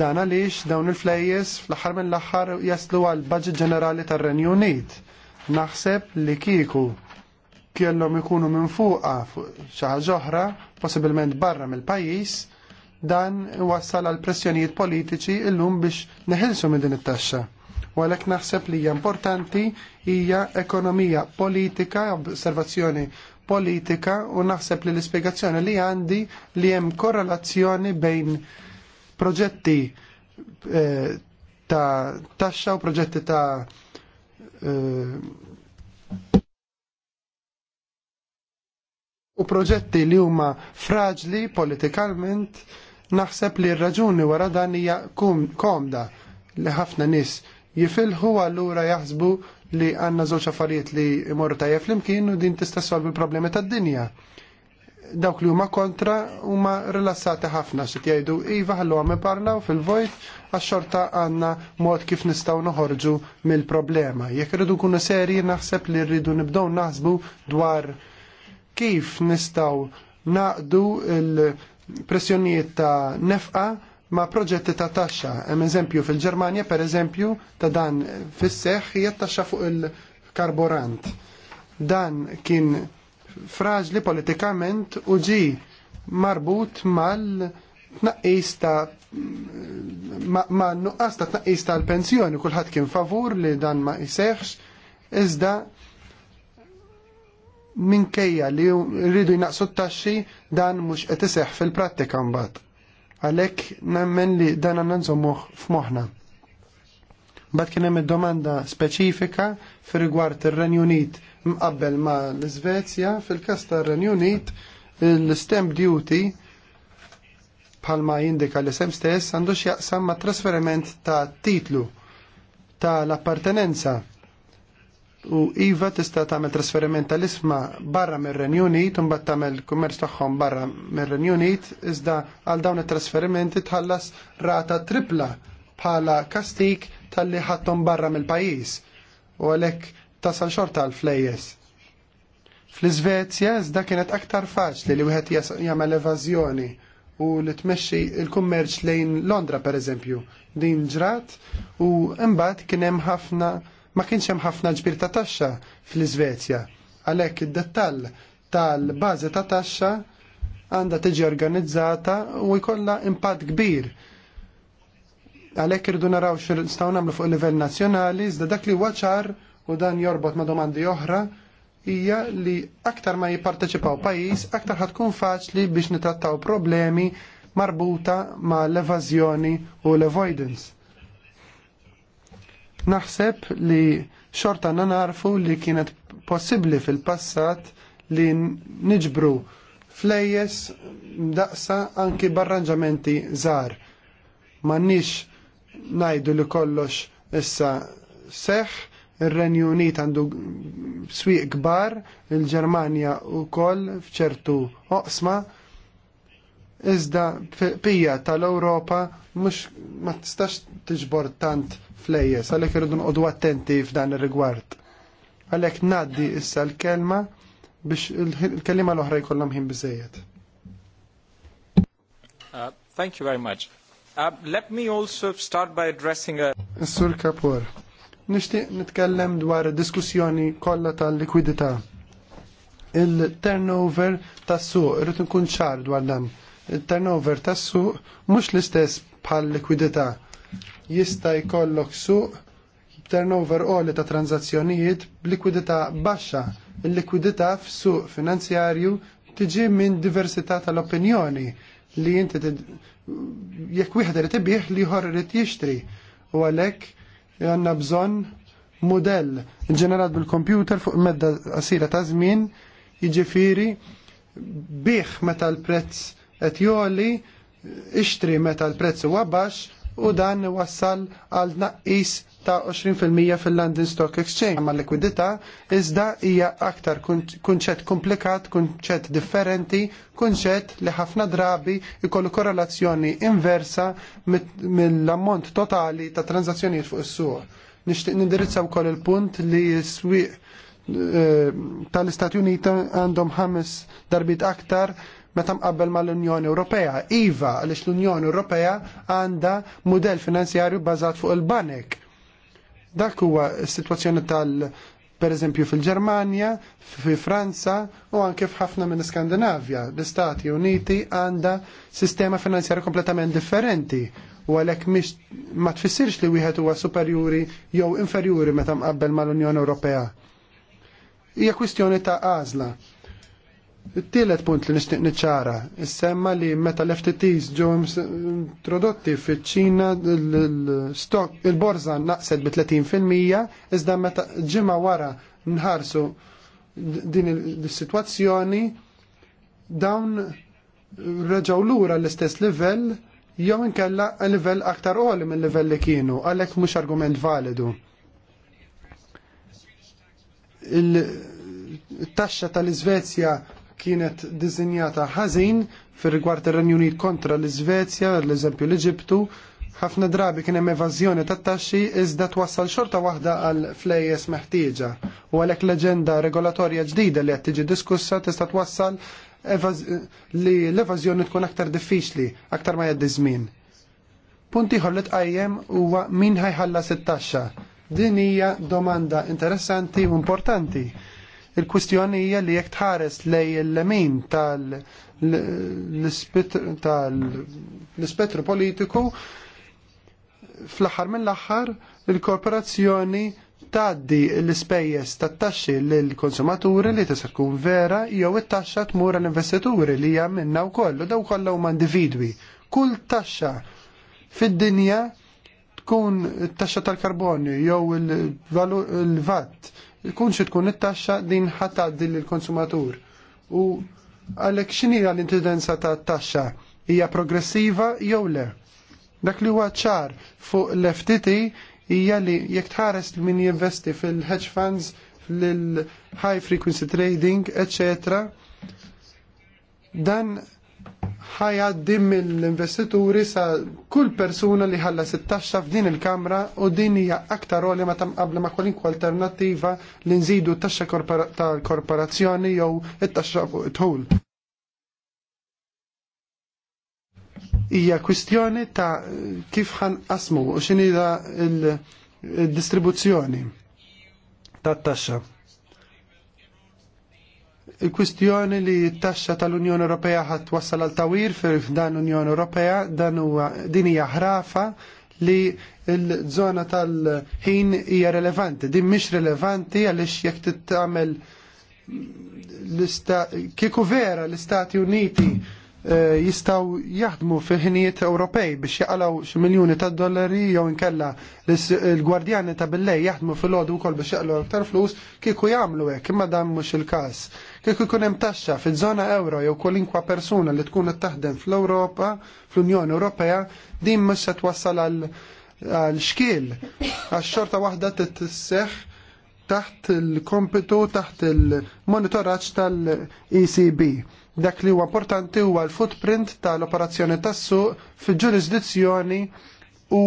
Dan għaliex dawn il-flejjes fl-aħħar mill-aħħar jaslu għal budget ġenerali tar-Renju Unit. Naħseb li kieku kellhom ikunu minn fuqa fuq xi ħaġa oħra, possibilment barra mill-pajjiż, dan wassal għal pressjonijiet politiċi illum biex neħilsu minn din it-taxxa. U għalhekk naħseb li hija importanti hija ekonomija politika, osservazzjoni politika u naħseb li l-ispjegazzjoni li għandi li hemm korrelazzjoni bejn proġetti eh, ta' taxxa u proġetti ta' u proġetti li huma fraġli politikalment naħseb li r-raġuni wara dan hija komda li ħafna nies jifilħu allura jaħsbu li għanna żewġ affarijiet li jmorru tajjeb flimkien u din tista' solvi l-problemi tad-dinja dawk li huma kontra huma rilassati ħafna xi jgħidu iva ħallu għam parlaw fil-vojt għax-xorta għandna mod kif nistgħu noħorġu mill-problema. Jekk irridu jkunu serji naħseb li rridu nibdew naħsbu dwar kif nistgħu naqdu il-pressjonijiet ta' nefqa ma' proġetti ta' taxxa. Hemm eżempju fil-Ġermanja pereżempju ta' dan fis-seħħ hija taxxa fuq il-karburant. Dan kien fraġli politikament u ġi marbut mal tnaqqis ta' ma' nuqqas ta' tnaqqis tal-pensjoni kulħadd kien favur li dan ma' jseħħx iżda minkejja li rridu jnaqsu t-taxxi dan mhux qed iseħħ fil-prattika mbagħad. Għalhekk nemmen li dan għandna nżommuh f'moħħna. Mbagħad kien hemm id-domanda speċifika fir-rigward ir-Renju Unit mqabbel ma l-Svezja fil-kas tar-Renju Unit l-stamp duty bħalma jindika l-isem stess għandu x'jaqsam ma' trasferiment ta' titlu ta' l-appartenenza u iva tista' tagħmel trasferiment tal-isma barra mir-Renju Unit u mbagħad tagħmel kummerċ tagħhom barra mir-Renju Unit iżda għal dawn it-trasferimenti tħallas rata tripla bħala kastik tal-li ħadhom barra mill-pajjiż u għalhekk tasal xorta għal flejjes. Fl-Iżvezja iżda kienet aktar faċli li wieħed jagħmel evażjoni u li tmexxi l-kummerċ lejn Londra pereżempju din ġrat u mbagħad kien hemm ħafna ma kienx hemm ħafna ġbir ta' taxxa fl-Iżvezja. Għalhekk id-dettall tal-bażi ta' taxxa għandha tiġi organizzata u jkollha impatt kbir għalek irridu naraw xir nagħmlu fuq il-livell nazjonali, iżda dak li waċar u dan jorbot ma' domandi oħra hija li aktar ma jipparteċipaw pajjiż, aktar ħatkun faċli biex nitrattaw problemi marbuta ma' l-evażjoni u l-avoidance. Naħseb li xorta narfu li kienet possibbli fil-passat li niġbru flejjes daqsa anki barranġamenti żgħar. M'għandniex ngħidu li kollox issa seħħ ir-Renju Unit għandu swieq kbar, il-Ġermanja wkoll f'ċertu oqsma, iżda pija tal-Ewropa mhux ma tistax tiġbor tant flejjes għalhekk irridu nqogħdu attenti f'dan ir-rigward. Għalhekk ngħaddi issa l-kelma biex il-kelima l-oħra jkollhom ħin biżejjed. Uh, thank you very much. Uh, let me also start by addressing a... Sur Kapoor. Nixtieq nitkellem dwar diskussjoni kollha tal-likwidità. Il-turnover tas-suq, irrid nkun ċar dwar dan. Il-turnover tas-suq mhux l-istess bħal likwidità. Jista' jkollok suq turnover oli ta' tranzazzjonijiet b'likwidità baxxa. Il-likwidità f'suq finanzjarju tiġi minn diversità tal-opinjoni li inti jekk wieħed irid ibih li ieħor irid jixtri. U għalhekk għanna bżon modell ġenerat bil-kompjuter fuq medda qasira ta' żmien jiġifieri biħ meta l-prezz et joli ixtri meta l-prezz huwa baxx u dan wassal għal naqis ta' 20% fil-London Stock Exchange. Ma' likwidità iżda hija aktar kunċett komplikat, kunċett differenti, kunċett li ħafna drabi ikollu korrelazzjoni inversa mill-ammont totali ta' tranzazzjonijiet fuq is-suq. Nixtieq nindirizza wkoll il-punt li s-swieq eh, tal-Istati Uniti għandhom ħames darbit aktar meta mqabbel mal-Unjoni Ewropea. Iva, għaliex l-Unjoni Ewropea għandha mudell finanzjarju bbażat fuq il-banek Dak huwa s-sitwazzjoni tal- per eżempju fil-Germania, fil Franza u anke f'ħafna minn Skandinavja. L-Istati Uniti għandha sistema finanzjarja kompletament differenti u għalhekk mhix ma tfissirx li wieħed huwa superjuri jew inferjuri meta mqabbel mal-Unjoni Ewropea. Hija kwistjoni ta' għażla Il-tielet punt li nixtieq niċċara, semma li meta l-FTTs ġew introdotti fiċ-Ċina l-stock il-borza naqset bi 30% iżda meta ġimgħa wara nħarsu din is-sitwazzjoni dawn reġgħu lura l-istess livell jew inkella livell aktar qoli mill-livell li kienu għalhekk mhux argument validu il-taxxa tal-Iżvezja kienet dizinjata ħażin fir rigward ir-Renju Unit kontra l-Iżvezja, l-eżempju l-Eġiptu, ħafna drabi kien hemm evażjoni tat-taxxi iżda twassal xorta waħda għal flejjes meħtieġa. U għalhekk l-aġenda regolatorja ġdida li qed tiġi diskussa tista' twassal li l-evażjoni tkun aktar diffiċli, aktar ma jgħaddi żmien. Punt ieħor li tqajjem huwa min ħajħallas it-taxxa. Din hija domanda interessanti u importanti Il-kwistjoni hija li jekk tħares lej l-lemin tal-spettru politiku fl-aħħar mill-aħħar il-korporazzjoni taddi l-ispejjeż tat-taxxi lill-konsumaturi li tista' tkun vera jew it-taxxa tmur għall-investituri li hija minnha wkoll u daw kollha huma individwi. Kull taxxa fid-dinja tkun it-taxxa tal-karbonju jew il-vat Ikun xi tkun it-taxxa din din lill-konsumatur. U għalhekk x'inhija l intendenza ta' taxxa hija progressiva jew le. Dak li huwa ċar fuq l-FTT hija li jekk tħares min jinvesti fil-hedge funds, fil-high frequency trading, etc. Dan ħajaddi mill-investituri sa kull persuna li ħalla 16 f'din il-kamra u din hija aktar għoli ma tam qabla ma kwalinku alternativa li nżidu t-taxxa tal-korporazzjoni jew it-taxxa fuq it-ħul. Hija kwistjoni ta' kif ħan asmu u xinida il-distribuzzjoni ta' t-taxxa. il-distribuzzjoni tat-taxxa il-kwistjoni li t-taxxa tal-Unjoni Ewropea ħadd wassal għal tawir f'dan Unjoni Ewropea dan huwa din hija ħrafa li l-żona tal-ħin hija relevanti. Din mhix relevanti għaliex jekk titgħamel kieku vera l-Istati Uniti eh, jistaw jaħdmu fil-ħinijiet Ewropej biex jaqalaw xi miljuni ta' dollari jew inkella l-gwardjani ta' billej jaħdmu fil-ħodu wkoll biex jaqalaw aktar flus kieku jagħmlu hekk imma dan mhux il-każ. Kieku jkun hemm taxxa fiż-żona euro jew kwalinkwa persuna li tkun qed taħdem fl-Ewropa, fl-Unjoni Ewropea, din mhux se twassal għal xkiel għax xorta waħda tisseħħ taħt il-kompitu, taħt il-monitoraċ tal-ECB. Dak li huwa importanti huwa l-footprint tal-operazzjoni tas-suq fil-ġurisdizzjoni u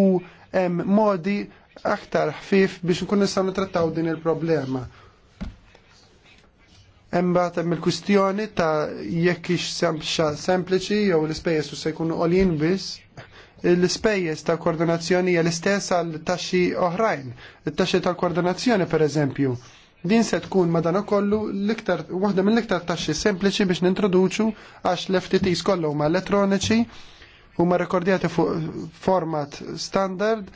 hemm modi aktar ħfif biex nkun nistgħu nitrattaw din il-problema. Imbagħad hemm il-kwistjoni ta' jekk hix sempliċi jew l-ispejjeż se jkunu qolin biss l-ispejjeż ta' koordinazzjoni hija l-istess għal taxxi oħrajn. It-taxxi tal-koordinazzjoni pereżempju. Din se tkun madan madanakollu l-iktar waħda mill-iktar taxxi sempliċi biex nintroduċu għax l-FTTs kollu huma elettroniċi huma rekordjati fuq format standard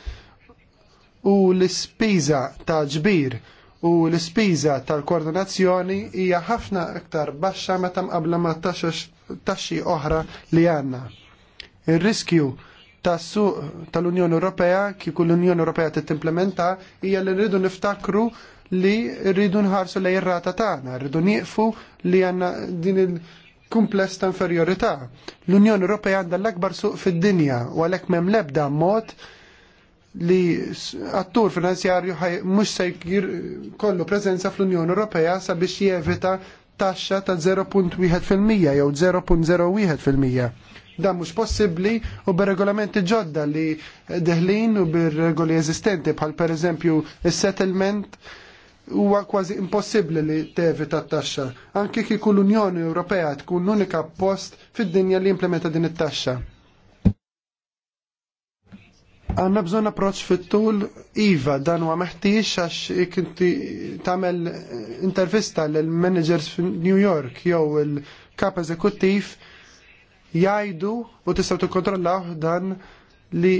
u l-ispiża ta' ġbir u l-ispiża tal-koordinazzjoni hija ħafna iktar baxxa meta mqabbla ma' taxxi oħra li għandna. Ir-riskju tas-suq tal-Unjoni Ewropea kieku l-Unjoni Ewropea titimplementa hija li rridu niftakru li rridu nħarsu lej ir-rata tagħna, rridu nieqfu li għandna din il-kumpless ta' inferiorità. L-Unjoni Ewropea għandha l-akbar suq fid-dinja u għalhekk m'hemm l-ebda mod li attur finanzjarju mhux se kollu preżenza fl-Unjoni Ewropea sabiex jevita taxxa ta' 0.1% jew 0.01%. Dan mhux possibbli u bir-regolamenti ġodda li deħlin u bir-regoli eżistenti bħal pereżempju is-settlement huwa kważi impossibbli li tevita t-taxxa. Anke kieku l-Unjoni Ewropea tkun l-unika post fid-dinja li implementa din it-taxxa. Għanna bżon approċ fit-tul Iva dan huwa meħtieġ għax kinti tagħmel eh, intervista lil managers f'New York jew il-kap eżekuttiv jgħidu u tistgħu tikkontrollaw dan li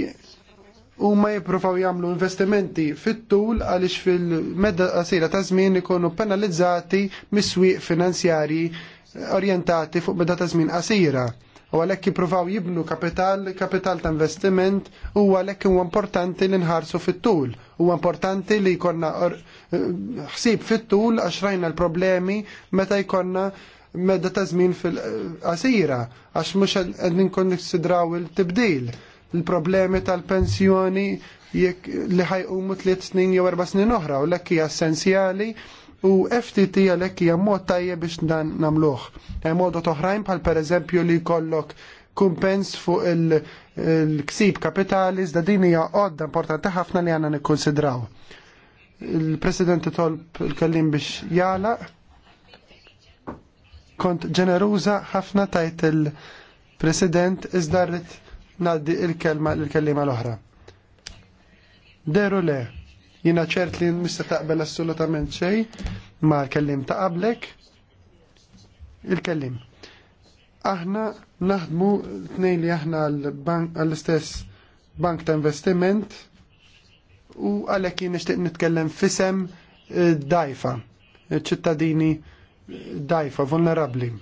huma jippruvaw jagħmlu investimenti fit-tul għaliex fil-medda qasira ta' żmien ikunu penalizzati mis-swieq finanzjarji orjentati fuq medda ta' żmien qasira u għalhekk jippruvaw jibnu kapital, kapital ta' investiment u għalhekk huwa importanti li nħarsu fit-tul. Huwa importanti li jkollna eh, ħsieb fit-tul għax rajna l-problemi meta jkollna medda ta' żmien fil-qasira għax mhux qed nissidraw il-tibdil. Il-problemi tal-pensjoni li ħajqumu tliet snin jew erba' snin oħra u l-ekki essenzjali U FTT għalhekk hija mod tajjeb biex dan nagħmluh. Hemm modot toħrajn bħal pereżempju li jkollok kumpens fuq il-ksib kapitali iżda din hija għodda importanti ħafna li għandna nikkonsidraw. Il-President tolb il-kellim biex jala. Kont ġeneruża ħafna tajt il-President iżda rrid ngħaddi il-kelma l-kellima l-oħra. Deru le. Jina ċert li mista taqbel assolutament xej ma l-kellim ta' qablek. Il-kellim. Aħna naħdmu tnej li aħna għall-istess bank ta' investiment u għalek jien nixtieq nitkellem fisem eh, dajfa, ċittadini eh, dajfa, vulnerabli.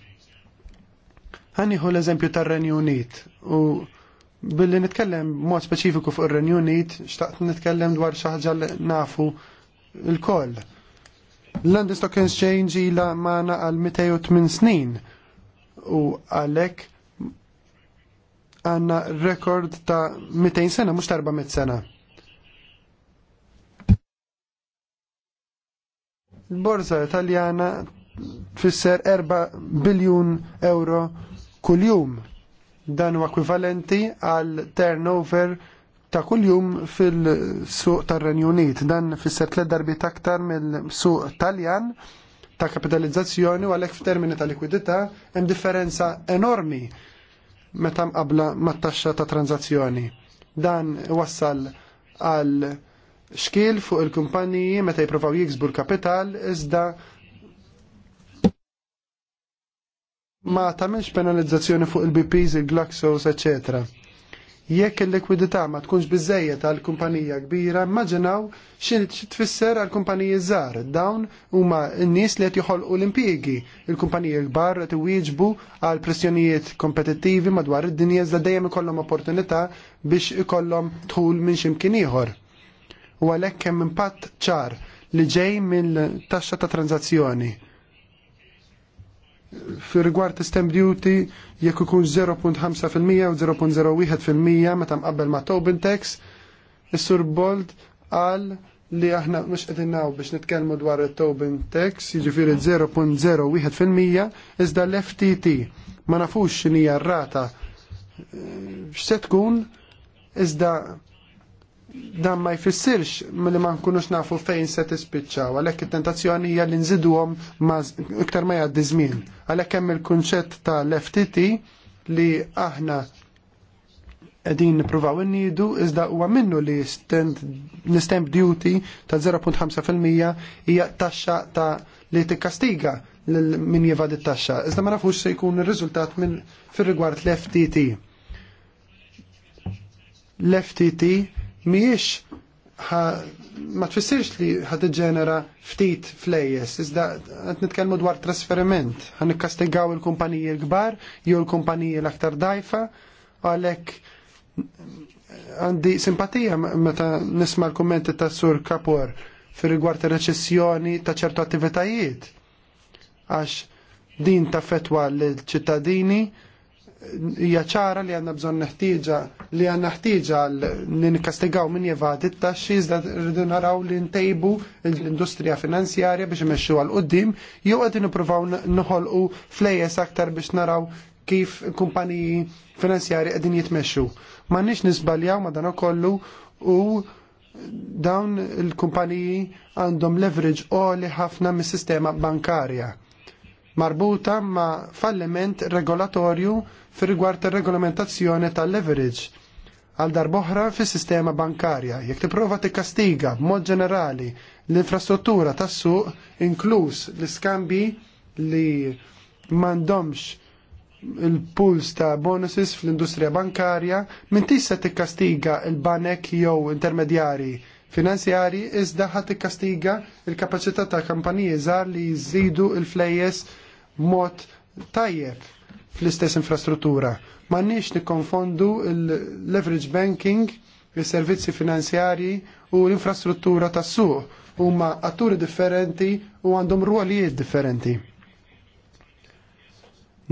Għaniħu l-eżempju tar-Renju Unit u Billi nitkellem mod speċifiku fuq ir-Renju Unit, xtaqt nitkellem dwar xi ħaġa li nafu l-koll. London Stock Exchange ila magħna għal 208 snin u għalhekk għandna rekord ta' 200 sena mhux ta' 400 sena. Il-borza Italjana tfisser 4 biljun euro kuljum Dan huwa ekwivalenti għal turnover ta' kuljum fil-suq tar-Renju Unit. Dan fisser tliet darbit aktar mill-suq Taljan ta' kapitalizzazzjoni u għalhekk f'termini ta' likwidità hemm differenza enormi meta mqabla mat-taxxa ta' tranzazzjoni. Dan wassal għal xkiel fuq il-kumpaniji meta jippruvaw jiksbu l-kapital iżda ma tagħmilx penalizzazzjoni fuq il-BPs, il-Glaxos, eċetera. Jekk il-likwidità ma tkunx bizzejja tal kumpanija kbira, immaġinaw xi tfisser għal kumpaniji żgħar. Dawn huma n-nies li qed joħolqu l-impjiegi. Il-kumpaniji kbar qed iwieġbu għal pressjonijiet kompetittivi madwar id-dinja iżda dejjem ikollhom opportunità biex ikollhom tħul minn x'imkien ieħor. U għalhekk hemm impatt ċar li ġej minn taxxa ta' tranzazzjoni fir rigward stamp duty jekk ikun 0.5% u 0.01% meta mqabbel ma' Tobin Tax, is-Sur Bold qal li aħna mhux qed innaw biex nitkellmu dwar it-Tobin Tax, jiġifieri 0.01% iżda l-FTT ma nafux x'inhi r-rata x'se tkun iżda dan ma jfissirx milli ma nkunux nafu fejn se tispiċċaw, għalhekk it-tentazzjoni hija li nżiduhom iktar ma jgħaddi żmien. Għalhekk hemm il-kunċett tal-FTT li aħna qegħdin nippruvaw innidu iżda huwa minnu li l nistemp duty ta' 0.5% hija taxxa ta' li tikkastiga min jevad it-taxxa. Iżda ma nafux se jkun ir-riżultat minn fir-rigward l-FTT. L-FTT miex ma tfissirx li ħad ġenera ftit flejjes, iżda qed nitkellmu dwar trasferiment, Ħa nikkastigaw il-kumpaniji l-kbar jew il-kumpaniji l-aktar dajfa, għalhekk għandi simpatija meta nisma' l-kummenti ta' Sur Kapur fir rigward ir-reċessjoni ta' ċertu attivitajiet. Għax din ta' fetwa l-ċittadini hija ċara li għandna bżonn neħtieġa li għandna ħtieġa li nikkastigaw min jevadi t-taxxi iżda rridu naraw li ntejbu l-industrija finanzjarja biex imexxu għal qudiem jew qed nippruvaw noħolqu flejjes aktar biex naraw kif kumpaniji finanzjarji qegħdin jitmexxu. M'għandniex nisbaljaw ma dan ukollu u dawn il-kumpaniji għandhom leverage għoli ħafna mis-sistema bankarja marbuta ma' falliment regolatorju fir rigward ir-regolamentazzjoni tal-leverage għal darboħra fis sistema bankarja. Jekk tipprova tikkastiga b'mod ġenerali l-infrastruttura tas-suq, inkluż l-iskambi li m'għandhomx il-puls ta' bonuses fl-industrija bankarja, minn tista tikkastiga il-banek jew intermedjari finanzjari iżda ħadd tikkastiga il-kapaċità ta' kampaniji żgħar li jżidu l flejjes mod tajjeb fl-istess infrastruttura. nix nikkonfondu il-leverage banking, il-servizzi finanzjari u l-infrastruttura tas-suq huma atturi differenti u għandhom ruolijiet differenti.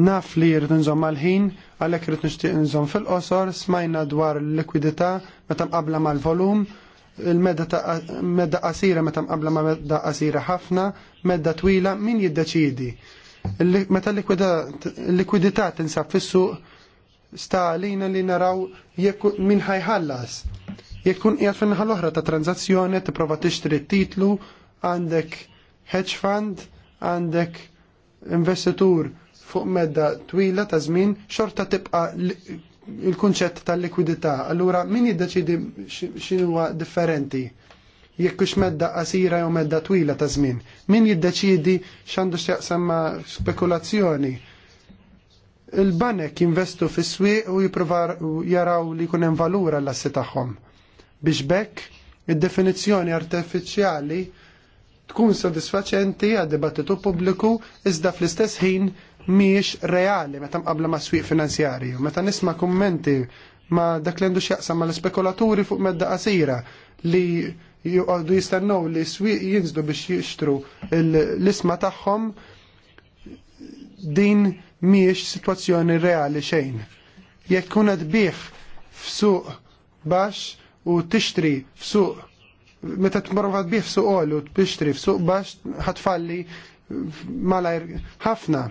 Naf li jirrit nżomm għal-ħin għalhekk irid nixtieq nżomm fil-qosor smajna dwar l-likwidità meta mqabbla mal-volum il-medda qasira meta mqabbla ma' medda qasira ħafna, medda twila min jiddeċidi. Meta l-likwidità tinsab fis-suq sta għalina li naraw jekk min ħajħallas. Jekk kun qiegħed fin l-oħra ta' tranzazzjoni tipprova tixtri titlu għandek hedge fund, għandek investitur fuq medda twila ta' żmien xorta tibqa' il-kunċett tal-likwidità. Allura min jiddeċidi x'inhuwa differenti? jekk hux medda qasira jew medda twila ta' żmien. Min jiddeċiedi x'għandu x'jaqsam ma' spekulazzjoni. Il-banek jinvestu fis-swieq u jippruvar jaraw li jkun hemm valura l-assi tagħhom. Biex bekk id-definizzjoni artifiċjali tkun sodisfaċenti għad dibattitu pubbliku iżda fl-istess ħin miex reali meta mqabbla ma' swieq finanzjarju. Meta nisma' kummenti ma' dak li għandu x'jaqsam mal-spekulaturi fuq medda qasira li jgħadu jistennew li s-swiq jinżdu biex jixtru l-isma tagħhom din miex situazzjoni reali xejn. Jekk tkun qed bih f'suq baxx u tixtri f'suq meta tmorvat bih f'suq għol u tixtri f'suq baxx ħatfalli malajr ħafna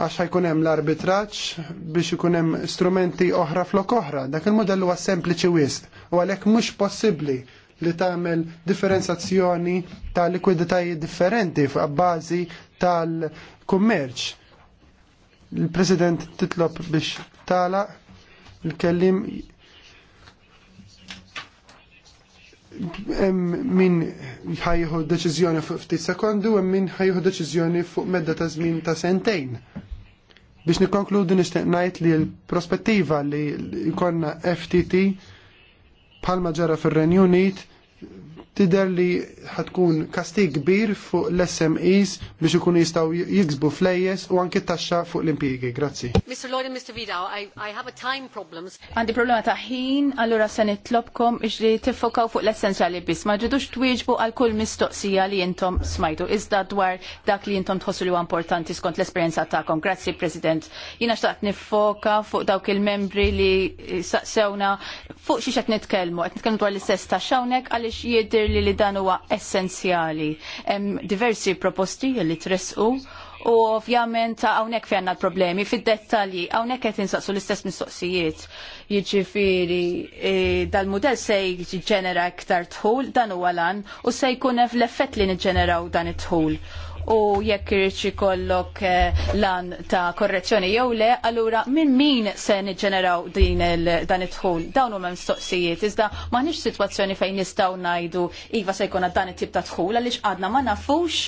għax ħajkun hemm l-arbitraġġ biex ikun hemm strumenti oħra flok oħra. Dak il-modell huwa sempliċi wisq u għalhekk mhux possibbli li tagħmel differenzazzjoni ta' likwiditajiet differenti fuq bażi tal-kummerċ. Il-President titlob biex tala il-kellim min ħajħu deċiżjoni fuq ftit sekondu u min ħajħu deċiżjoni fuq medda ta' żmien ta' sentejn. Biex nikkonkludi nixtieq ngħid li l-prospettiva li jkollna FTT Palma ġara fir renju Unit tider li ħatkun kastig kbir fuq l-SMEs biex ikun jistaw jiksbu flejjes u anki taxxa fuq l-impjegi. Grazzi. Mr. Lloyd and Mr. Vidal, I, I have a time problems. Għandi problema ta' ħin, allura se nitlobkom biex li tiffokaw fuq l-essenzjali biss. Ma ġidux twieġbu għal kull mistoqsija li jintom smajtu. Iżda dwar dak li jintom tħossu li importanti skont l-esperjenza ta'kom. Grazzi, President. Jina xtaqt nifoka fuq dawk il-membri li saqsewna fuq xi qed nitkellmu. Qed nitkellmu dwar l-istess ta' xawnek għaliex jidher li li dan huwa essenzjali. Hemm diversi proposti li tresqu u ovvjament hawnhekk fejn għandna problemi fid-dettalji hawnhekk qed insaqsu l-istess mistoqsijiet. Jiġifieri e, dal-mudell se jiġġenera iktar tħul dan huwa lan u se jkun hemm l-effett li niġġeneraw dan it-tħul u jekk irid ikollok eh, lan ta' korrezzjoni jew le, allura minn min se niġġeneraw din dan id-dħul. Dawn huma mistoqsijiet, iżda m'aħniex sitwazzjoni fejn nistgħu ngħidu iva se jkun dan it-tip ta' dħul għaliex għadna ma nafux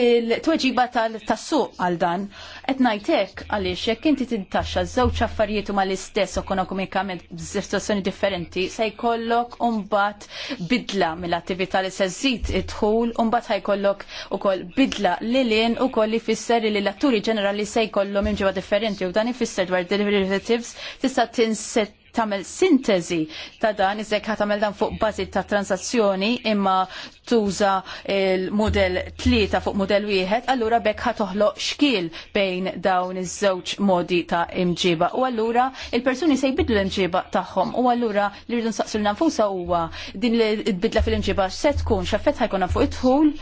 il-tweġiba tas-suq għal dan. Qed najtek, għaliex jekk inti tintaxxa żewġ affarijiet huma l-istess ekonomikament b'sitwazzjoni differenti se jkollok mbagħad bidla mill-attività li se żid idħul u mbagħad bidla ukoll bidla u ukoll li jfisser li l-atturi ġenerali se jkollhom imġiba differenti u dan ifisser dwar derivatives tista' tinsett tamel sintesi ta' dan iżek ħat dan fuq bażi ta' transazzjoni imma tuża il model tlieta fuq model wieħed, allura bekk ħat toħloq xkiel bejn dawn iż-żewġ modi ta' imġiba. U allura il-persuni se jbidlu l-imġiba tagħhom u allura li rridu nsaqsu l-nanfusa huwa din li tbidla fil-imġiba se tkun x'effett ħajkonna fuq it-tħul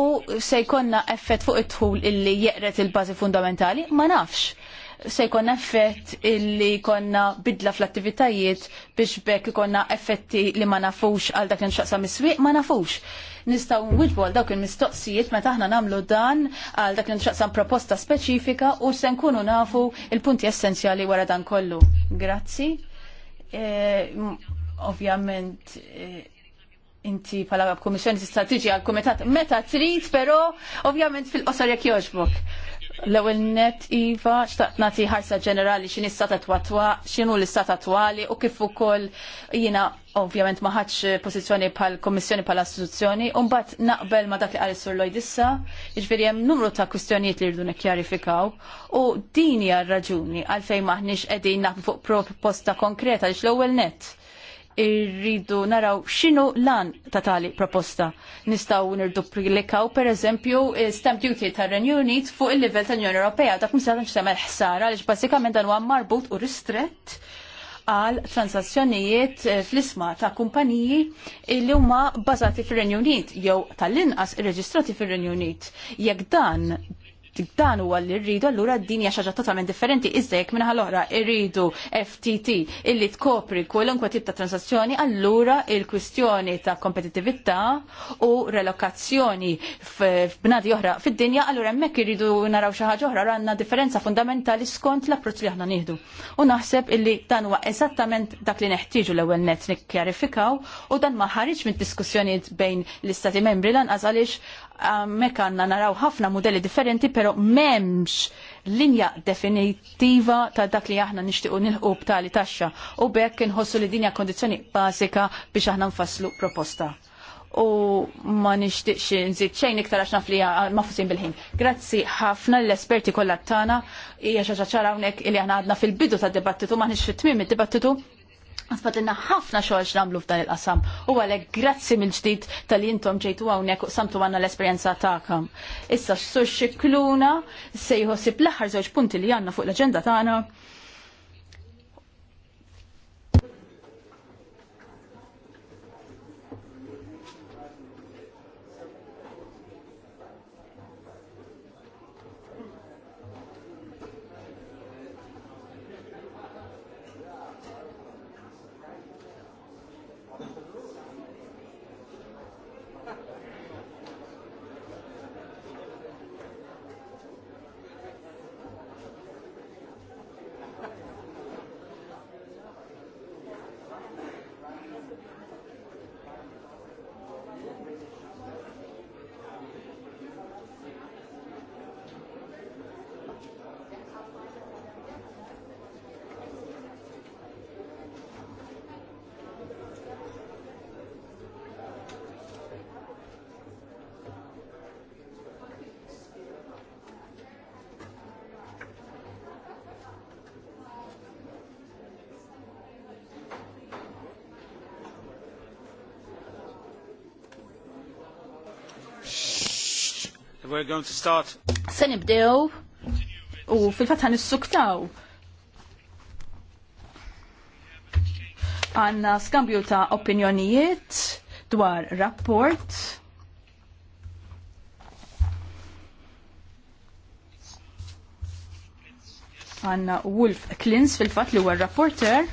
u se jkonna effett fuq it-tħul illi jeqret il-bażi fundamentali ma nafx se jkun effett illi konna bidla fl-attivitajiet biex bekk ikonna effetti li ma nafux għal dak nxaqsa miswiq ma nafux. Nistaw nwidbu għal dawk il-mistoqsijiet meta aħna namlu dan għal dak nxaqsa proposta speċifika u se nkunu nafu il-punti essenzjali wara dan kollu. Grazzi. E, ovvjament e, inti pala komissjoni tista' tiġi għal kumitat meta trid, però ovvjament fil-qosor jekk jogħġbok. L-ewwel net iva xtaqt nagħti ħarsa ġenerali x'in istat attwa x'inhu l-istat attwali u kif ukoll jiena ovvjament ma ħadx pożizzjoni bħal kummissjoni bħala istituzzjoni u mbagħad naqbel ma dak li qal sur Lloyd issa, jiġifieri hemm numru ta' kwistjonijiet li rridu nikkjarifikaw u din hija r-raġuni għalfejn maħniex qegħdin naħdmu fuq proposta konkreta għaliex l-ewwel net irridu naraw xinu lan ta' tali proposta. Nistaw prilikaw, per eżempju stamp duty ta' Renew Unit fuq il-livell ta' Unjoni Ewropea ta' kumsa ta' xtemel ħsara għaliex basikament dan huwa marbut u ristret għal transazzjonijiet eh, fl-isma ta' kumpaniji li huma bazati fir-Renju Unit jew tal-inqas irreġistrati fir-Renju Unit. Jekk dan dan huwa li rridu allura din hija xaġa totalment differenti iżda jekk minħa l-oħra rridu FTT illi tkopri kwalunkwe tip ta' transazzjoni allura il-kwistjoni ta' kompetittività u relokazzjoni f'bnadi oħra fid-dinja allura hemmhekk irridu naraw xi ħaġa oħra għandna differenza fundamentali skont l-approċċ li aħna nieħdu. U naħseb illi dan huwa eżattament dak li neħtieġu l-ewwel nett nikkjarifikaw u dan ma ħariġ mid-diskussjonijiet bejn l-istati membri lanqas għaliex mekk għanna naraw ħafna modelli differenti, pero memx linja definitiva ta' dak li aħna nixtiequ nilħu b'tali taxxa u bekk inħossu li dinja kondizzjoni bażika biex aħna nfasslu proposta. U ma nishtiqx nżid xejn iktar għax naf li mafusin bil-ħin. Grazzi ħafna l-esperti kollha tagħna hija xi ċara hawnhekk li aħna għadna fil-bidu tad-dibattitu ma nix fit-tmiem id-dibattitu Għasbatilna ħafna xoħġ namlu f'dan il-qasam. U għalek grazzi mill-ġdid tal-jintom ġejtu għawnek u samtu għanna l-esperienza ta'kam. Issa s-sur xikluna sejħu l-ħar zoċ punti li għanna fuq l-agenda ta'na. we're going to start. Se nibdew u fil-fatt nissuktaw. Għanna skambju ta' opinjonijiet dwar rapport. Għanna Wolf Klins fil-fatt li huwa rapporter.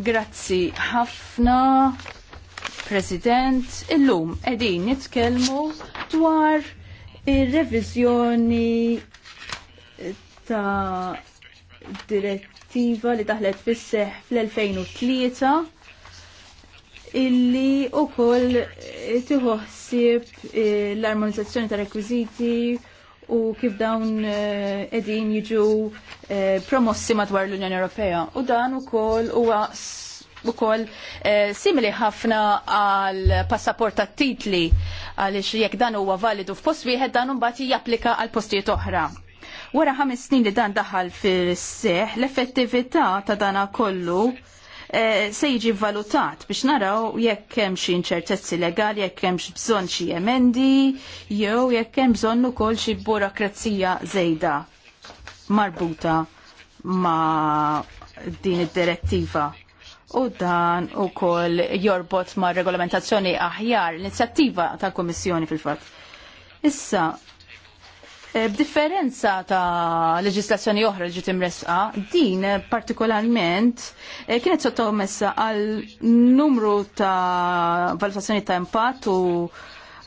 Grazzi ħafna President, illum edin nitkellmu dwar ir revizjoni ta' direttiva li taħlet fisseħ fl-2003 illi u koll tiħuħsib eh, l-armonizzazzjoni ta' rekwiziti u kif dawn eh, edin jiġu eh, promossi madwar l-Unjoni Ewropea. U dan u koll huwa u eh, simili ħafna għal passaport tat titli għaliex jekk dan huwa validu f'post wieħed dan mbagħad japplika għal postijiet oħra. Wara ħames snin li dan daħal fis-seħ, l-effettività ta' dana kollu eh, se jiġi valutat biex naraw jekk hemm xi inċertezzi legali, jekk hemm bżonn xi emendi, jew jekk hemm bżonn ukoll xi burokrazija żejda marbuta ma' din id-direttiva u dan u koll jorbot ma' regolamentazzjoni aħjar l-inizjattiva tal-Komissjoni fil-fat. Issa, e, B'differenza ta' leġislazzjoni oħra li ġiet imresqa, din partikolarment e, kienet sottomessa għal numru ta' valutazzjoni ta' impatt u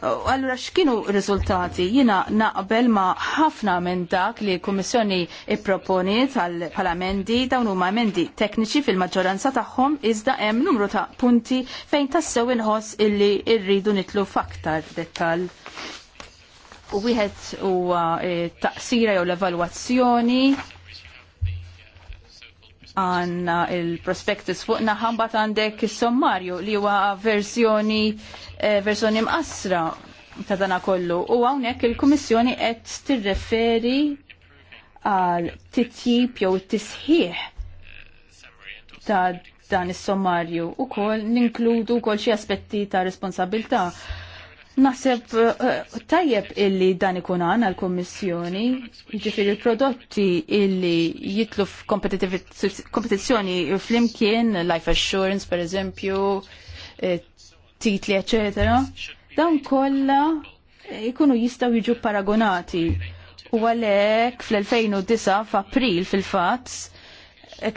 Allura x'kienu r-riżultati? Jiena naqbel ma ħafna minn dak li l-Kummissjoni ipproponi tal palamendi dawn huma emendi tekniċi fil-maġġoranza tagħhom iżda hemm numru ta' punti fejn tassew inħoss illi rridu nitlu f'aktar dettall. U wieħed huwa eh, taqsira jew l-evalwazzjoni għanna il-prospectus fuqna ħambat għandek il-sommarju li huwa verżjoni eh, verżjoni mqasra ta' dana kollu. U hawnhekk il-Kummissjoni qed tirreferi għal titjib jew tisħiħ ta' dan is-sommarju u kol ninkludu kol xi aspetti ta' responsabilta' Naħseb eh, eh, tajjeb illi dan ikun għana l-Kommissjoni, ġifiri prodotti illi jitlu f'kompetizzjoni fl-imkien, life assurance per eżempju, eh, titli, eccetera, dawn kolla ikunu jistaw jiġu paragonati. U għalek fl-2009 f'April fil fat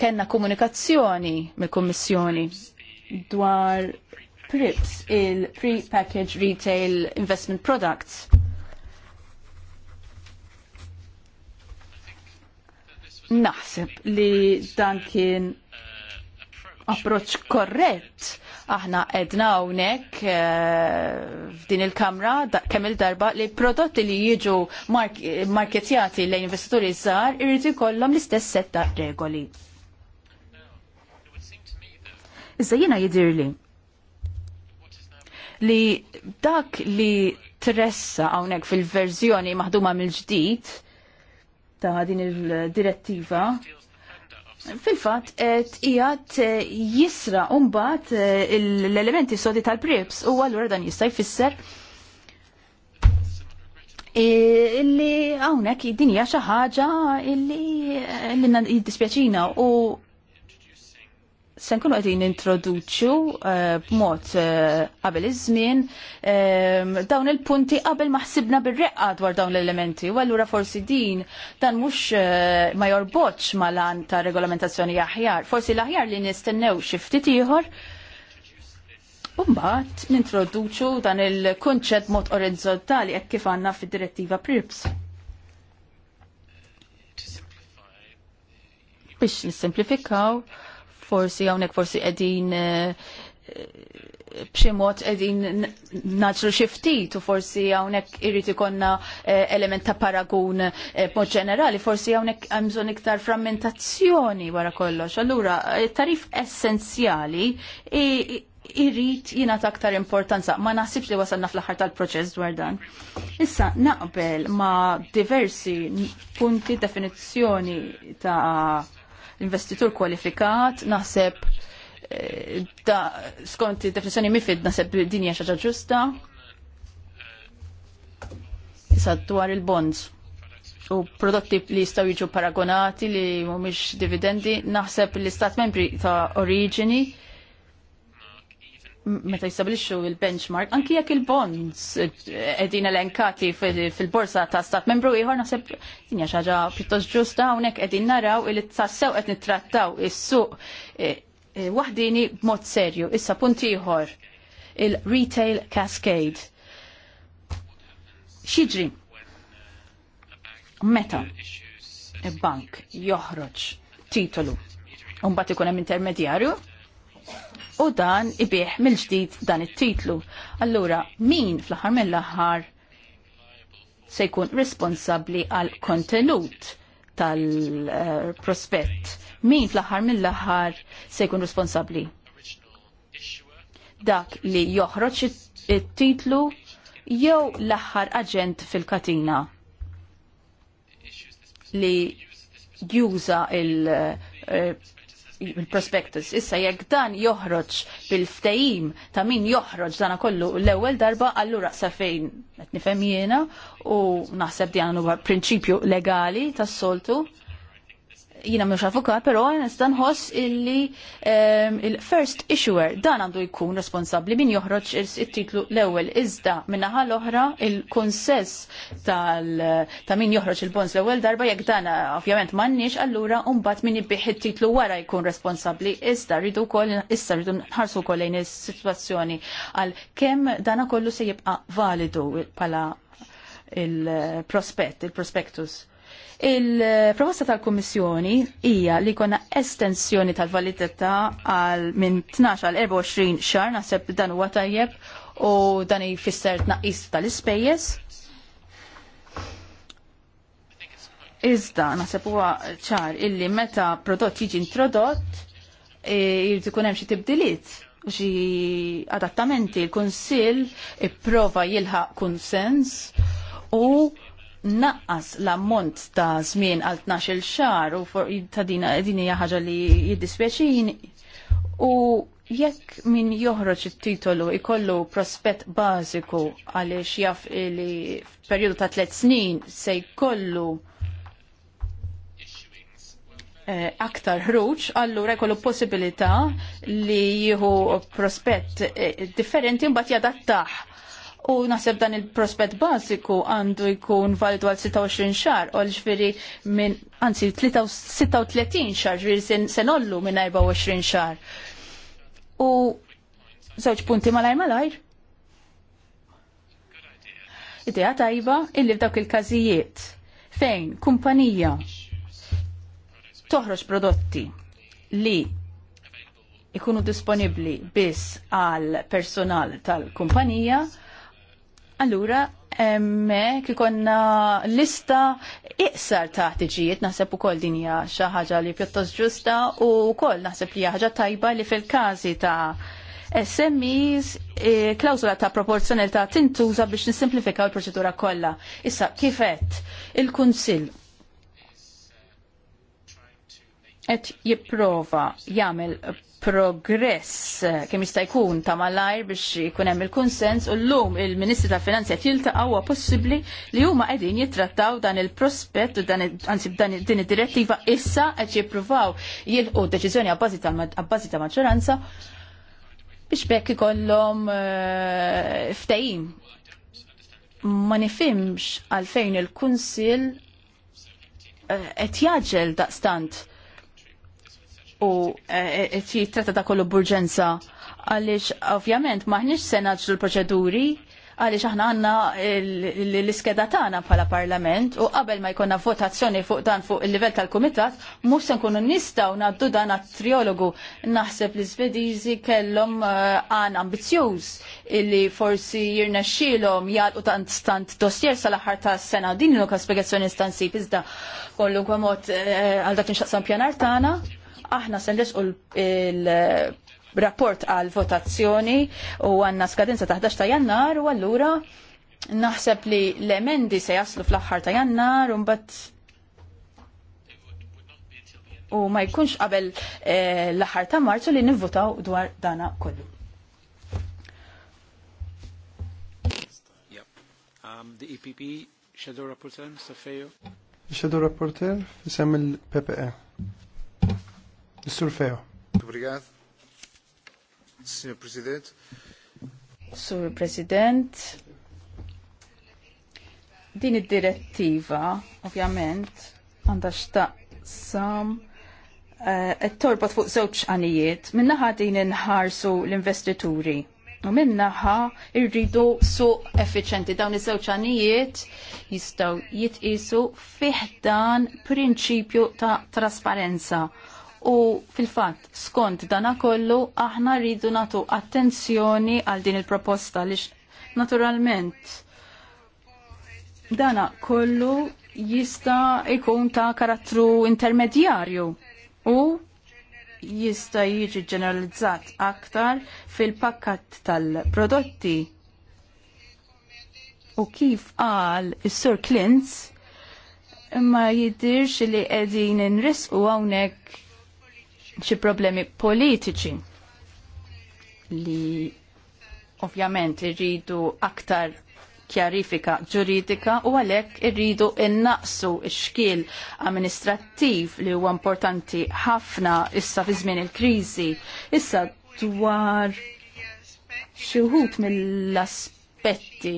kena komunikazzjoni mill-Kommissjoni dwar PRIPS, il-Pre-Package Retail Investment Products. Naħseb li dan kien approċ korrett aħna edna unek eh, f'din il-kamra kemm il-darba li prodotti li jiġu marketjati lejn investituri żgħar irid ikollhom l-istess set ta' regoli. Iżda jiena jidhirli li dak li tressa hawnhekk fil-verżjoni maħduma mill-ġdid ta' din il-direttiva Fil-fat, ijat jisra umbat eh, l-elementi sodi tal-prips u għallura dan jista' jfisser illi għawnek id-dinja xaħġa illi eh, jiddispjaċina u se nkunu għedin introduċu eh, b'mod eh, qabel iż-żmien eh, dawn il-punti qabel ma ħsibna bir-reqqa dwar dawn l-elementi. U allura forsi din dan mhux ma jorbotx mal-an ta' regolamentazzjoni aħjar. Forsi l-aħjar li nistennew xi ftit ieħor Umbat, nintroduċu dan il kunċett mod orizzontali hekk kif għandna fid-direttiva PRIPS. Biex nissimplifikaw, simplifikaw forsi hawnhekk forsi qegħdin eh, eh, bximot għedin naġru xiftit u forsi għawnek irrit ikonna eh, element ta' paragun mod ġenerali, forsi għawnek għamżon iktar frammentazzjoni wara kollox. Allura, tarif essenzjali irrit jina ta' aktar importanza. Ma naħsibx li wasalna fl-ħar tal-proċess dwar dan. Issa, naqbel ma' diversi punti definizzjoni ta' investitur kwalifikat, naħseb eh, da skonti definizjoni mifid naħseb dinja xaġa ġusta. Issa dwar il-bonds u prodotti li jistaw jiġu paragonati li mhumiex dividendi, naħseb l-istat membri ta' oriġini meta jistabilixxu il-benchmark, anki jekk il-bonds qegħdin elenkati fil-borsa ta' stat membru ieħor naħseb din hija ħaġa pjuttost ġusta hawnhekk qegħdin naraw li tassew qed nittrattaw is-suq eh, eh, waħdini b'mod serju. Issa punt ieħor il-retail cascade. Xiġri. Meta il-bank joħroġ titolu U mbagħad ikun hemm intermedjarju u dan ibieħ mill-ġdid dan it-titlu. Allura, min fl-aħħar mill-aħħar se jkun responsabbli għal kontenut tal-prospett? Min fl-aħħar mill-aħħar se jkun responsabbli? Dak li joħroġ it-titlu jew l-aħħar aġent fil-katina li juża il- il-prospectus. Issa jekk dan joħroġ bil-ftehim ta' min joħroġ dana kollu l-ewwel darba allura sa fejn qed nifhem jiena u naħseb di għandu prinċipju legali tas-soltu jina mux avukat, pero nista nħoss illi ehm, il-first issuer dan għandu jkun responsabli min joħroġ il-titlu l-ewel iżda minna l-oħra il-konsess ta' min joħroġ il bons l-ewel darba jek dan ovvjament mannix allura umbat min jibbiħ il-titlu wara jkun responsabli iżda rridu kol issa rridu nħarsu kol lejn is-situazzjoni għal kem dana kollu se jibqa validu pala il-prospett, il-prospektus. Il-proposta tal-Kommissjoni hija li konna estensjoni tal-validità għal minn 12 għal 24 xar naħseb dan huwa tajjeb u dan jfisser tnaqqis tal-ispejjeż. Iżda naħseb huwa ċar illi meta prodott jiġi introdott e, jrid ikun hemm xi tibdiliet u xi adattamenti l-Kunsill ipprova jilħaq kunsens u naqqas l-ammont ta' żmien għal 12 xahar u ta' dina din hija ħaġa li jiddispjaċini u jekk min joħroġ it-titolu ikollu prospett bażiku għaliex jaf li f'perjodu ta' tliet snin se jkollu eh, aktar ħruġ, allura jkollu possibilità li jieħu prospett eh, differenti mbagħad jadattaħ U naħseb dan il-prospett bażiku għandu jkun validu għal 26 xar, u ġviri minn, anzi, 36 xar, ġviri senollu minn 24 xar. U żewġ punti malaj malajr. Idea tajba illi f'dawk il-każijiet fejn kumpanija toħroġ prodotti li ikunu disponibli biss għal personal tal-kumpanija Allura, emmek kikonna lista iqsar ta' ħtiġijiet naħseb ukoll din hija xi ħaġa li pjuttost ġusta u wkoll naħseb li hija ħaġa tajba li fil-każi ta' SMEs e, klausula ta' proporzjonalità tintuża biex nisimplifikaw il-proċedura kollha. Issa kifet il-Kunsill qed jipprova jagħmel progress eh, kemm jista' jkun ta' malajr biex jkun hemm il-kunsens u llum il-Ministri tal-Finanzi qed jiltaqgħu huwa possibbli li huma qegħdin jittrattaw dan il-prospett u dan anzi din id-direttiva issa qed jippruvaw jilqu deċiżjoni abbażi ta' maġġoranza biex bekk ikollhom eh, ftehim. Ma nifhimx għalfejn il-Kunsill eh, qed jaġel daqstant u jitratta e, e, e, ta' kollu burġenza għalix ovvjament maħniċ senaċ l-proċeduri għalix aħna għanna l-iskeda tagħna bħala parlament u qabel ma jkonna votazzjoni fuq dan fuq il-livell tal-kumitat mhux se nkunu nistgħu ngħaddu dan triologu naħseb li Svediżi kellhom għan ambizzjuż illi forsi jirnexxielhom jgħalqu tant stant dossier sal-aħħar tas-sena din l-oka spjegazzjoni stansib iżda kollu mod għal dak pjanar tagħna aħna se nresqu il-rapport għal votazzjoni u għanna skadenza ta' 11 ta' jannar u allura naħseb li l-emendi se jaslu fl-aħħar ta' jannar u mbagħad u ma jkunx qabel eh, l-aħħar ta' marzu li nivvotaw dwar dana kollu. Um, the EPP Shadow Rapporteur, Mr. Feo. Shadow Rapporteur, fissam il-PPE sur Feo. President. Sur President, din id-direttiva, ovvjament, għandha xtaqsam qed eh, torbot fuq żewġ għanijiet. Minnaħa din inħarsu l-investituri U minnaħa irridu suq effiċenti dawn iż-żewġ għanijiet jistgħu jitqisu fiħdan prinċipju ta' trasparenza U fil-fatt, skont dana kollu, aħna rridu natu attenzjoni għal din il-proposta li naturalment dana kollu jista ikun ta' karattru intermedjarju u jista jiġi ġeneralizzat aktar fil-pakkat tal-prodotti. U kif għal is-Sur Klintz ma jidirx li edin nrisqu għawnek xi problemi politiċi li ovvjament irridu aktar kjarifika ġuridika u għalhekk irridu innaqsu x-xkiel amministrattiv li huwa importanti ħafna issa fi żmien il-kriżi. Issa dwar xi wħud mill-aspetti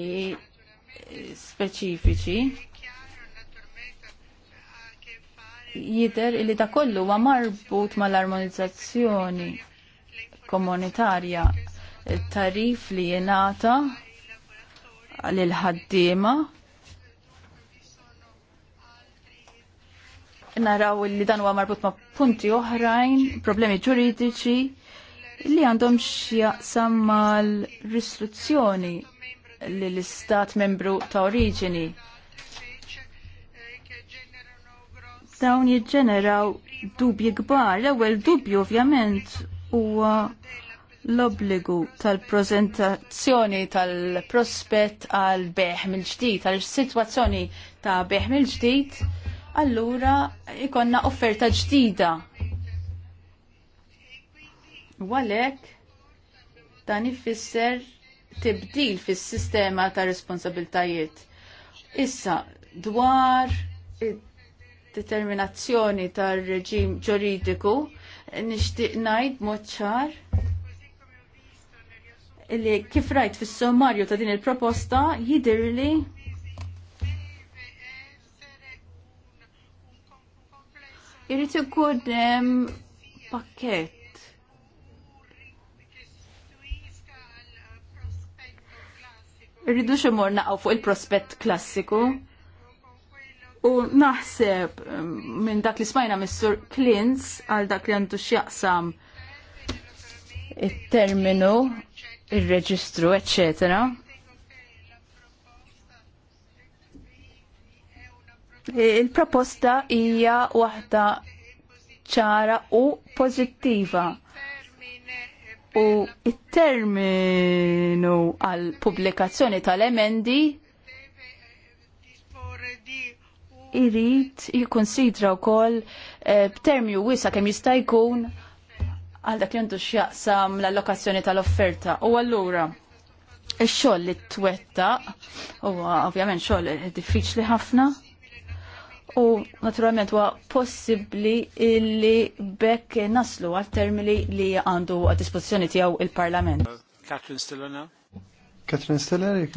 speċifiċi jider illi ta' kollu huwa marbut mal-armonizzazzjoni komunitarja tarif li jenata lil ħaddiema naraw li dan huwa marbut ma' punti oħrajn, problemi ġuridiċi li għandhom x'jaqsam mal-ristruzzjoni li l-istat membru ta' oriġini dawn jiġġeneraw dubji kbar. L-ewwel dubju ovvjament huwa l-obbligu tal-prezentazzjoni tal-prospett għal beħ mill-ġdid, għal sitwazzjoni ta' beħ mill-ġdid, allura ikonna offerta ġdida. U għalhekk dan ifisser tibdil fis-sistema ta' responsabiltajiet. Issa dwar determinazzjoni tal-reġim ġuridiku nixtieq ngħid moċċar. ċar li kif rajt fis-sommarju ta' din il-proposta jidirli Irrit ikun hemm pakkett Irridu xi morna fuq il-prospett klassiku. U naħseb um, minn dak li smajna mis-Sur Klins għal dak li għandu x'jaqsam it-terminu, il-reġistru, eccetera. Il-proposta hija waħda ċara u pożittiva. U il terminu għal pubblikazzjoni tal-emendi irrit jikonsidra u koll eh, b'termju wisa kem jista' jkun għal dak li x'jaqsam l-allokazzjoni tal-offerta. U allura ix-xogħol li twetta u ovvjament xogħol diffiċli ħafna. U naturalment huwa possibbli illi bekk naslu għal termili li għandu għad dispozizjoni tiegħu il-Parlament. Katrin Stellona. Katrin Stellar, jek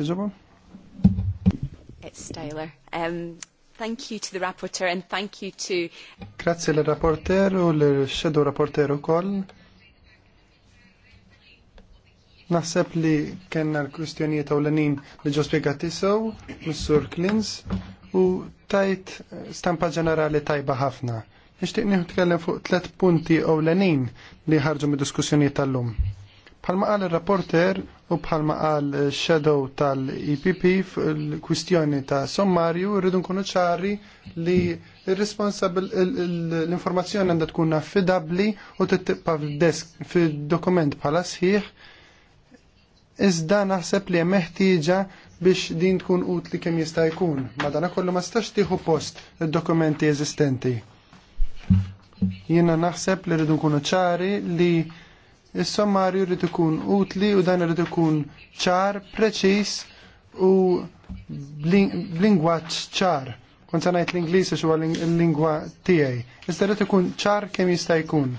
It's Styler. Um, Thank you to the rapporteur and thank you to... Grazie l rapporteur u l-shadow rapporteur col. Naħseb li kena l-kustjonijiet u li ġo spiegati sew, Mr. Klins, u tajt stampa ġenerali tajba ħafna. Nishtiq nieħu fuq tlet punti awlanin li ħarġu mid-diskussjonijiet tal-lum. Bħalma qal il rapporter u bħalma qal shadow tal-EPP fil-kwistjoni ta' sommarju rridu nkunu ċari li l-informazzjoni għandha tkun affidabbli u tittibqa fid-dokument bħala sħiħ. Iżda naħseb li hemm meħtieġa biex din tkun utli kemm jista' jkun. Madana kollu ma stax tieħu post id-dokumenti eżistenti. Jiena naħseb li rridu nkunu ċari li Is-sommarju rrid ikun utli u dan irid ikun ċar, preċiż u b'lingwaġġ ċar. Kont se ngħid l-Ingliż għax l-lingwa tiegħi. Iżda rrid ikun ċar kemm jista' jkun.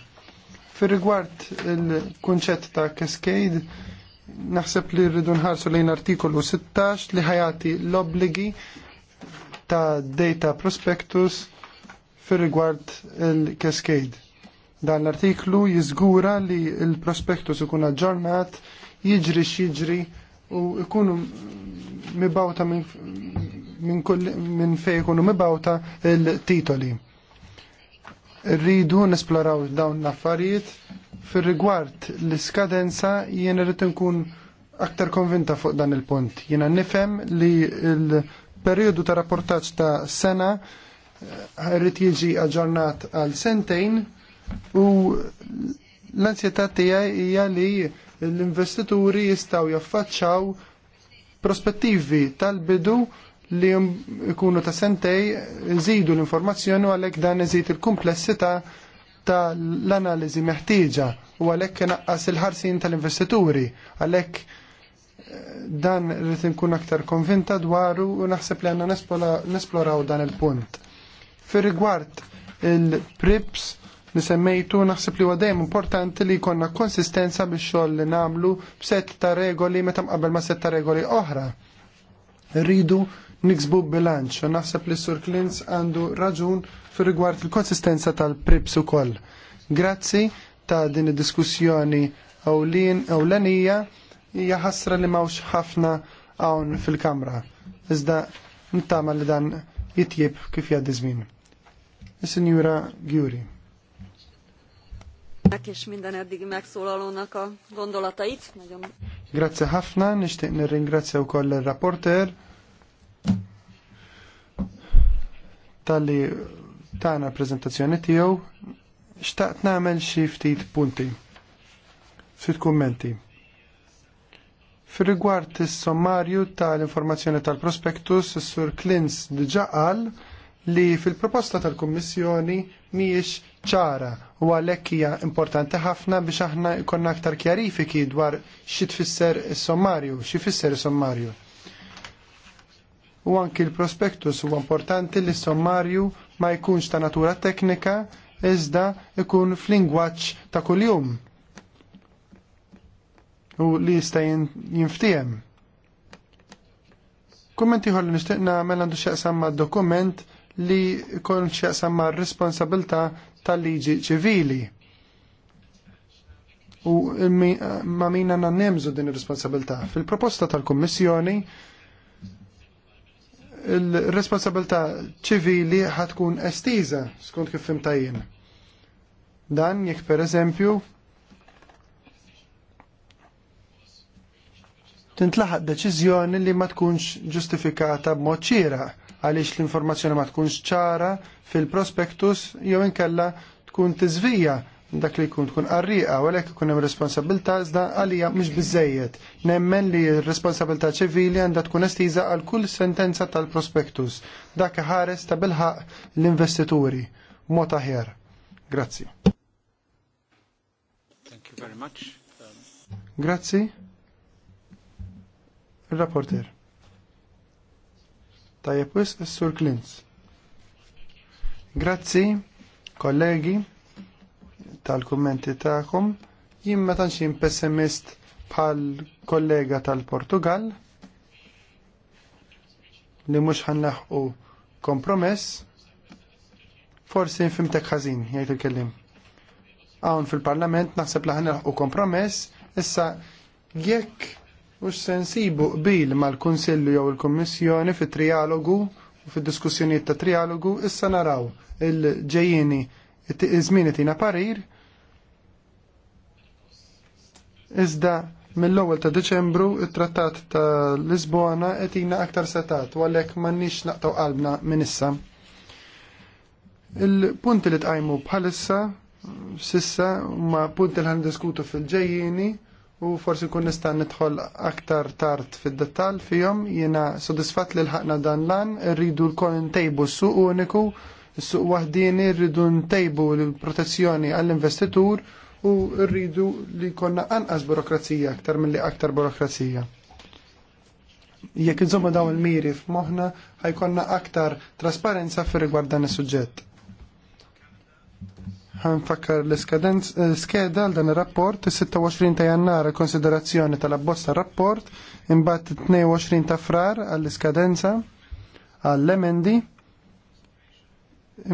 Fir-rigward il-kunċett ta' cascade, naħseb li rridu nħarsu lejn artikolu 16 li ħajati l-obligi ta' data prospectus fir rigward il-cascade. Dan l-artiklu jiżgura li l-prospektus ikun aġġornat jiġri x'jiġri u ikunu mibawta minn min, min fej ikunu mibawta il-titoli. Rridu nesploraw dawn l-affarijiet fir rigward l-iskadenza jien irrid nkun aktar konvinta fuq dan il-punt. Jiena nifem li l-perjodu ta' rapportaġġ ta' sena eh, rrit jiġi aġġornat għal sentejn U l-ansjetà tiegħi hija li l-investituri jistgħu jaffaċċaw prospettivi tal-bidu li jkunu ta' sentej żidu l-informazzjoni u għalhekk dan iżid il-kumplessità tal-analiżi meħtieġa u għalhekk naqqas il-ħarsin tal-investituri għalhekk eh, dan rrit nkun aktar konvinta dwaru u naħseb li għanna nesploraw dan il-punt. Fir rigward il-prips li semmejtu naħseb li huwa dejjem importanti li jkollna konsistenza biex xogħol li nagħmlu b'set ta' regoli meta qabel ma' set ta' regoli oħra. Rridu niksbu bilanċ u naħseb li Sur Klins għandu raġun fir rigward il-konsistenza tal-prips ukoll. Grazzi ta' din id-diskussjoni ewlin ewlenija hija ħasra li mawx ħafna hawn fil-kamra. Iżda nittama li dan jitjib kif jgħaddi żmien. Is-Sinjura Gjuri és minden eddigi megszólalónak a gondolatait. Nagyon... Grazie ħafna, nishtiq nirringrazzja wkoll ir-rapporter tal-li tagħna l-preżentazzjoni tiegħu xtaqt nagħmel xi ftit punti. Ftit kummenti. Fir-rigward is-sommarju tal-informazzjoni tal-prospektus, is-Sur Klins diġà qal li fil-proposta tal-Kummissjoni mhijiex ċara u għalhekk hija importanti ħafna biex aħna jkollna aktar kjarifiki dwar xi tfisser is-sommarju, xi fisser is-sommarju. U anki l-prospektus huwa importanti li s-sommarju ma jkunx ta' natura teknika iżda ikun fl-lingwaġġ ta' kuljum u li jista' jinftiehem. Kummenti ħolli nixtieq nagħmel għandu x'jaqsam ma' dokument li jkun x'jaqsam ma' responsabilta' tal-liġi ċivili. U ma minna għanna nemżu din ir-responsabilità. Fil-proposta tal-Kommissjoni, il-responsabilità ċivili ħatkun estiza skont kif fimtajin. Dan jekk per eżempju tintlaħaq deċiżjoni li ma tkunx ġustifikata b'mod ċira għaliex l-informazzjoni ma tkunx ċara fil-prospektus jew inkella tkun tiżvija dak li jkun tkun qarriqa u għalhekk ikun hemm responsabilità iżda għalija mhux biżejjed. Nemmen li r-responsabilità ċivili għandha tkun estiża għal kull sentenza tal-prospektus. Dak ħares ta' bilħaq l-investituri. Mod aħjar. Grazzi. Thank you very much. Um... Grazzi. Il-rapporter. Tajjeb wis is-Sur Klins. Grazzi, kollegi, tal-kummenti tagħkom. Jien ma tantx jien pessimist bħal kollega tal-Portugal li mhux ħanneħqu kompromess. Forsi nfimtek ħażin, jgħid il-kellim. Hawn fil-Parlament naħseb li ħanneħqu kompromess, issa jekk u sensibu qbil mal konsillu jew il-Kummissjoni fit trialogu u fid diskussjonijiet ta' trialogu issa naraw il-ġejjini iż-żmien tina parir iżda mill-ewwel ta' Deċembru it-Trattat ta' Lisbona qed jina aktar setat u għalhekk m'għandniex naqtaw qalbna minn issa. Il-punti li tqajmu bħalissa sissa huma punti li ħandiskutu fil-ġejjini u forsi kun nista' nidħol aktar tard fid-dettall fihom jiena sodisfatt li lħaqna dan lan, rridu l-kol ntejbu s-suq uniku, s-suq waħdini, rridu ntejbu l-protezzjoni għall-investitur u rridu li konna anqas burokrazija aktar mill-li aktar burokrazija jekk nżommu dawn il-miri f'moħħna ħajkonna aktar trasparenza fir rigward dan is-suġġett ħanfakkar l-skeda eh, l dan il rapport 26 ta' jannar konsiderazzjoni tal-abbozz rapport imbat 22 ta' frar għall-iskadenza għall-emendi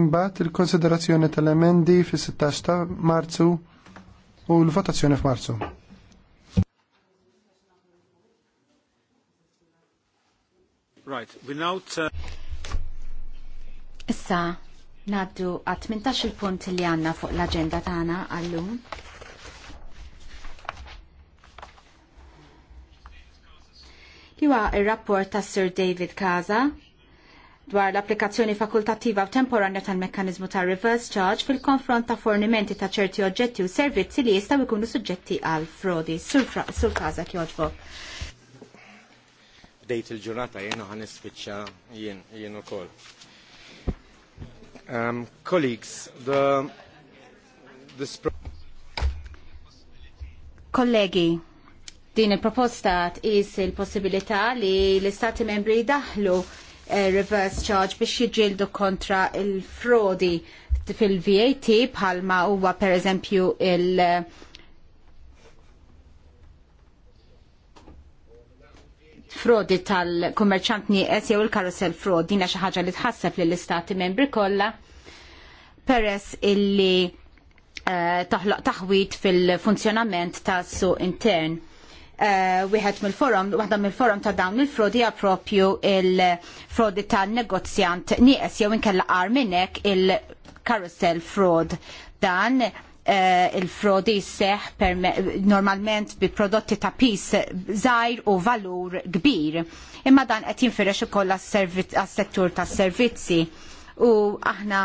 imbat il-konsiderazzjoni tal-emendi fi 16 ta' Marzu u l-votazzjoni f'Marzu. Right, we now Issa, Naddu għat 18 il-punt li għanna fuq l-agenda tagħna għallum. Liwa il-rapport ta' Sir David Kaza dwar l-applikazzjoni fakultattiva u temporanja tal-mekkanizmu ta' reverse charge fil-konfront ta' fornimenti ta' ċerti oġġetti u servizzi li jistaw ikunu suġġetti għal frodi. Sur Kaza kjoġbo. Dejt il-ġurnata jena ħanispiċċa jien jien kol. Um, colleagues, the, Kollegi, din il-proposta tqis il-possibilità li l-Istati membri daħlu eh, reverse charge biex jiġildu kontra il-frodi fil-VAT bħalma huwa per eżempju il- frodi tal-kummerċant nieqes jew il-karusel frodi xi ħaġa li tħasseb lill istati membri kollha peress illi eh, taħloq taħwit fil-funzjonament tas suq intern. Eh, wieħed mill-forum, waħda mill-forum ta' dawn il-frodi hija propju il-frodi tan-negozjant nieqes jew inkella qar minnek il-karusel frod dan Eh, il-frodi seħ normalment bi prodotti ta' pis zaħir u valur kbir. Imma dan qed jinfirex ukoll għas-settur tas-servizzi u aħna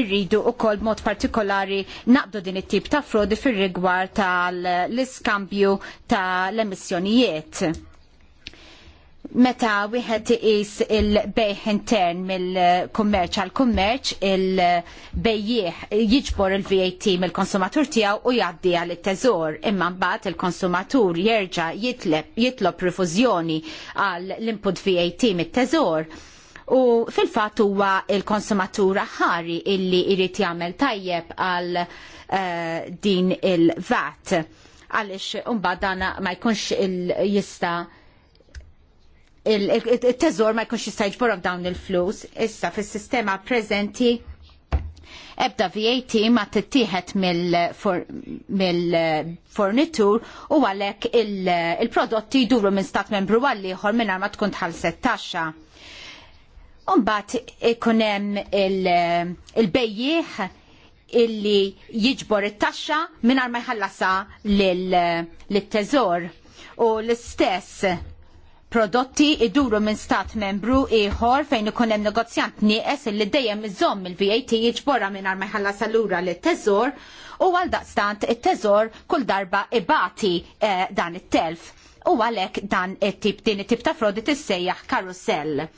irridu u kol mod partikolari naqdu din it-tip ta' frodi fir-rigward tal-iskambju tal-emissjonijiet meta wieħed iqis il-bejħ intern mill-kummerċ għal kummerċ il-bejjieħ jiġbor il-VAT mill-konsumatur tiegħu u jgħaddi għal it-teżor imma mbagħad il-konsumatur jerġa' jitleb jitlob rifużjoni għal l-input VAT mit-teżor u fil-fatt huwa il-konsumatur aħari illi jrid jagħmel tajjeb għal eh, din il-VAT għaliex mbagħad dana ma jkunx jista' il-teżor ma jkunx jista' jġborhom dawn il-flus. Issa fis-sistema preżenti ebda VAT ma tittieħed mill-fornitur u għalhekk il-prodotti jduru minn stat membru għal ieħor mingħajr ma tkun tħallset taxxa. Umbat ikun hemm il-bejjieħ illi jiġbor it-taxxa mingħajr ma jħallasha lill-teżor u l-istess prodotti iduru minn stat membru ieħor fejn ikun hemm negozjant nieqes illi dejjem iżomm il-VAT jiġbora mingħajr ma jħallas allura t teżor u għal daqstant it-teżor kull darba ibati eh, dan it-telf u għalhekk dan it-tip din it-tip ta' frodi tissejjaħ karusell.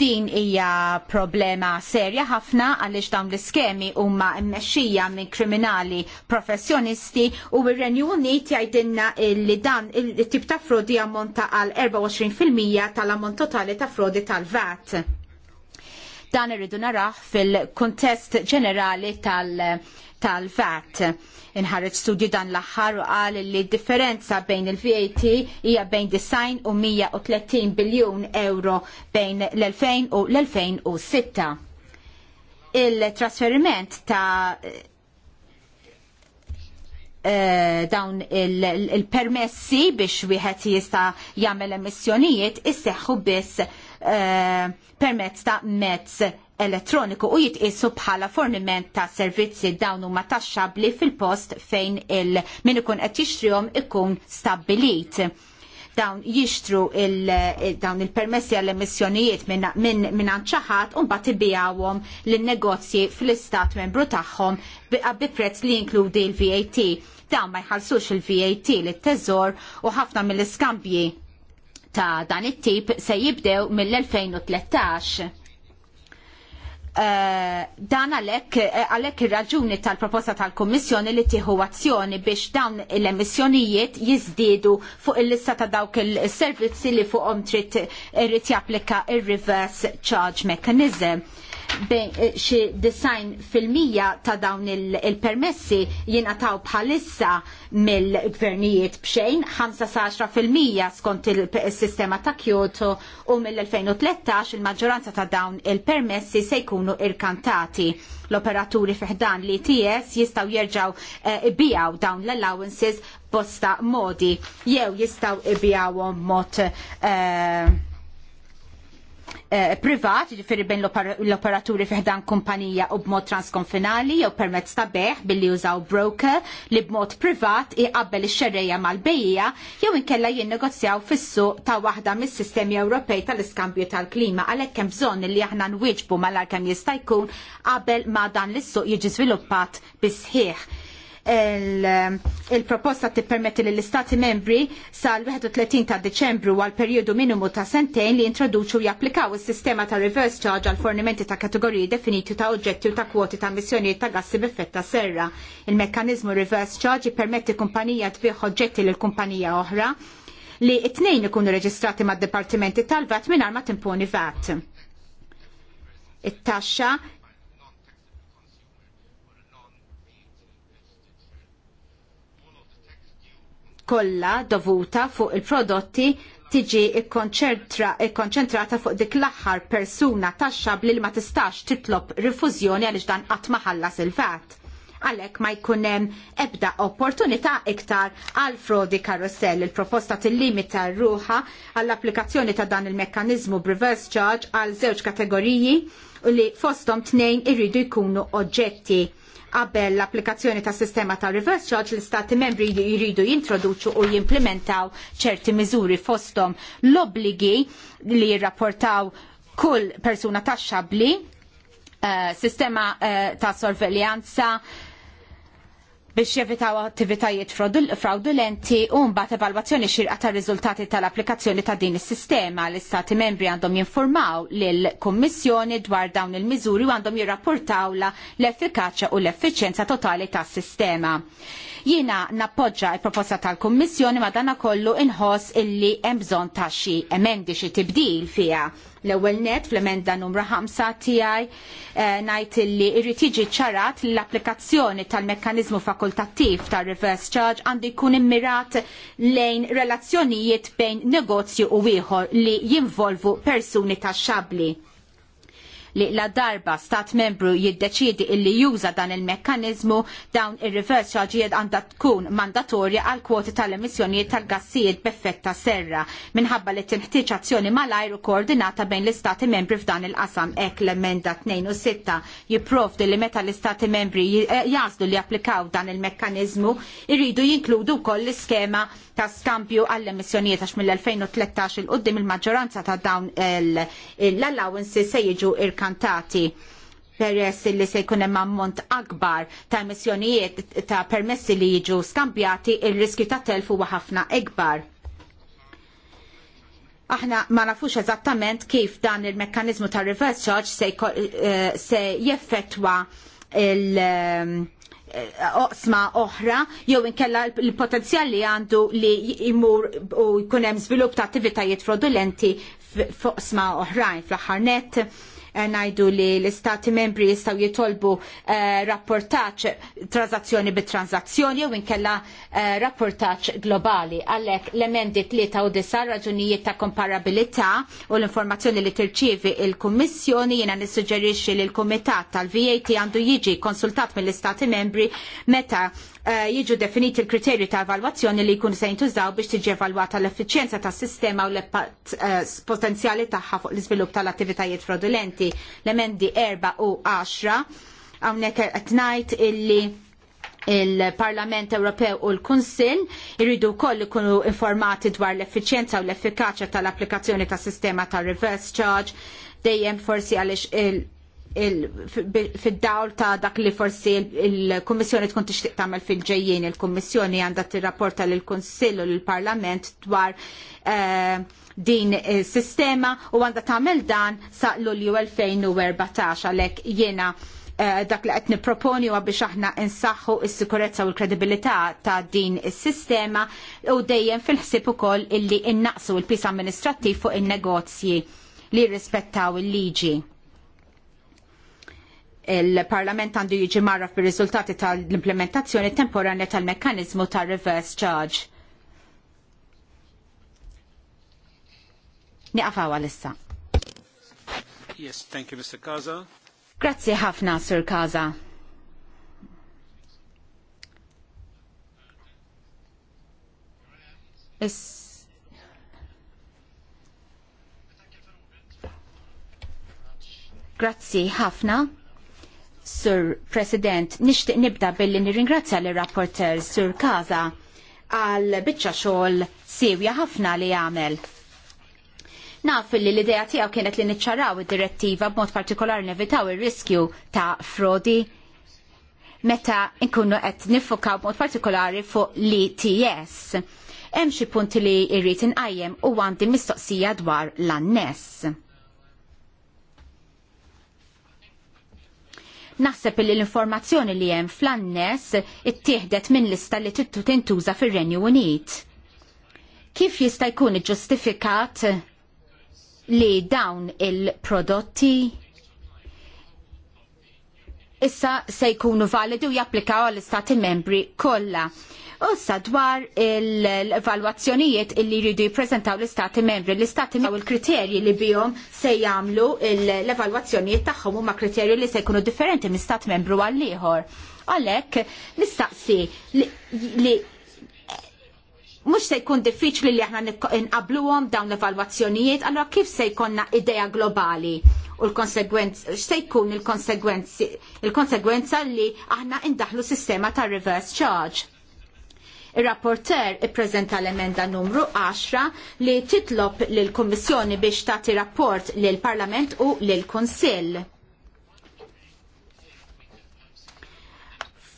Din hija problema serja ħafna għaliex dawn l-iskemi huma mmexxija minn kriminali professjonisti u r-Renju Unit jgħidilna li dan it-tip ta' frodi ammonta għal 24% tal-ammont totali ta' frodi tal-VAT Dan irridu naraħ fil-kontest ġenerali tal- tal-VAT. Inħarġ studju dan l-aħħar u qal li d differenza bejn il-VAT hija bejn design u 130 biljun euro bejn l-2000 u l-2006. Il-trasferiment ta' eh, dawn il-permessi biex wieħed jista' jagħmel emissjonijiet isseħħu biss Eh, permezz ta' mezz elettroniku u jitqisu bħala forniment ta' servizzi dawn huma taxxabbli fil-post fejn il min ikun qed jixtrihom ikun stabbilit dawn jixtru il, dawn il-permessi għall-emissjonijiet minn min, min ċaħat un bat ibijawom l-negozji fl-istat membru tagħhom bi prezz li jinkludi l-VAT. Dawn ma jħallsux il-VAT l-teżor u ħafna mill-iskambji ta' dan it-tip se jibdew mill-2013. Uh, dan għalhekk eh, għalhekk ir-raġuni tal-proposta tal-Kummissjoni li tiħu azzjoni biex dawn l-emissjonijiet jiżdiedu fuq il-lista ta' dawk il-servizzi li fuqhom trid irid eh, japplika il reverse charge mechanism Eh, xi design fil-mija ta' dawn il-permessi jingħataw bħalissa mill-gvernijiet bxejn, 5 fil-mija skont il-sistema ta' Kyoto u mill-2013 il-maġġoranza ta' dawn il-permessi se jkunu irkantati l-operaturi fiħdan li TS jistaw jerġaw eh, ibijaw dawn l-allowances bosta modi jew jistaw ibijawhom mod uh, Eh, privat, ġifiri bejn l-operaturi fiħdan kumpanija u b'mod transkonfinali jew permezz ta' beħ billi jużaw broker li b'mod privat iqabbel ix-xerreja mal-bejja jew inkella jinnegozjaw fis-suq ta' waħda mis-sistemi Ewropej tal-iskambju tal-klima għalhekk hemm bżonn li aħna nwieġbu mal-arkem jista' jkun qabel ma dan l-suq jiġi żviluppat bisħieħ il-proposta tippermetti lill istati membri sal-31 ta' Deċembru għal perjodu minimu ta' sentejn li introduċu japplikaw is-sistema ta' reverse charge għal fornimenti ta' kategoriji definiti ta' oġġetti u ta' kwoti ta' missjoni ta' gassi biffetta serra. Il-mekkanizmu reverse charge jippermetti kumpanija tbiħ oġġetti l kumpanija oħra li it-tnejn ikunu reġistrati mad-dipartimenti tal-VAT mingħajr ma timponi VAT it-taxxa kollha dovuta fuq il-prodotti tiġi ikkonċentrata fuq dik l-aħħar persuna taxxa li ma tistax titlob rifużjoni għaliex dan qatt ma ħallas il fatt Għalhekk ma jkun hemm ebda opportunità iktar għal frodi karussell. Il-proposta tillimita r-ruħa għall-applikazzjoni ta' dan il-mekkaniżmu reverse charge għal żewġ kategoriji u li fosthom tnejn irridu jkunu oġġetti Qabel l-applikazzjoni tas sistema ta' reverse charge l-istati membri jridu jintroduċu u jimplementaw ċerti miżuri fosthom l obbligi li jirrapportaw kull persuna taxxabbli, uh, eh, sistema uh, ta' sorveljanza, biex jevitaw attivitajiet fraudulenti u mbagħad evalwazzjoni xirqa tar-riżultati tal-applikazzjoni ta' din is-sistema l-istati membri għandhom jinformaw lil kummissjoni dwar dawn il-miżuri u għandhom jirrapportawla l-effikaċja u l-effiċjenza totali tas-sistema. Jiena nappoġġa l proposta tal-Kummissjoni ma dana kollu inħoss illi hemm bżonn ta' xi emendi xi tibdil fiha. L-ewwel net fl-emenda numru 5 tiegħi eh, ngħid illi jrid jiġi ċarat li l-applikazzjoni tal-mekkaniżmu fakultattiv tar reverse charge għandu jkun immirat lejn relazzjonijiet bejn negozju u ieħor li jinvolvu persuni tax-xabli li la darba stat membru jiddeċiedi illi juża dan il-mekkanizmu dawn ir-reverse charge għandha tkun mandatorja għal kwoti tal-emissjonijiet tal-gassijiet b'effetta serra minħabba li tinħtieġ azzjoni malajr u koordinata bejn l-istati membri f'dan il-qasam ek l-emenda 26 jipprovdi li meta l-istati membri eh, jazdu li applikaw dan il-mekkanizmu irridu jinkludu wkoll l-iskema ta' skambju għall-emissjonijiet għax mill-2013 il-qoddim il-maġġoranza ta' dawn l-allowances se jiġu irkan kantati peress li se jkun hemm ammont akbar ta' emissjonijiet ta' permessi li jiġu skambjati, ir riskju ta' telf huwa ħafna ikbar. Aħna ma nafux eżattament kif dan il mekkaniżmu ta' reverse charge se, eh, se jeffettwa il- eh, oqsma oħra jew inkella l-potenzjal li għandu li jmur u jkun hemm żvilupp ta' attivitajiet fraudulenti f'oqsma oħrajn fl-aħħar net Eh, najdu li l-istati membri jistaw jitolbu eh, rapportaċ transazzjoni bit transazzjoni u inkella eh, rapportaċ globali. Għallek l-emendi 93 raġunijiet ta' komparabilità u l-informazzjoni li tirċievi il-Kummissjoni jiena nissuġġerixxi li l-Kumitat tal-VAT għandu jiġi konsultat mill-istati membri meta Eh, jiġu definiti l-kriterju ta' evalwazzjoni li jkunu se jintużaw biex tiġi evalwata l-effiċjenza tas sistema u l-impatt eh, potenzjali tagħha fuq l-iżvilupp tal-attivitajiet fraudulenti. L-emendi 4 u 10 hawnhekk qed ngħid illi il-Parlament Ewropew u l-Kunsill irridu wkoll ikunu informati dwar l-effiċjenza u l-effikaċja tal-applikazzjoni tas sistema ta' reverse charge dejjem forsi għaliex il- fid-dawl ta' dak li forsi il-Kummissjoni tkun tixtieq tagħmel fil-ġejjien, il-Kummissjoni għandha tirrapporta lill kunsill u lill-Parlament dwar eh, din sistema u għandha tagħmel dan sa' Lulju 2014 għalhekk jiena eh, dak li qed nipproponi huwa biex aħna insaħħu s-sikurezza u l-kredibilità ta' din is-sistema u dejjem fil-ħsieb ukoll illi innaqsu l-pis amministrattiv fuq in-negozji li jirrispettaw il-liġi il-Parlament għandu jiġi marraf bir riżultati tal-implementazzjoni temporanja tal-mekkanizmu ta' reverse charge. Niqafaw għalissa. Yes, thank you, Mr. Kaza. Grazzi ħafna, Sir Kaza. Is Grazzi ħafna. Sur President, nixtieq nibda billi nirringrazzja lir rapporter Sur Kaza għal biċċa xogħol sewja ħafna li jagħmel. Naf li l-idea tiegħu kienet li niċċaraw id-direttiva b'mod partikolari nevitaw ir-riskju ta' frodi meta nkunu qed nifokaw b'mod partikolari fuq l-ITS. Hemm xi punti li jrid inqajjem u għandi mistoqsija dwar l-annes. Naħseb li l-informazzjoni li hemm fl-annes ittieħdet minn lista li tittu tintuża fir-Renju Unit. Kif jista' jkun iġġustifikat li dawn il-prodotti issa se jkunu validi u japplikaw għall-istati membri kollha. U dwar l-evalwazzjonijiet illi jridu jippreżentaw l-istati membri, l-istati membri il-kriterji li bijom se jagħmlu l-evalwazzjonijiet tagħhom huma kriterji li se jkunu differenti minn stat membru għall ieħor. Għalhekk nistaqsi li mux se jkun diffiċli li aħna nqabluhom dawn l-evalwazzjonijiet, allora kif se jkonna idea globali u l-konsegwenza, se jkun il konsegwenza li aħna indaħlu sistema ta' reverse charge. Ir-rapporter ippreżenta l-emenda numru 10 li titlob lill kummissjoni biex tagħti rapport lill Parlament u lill Kunsill.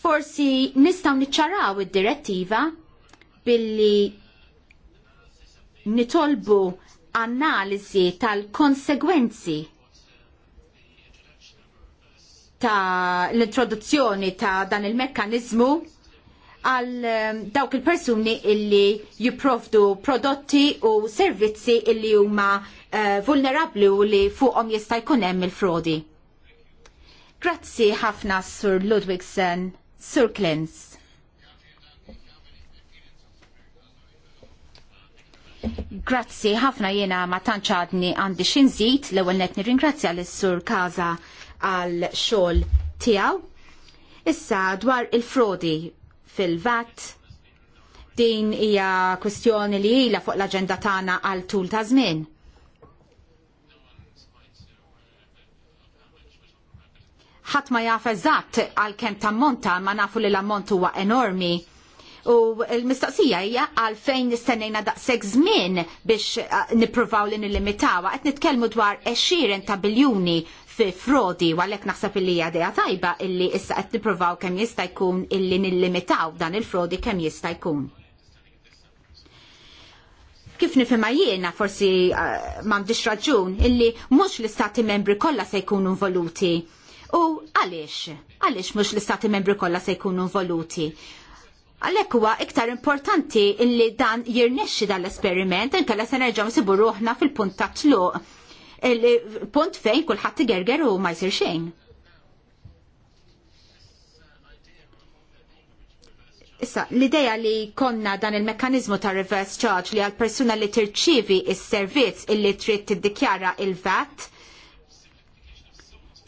Forsi nistgħu niċċaraw id-direttiva billi nitolbu analizi tal-konsegwenzi ta' l-introduzzjoni ta' dan il-mekkanizmu għal ehm, dawk il-persuni illi jipprovdu prodotti u servizzi illi huma uh, eh, vulnerabli u li fuqhom jista' jkun hemm il-frodi. Grazzi ħafna Sur Ludwigsen, Sir Klins. Grazzi, ħafna jiena ma tantx għadni għandi xinżit l ewwel net nirringrazzja lis sur Kaza għal xogħol tiegħu. Issa dwar il-frodi fil-vat din hija kwestjoni li ilha fuq l-aġenda tagħna għal tul ta' żmien. Ħadd ma jaf eżatt għal ta' tammonta ma nafu li l-ammont huwa enormi U l-mistoqsija hija għalfejn nistennejna daqshekk żmien biex uh, nippruvaw li nillimitawa qed nitkellmu dwar 20 ta' biljuni fi frodi u għalhekk naħseb illi hija deja tajba illi issa qed nippruvaw kemm jista' jkun illi nillimitaw dan il-frodi kemm jista' jkun. Kif nifhimha jiena forsi uh, m'għandix raġun illi mhux l-istati membri kollha se jkunu involuti U għaliex? Għaliex mux l-istati membri kollha se jkunu involuti? Għalhekk huwa iktar importanti illi dan jirnexxi dal-esperiment inkella se nerġgħu nsibu ruħna fil-punt ta' tluq. Il-punt fejn kulħadd igerger u ma jsir xejn. Issa, l-ideja li konna dan il-mekkanizmu ta' reverse charge li għal persuna li tirċivi is servizz illi trid tiddikjara il-VAT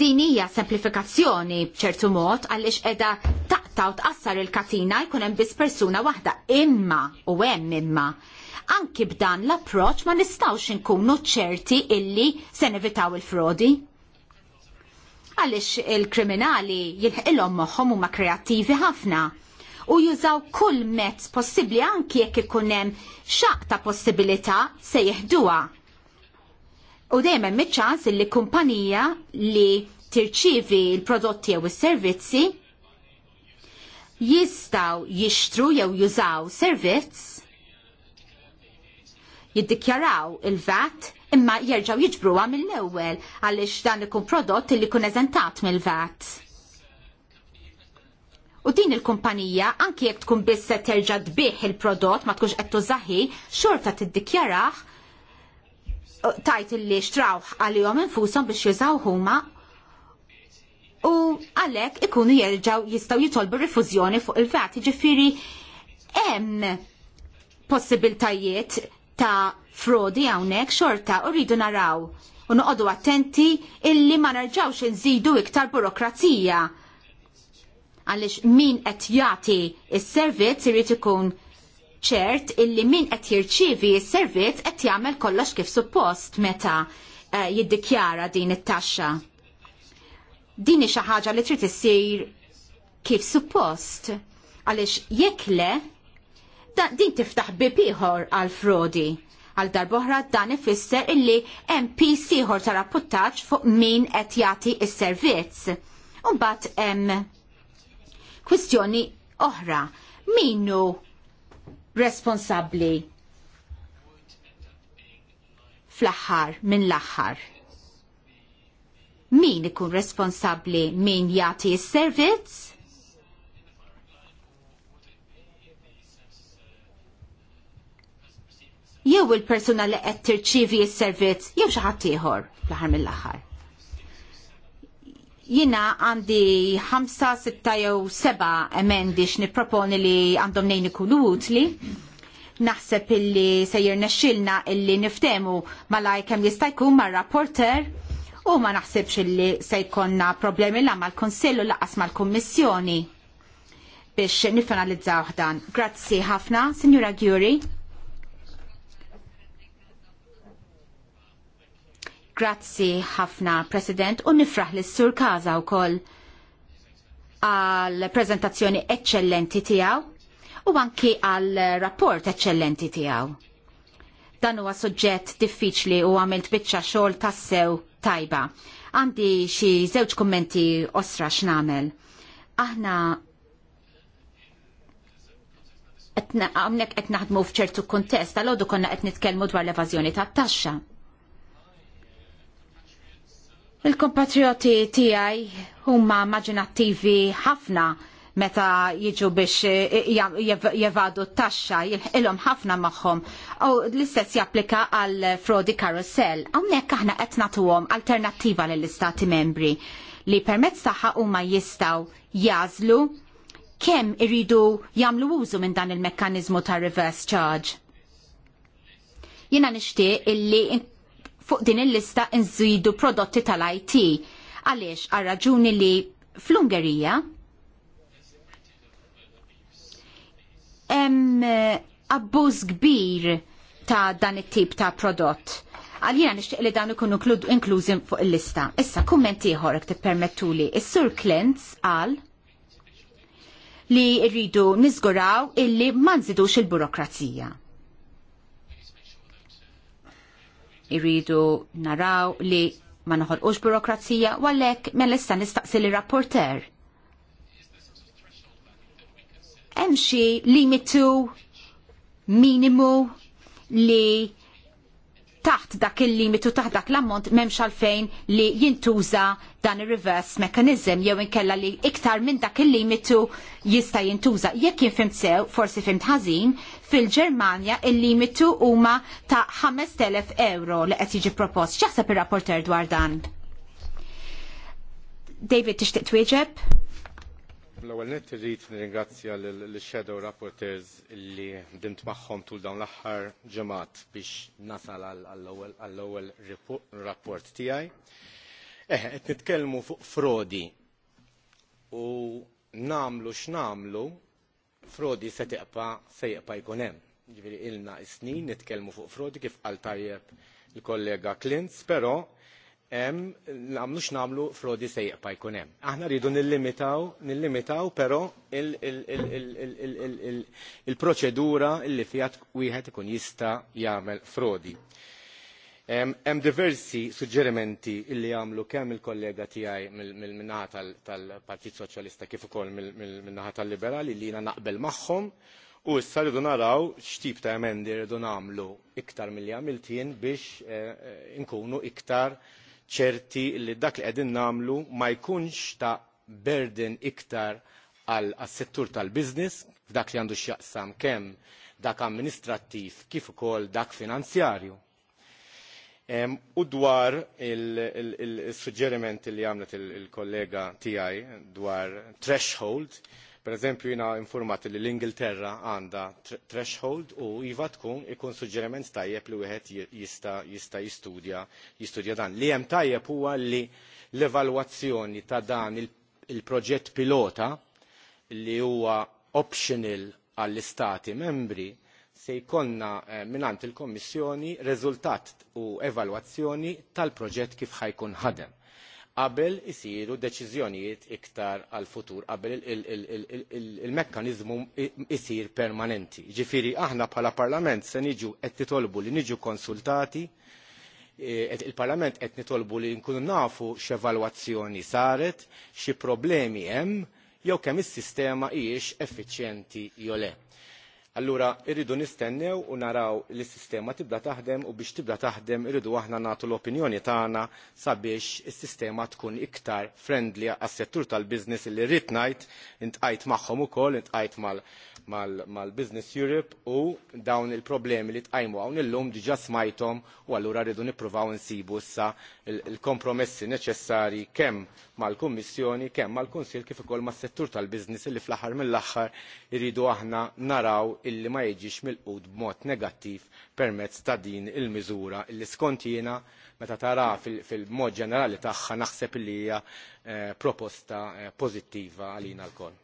Din hija semplifikazzjoni b'ċertu mod għaliex qiegħda taqta u tqassar il-katina jkun hemm biss persuna waħda imma u hemm imma. Anki b'dan l approċċ ma nistgħux inkunu ċerti illi se nevitaw il-frodi. Għaliex il-kriminali jilħilhom moħħhom huma kreattivi ħafna u jużaw kull mezz possibbli anki jekk ikun hemm xaq ta' possibilità se jeħduha U dejjem hemm iċ-ċans li kumpanija li tirċievi l-prodotti jew is-servizzi jistgħu jixtru jew jużaw servizz jiddikjaraw il-VAT imma jerġgħu jiġbruha mill-ewwel għaliex dan ikun prodott li jkun eżentat mill-VAT. U din il-kumpanija anke jekk tkun biss se terġa' tbih il-prodott ma tkunx qed tużahi xorta tiddikjarah tajt illi xtrawħ għalihom infushom biex jużaw huma u għalhekk ikunu jerġgħu jistgħu jitolbu rifużjoni fuq il fat ġifiri hemm possibiltajiet ta' frodi hawnhekk xorta u rridu naraw u noqogħdu attenti illi ma nerġgħux inżidu iktar burokrazija għaliex min qed jagħti s-servizz irid ikun ċert illi min qed jirċievi s-servizz qed jagħmel kollox kif suppost meta eh, jiddikjara din it-taxxa. Din xi ħaġa li trid issir kif suppost għaliex jekk le din tiftaħ bib ieħor għal frodi għal darboħra dan ifisser illi MP ieħor ta' rapputtaġġ fuq min qed jagħti s-servizz. Imbagħad hemm kwistjoni oħra. hu responsabbli fl-aħħar minn l-aħħar. Min ikun responsabbli min jagħti s-servizz? Jew il-persuna li qed tirċivi s-servizz jew xi ħadd ieħor fl-aħħar mill-aħħar. Jina għandi 5, 6 jew 7 emendi x'nipproponi li għandhom nejn ikunu utli naħseb illi sejjer nexxilna illi niftemu malaj kemm jista' jkun mar-rapporter u ma naħsebx illi se jkollna problemi la mal-Konsillu laqas mal-Kummissjoni biex nifinalizzaw dan. Grazzi ħafna, Sinjura Gjuri. Grazzi ħafna, President, u nifraħ s sur Kaza wkoll għall preżentazzjoni eċċellenti tiegħu u anki għal rapport eċċellenti tiegħu. Dan huwa suġġett diffiċli u għamilt biċċa xogħol tassew tajba. Għandi xi żewġ kummenti osra x'namel. Aħna għamnek qed naħdmu f'ċertu kuntest, għal konna qed nitkellmu dwar l-evażjoni tat-taxxa. Il-kompatrioti tiegħi huma maġinattivi ħafna meta jiġu biex jevadu t-taxxa, jilħilhom ħafna magħhom. U l-istess japplika għal frodi karusell. Hawnhekk aħna qed nagħtuhom alternattiva lill-istati membri li permezz tagħha huma jistgħu jażlu kemm iridu jagħmlu użu minn dan il mekkaniżmu ta' reverse charge. Jiena nixtieq illi fuq din il-lista nżidu prodotti tal-IT. Għaliex għal raġuni li fl-Ungerija hemm abbuż kbir ta' dan it-tip ta' prodott. Għalina nixtieq li dan ikunu inklużi fuq il-lista. Issa, kumment ieħor jekk tippermettuli. Is-Sur Clintz qal li rridu niżguraw illi ma nżidux il-burokrazija. Irridu naraw li ma noħolqux burokrazija u għalhekk mela nistaqsi li rapporter. Hemm xi limitu minimu li taħt dak il-limitu taħt dak l-ammont memx għalfejn li jintuża dan il-reverse mechanism jew inkella li iktar minn dak il-limitu jista jintuża. Jekk jien fimt sew, forsi fimt ħażin, fil-Ġermanja il-limitu huma ta' 5000 euro li qed jiġi propost. X'jaħseb ir-rapporter dwar dan? David tixtieq twieġeb? L-ewwel nett irrid nirringrazzja l-shadow rapporters li dimt magħhom tul dawn l-aħħar ġemat biex nasal għall-ewwel rapport tiegħi. Eh, qed nitkellmu fuq frodi u namlu x'namlu frodi se tiqpa se jiqpa jkunem. hemm. Ġifieri ilna snin nitkellmu fuq frodi kif qal tajjeb il-kollega Klintz, pero hemm għamlux nagħmlu frodi se jiqpa jkun hemm. Aħna rridu nillimitaw, nillimitaw però il-proċedura illi u wieħed ikun jista' jagħmel frodi. Hemm diversi suġġerimenti illi għamlu kemm il-kollega tiegħi mill-naħa tal-Partit Soċjalista kif ukoll mill-naħa tal-Liberali li jiena naqbel magħhom u issa rridu naraw x'tip ta' emendi rridu nagħmlu iktar milli għamilt jien biex eh, eh, inkunu iktar ċerti li dak li qegħdin nagħmlu ma jkunx ta' burden iktar għal settur tal-biznis f'dak li għandu x'jaqsam kemm dak amministrattiv kif ukoll dak finanzjarju U dwar il-sugġeriment li għamlet il-kollega tiegħi dwar threshold, per eżempju jina informat li l-Ingilterra għanda threshold u iva tkun ikun suġġeriment tajjeb li wieħed jista' jistudja jistudja dan. Li hemm tajjeb huwa li l-evalwazzjoni ta' dan il-proġett pilota li huwa optional għall-istati membri se jkollna eh, minant il-Kommissjoni riżultat u evalwazzjoni tal-proġett kif ħajkun ħadem qabel isiru deċiżjonijiet iktar għal futur qabel il-mekkaniżmu isir permanenti. Ġifiri aħna bħala Parlament se niġu qed titolbu li niġu konsultati eh, il-Parlament qed nitolbu li nkunu nafu x'evalwazzjoni saret, xi problemi hemm jew kemm is-sistema hijiex effiċjenti jew le. Allura irridu nistennew u naraw li s-sistema tibda taħdem u biex tibda taħdem irridu aħna nagħtu l-opinjoni tagħna sabiex is-sistema tkun iktar friendly għas-settur tal-business li rrid ngħid intqajt magħhom ukoll intqajt mal-Business Europe u dawn il-problemi li tqajmu hawn illum diġà smajthom u allura rridu nippruvaw insibu issa il-kompromessi neċessarji kemm mal-Kummissjoni, kemm mal-Kunsill kif ukoll mas-settur tal-biżniss li fl-aħħar mill-aħħar iridu aħna naraw illi ma jiġix milqud b'mod negattiv permezz ta' din il-miżura illi skont jiena meta tara fil-mod ġenerali tagħha naħseb li hija eh, proposta eh, pożittiva għalina lkoll.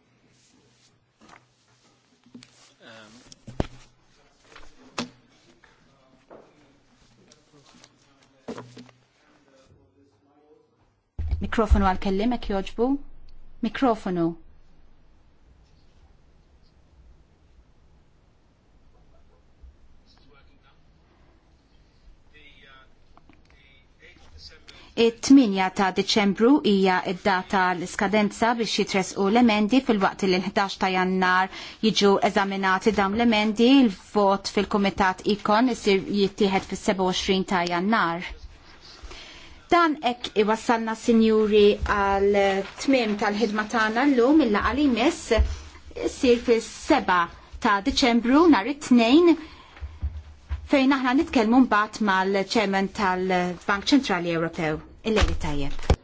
Mikrofonu għal-kellim ek joġbu? Mikrofonu. it-8 ta' Deċembru hija id-data l-iskadenza biex jitresqu l-emendi fil-waqt li l-11 ta' Jannar jiġu eżaminati dawn l-emendi, il-vot fil-Kumitat Ikon isir jittieħed fis-27 ta' Jannar. Dan ek iwassalna sinjuri għal tmim tal-ħidma tagħna llum illa għal imess issir fis-7 ta' Diċembru nhar it-tnejn fejn aħna nitkellmu mbagħad mal-ċemen tal-Bank Ċentrali Ewropew. Il-lejli tajjeb.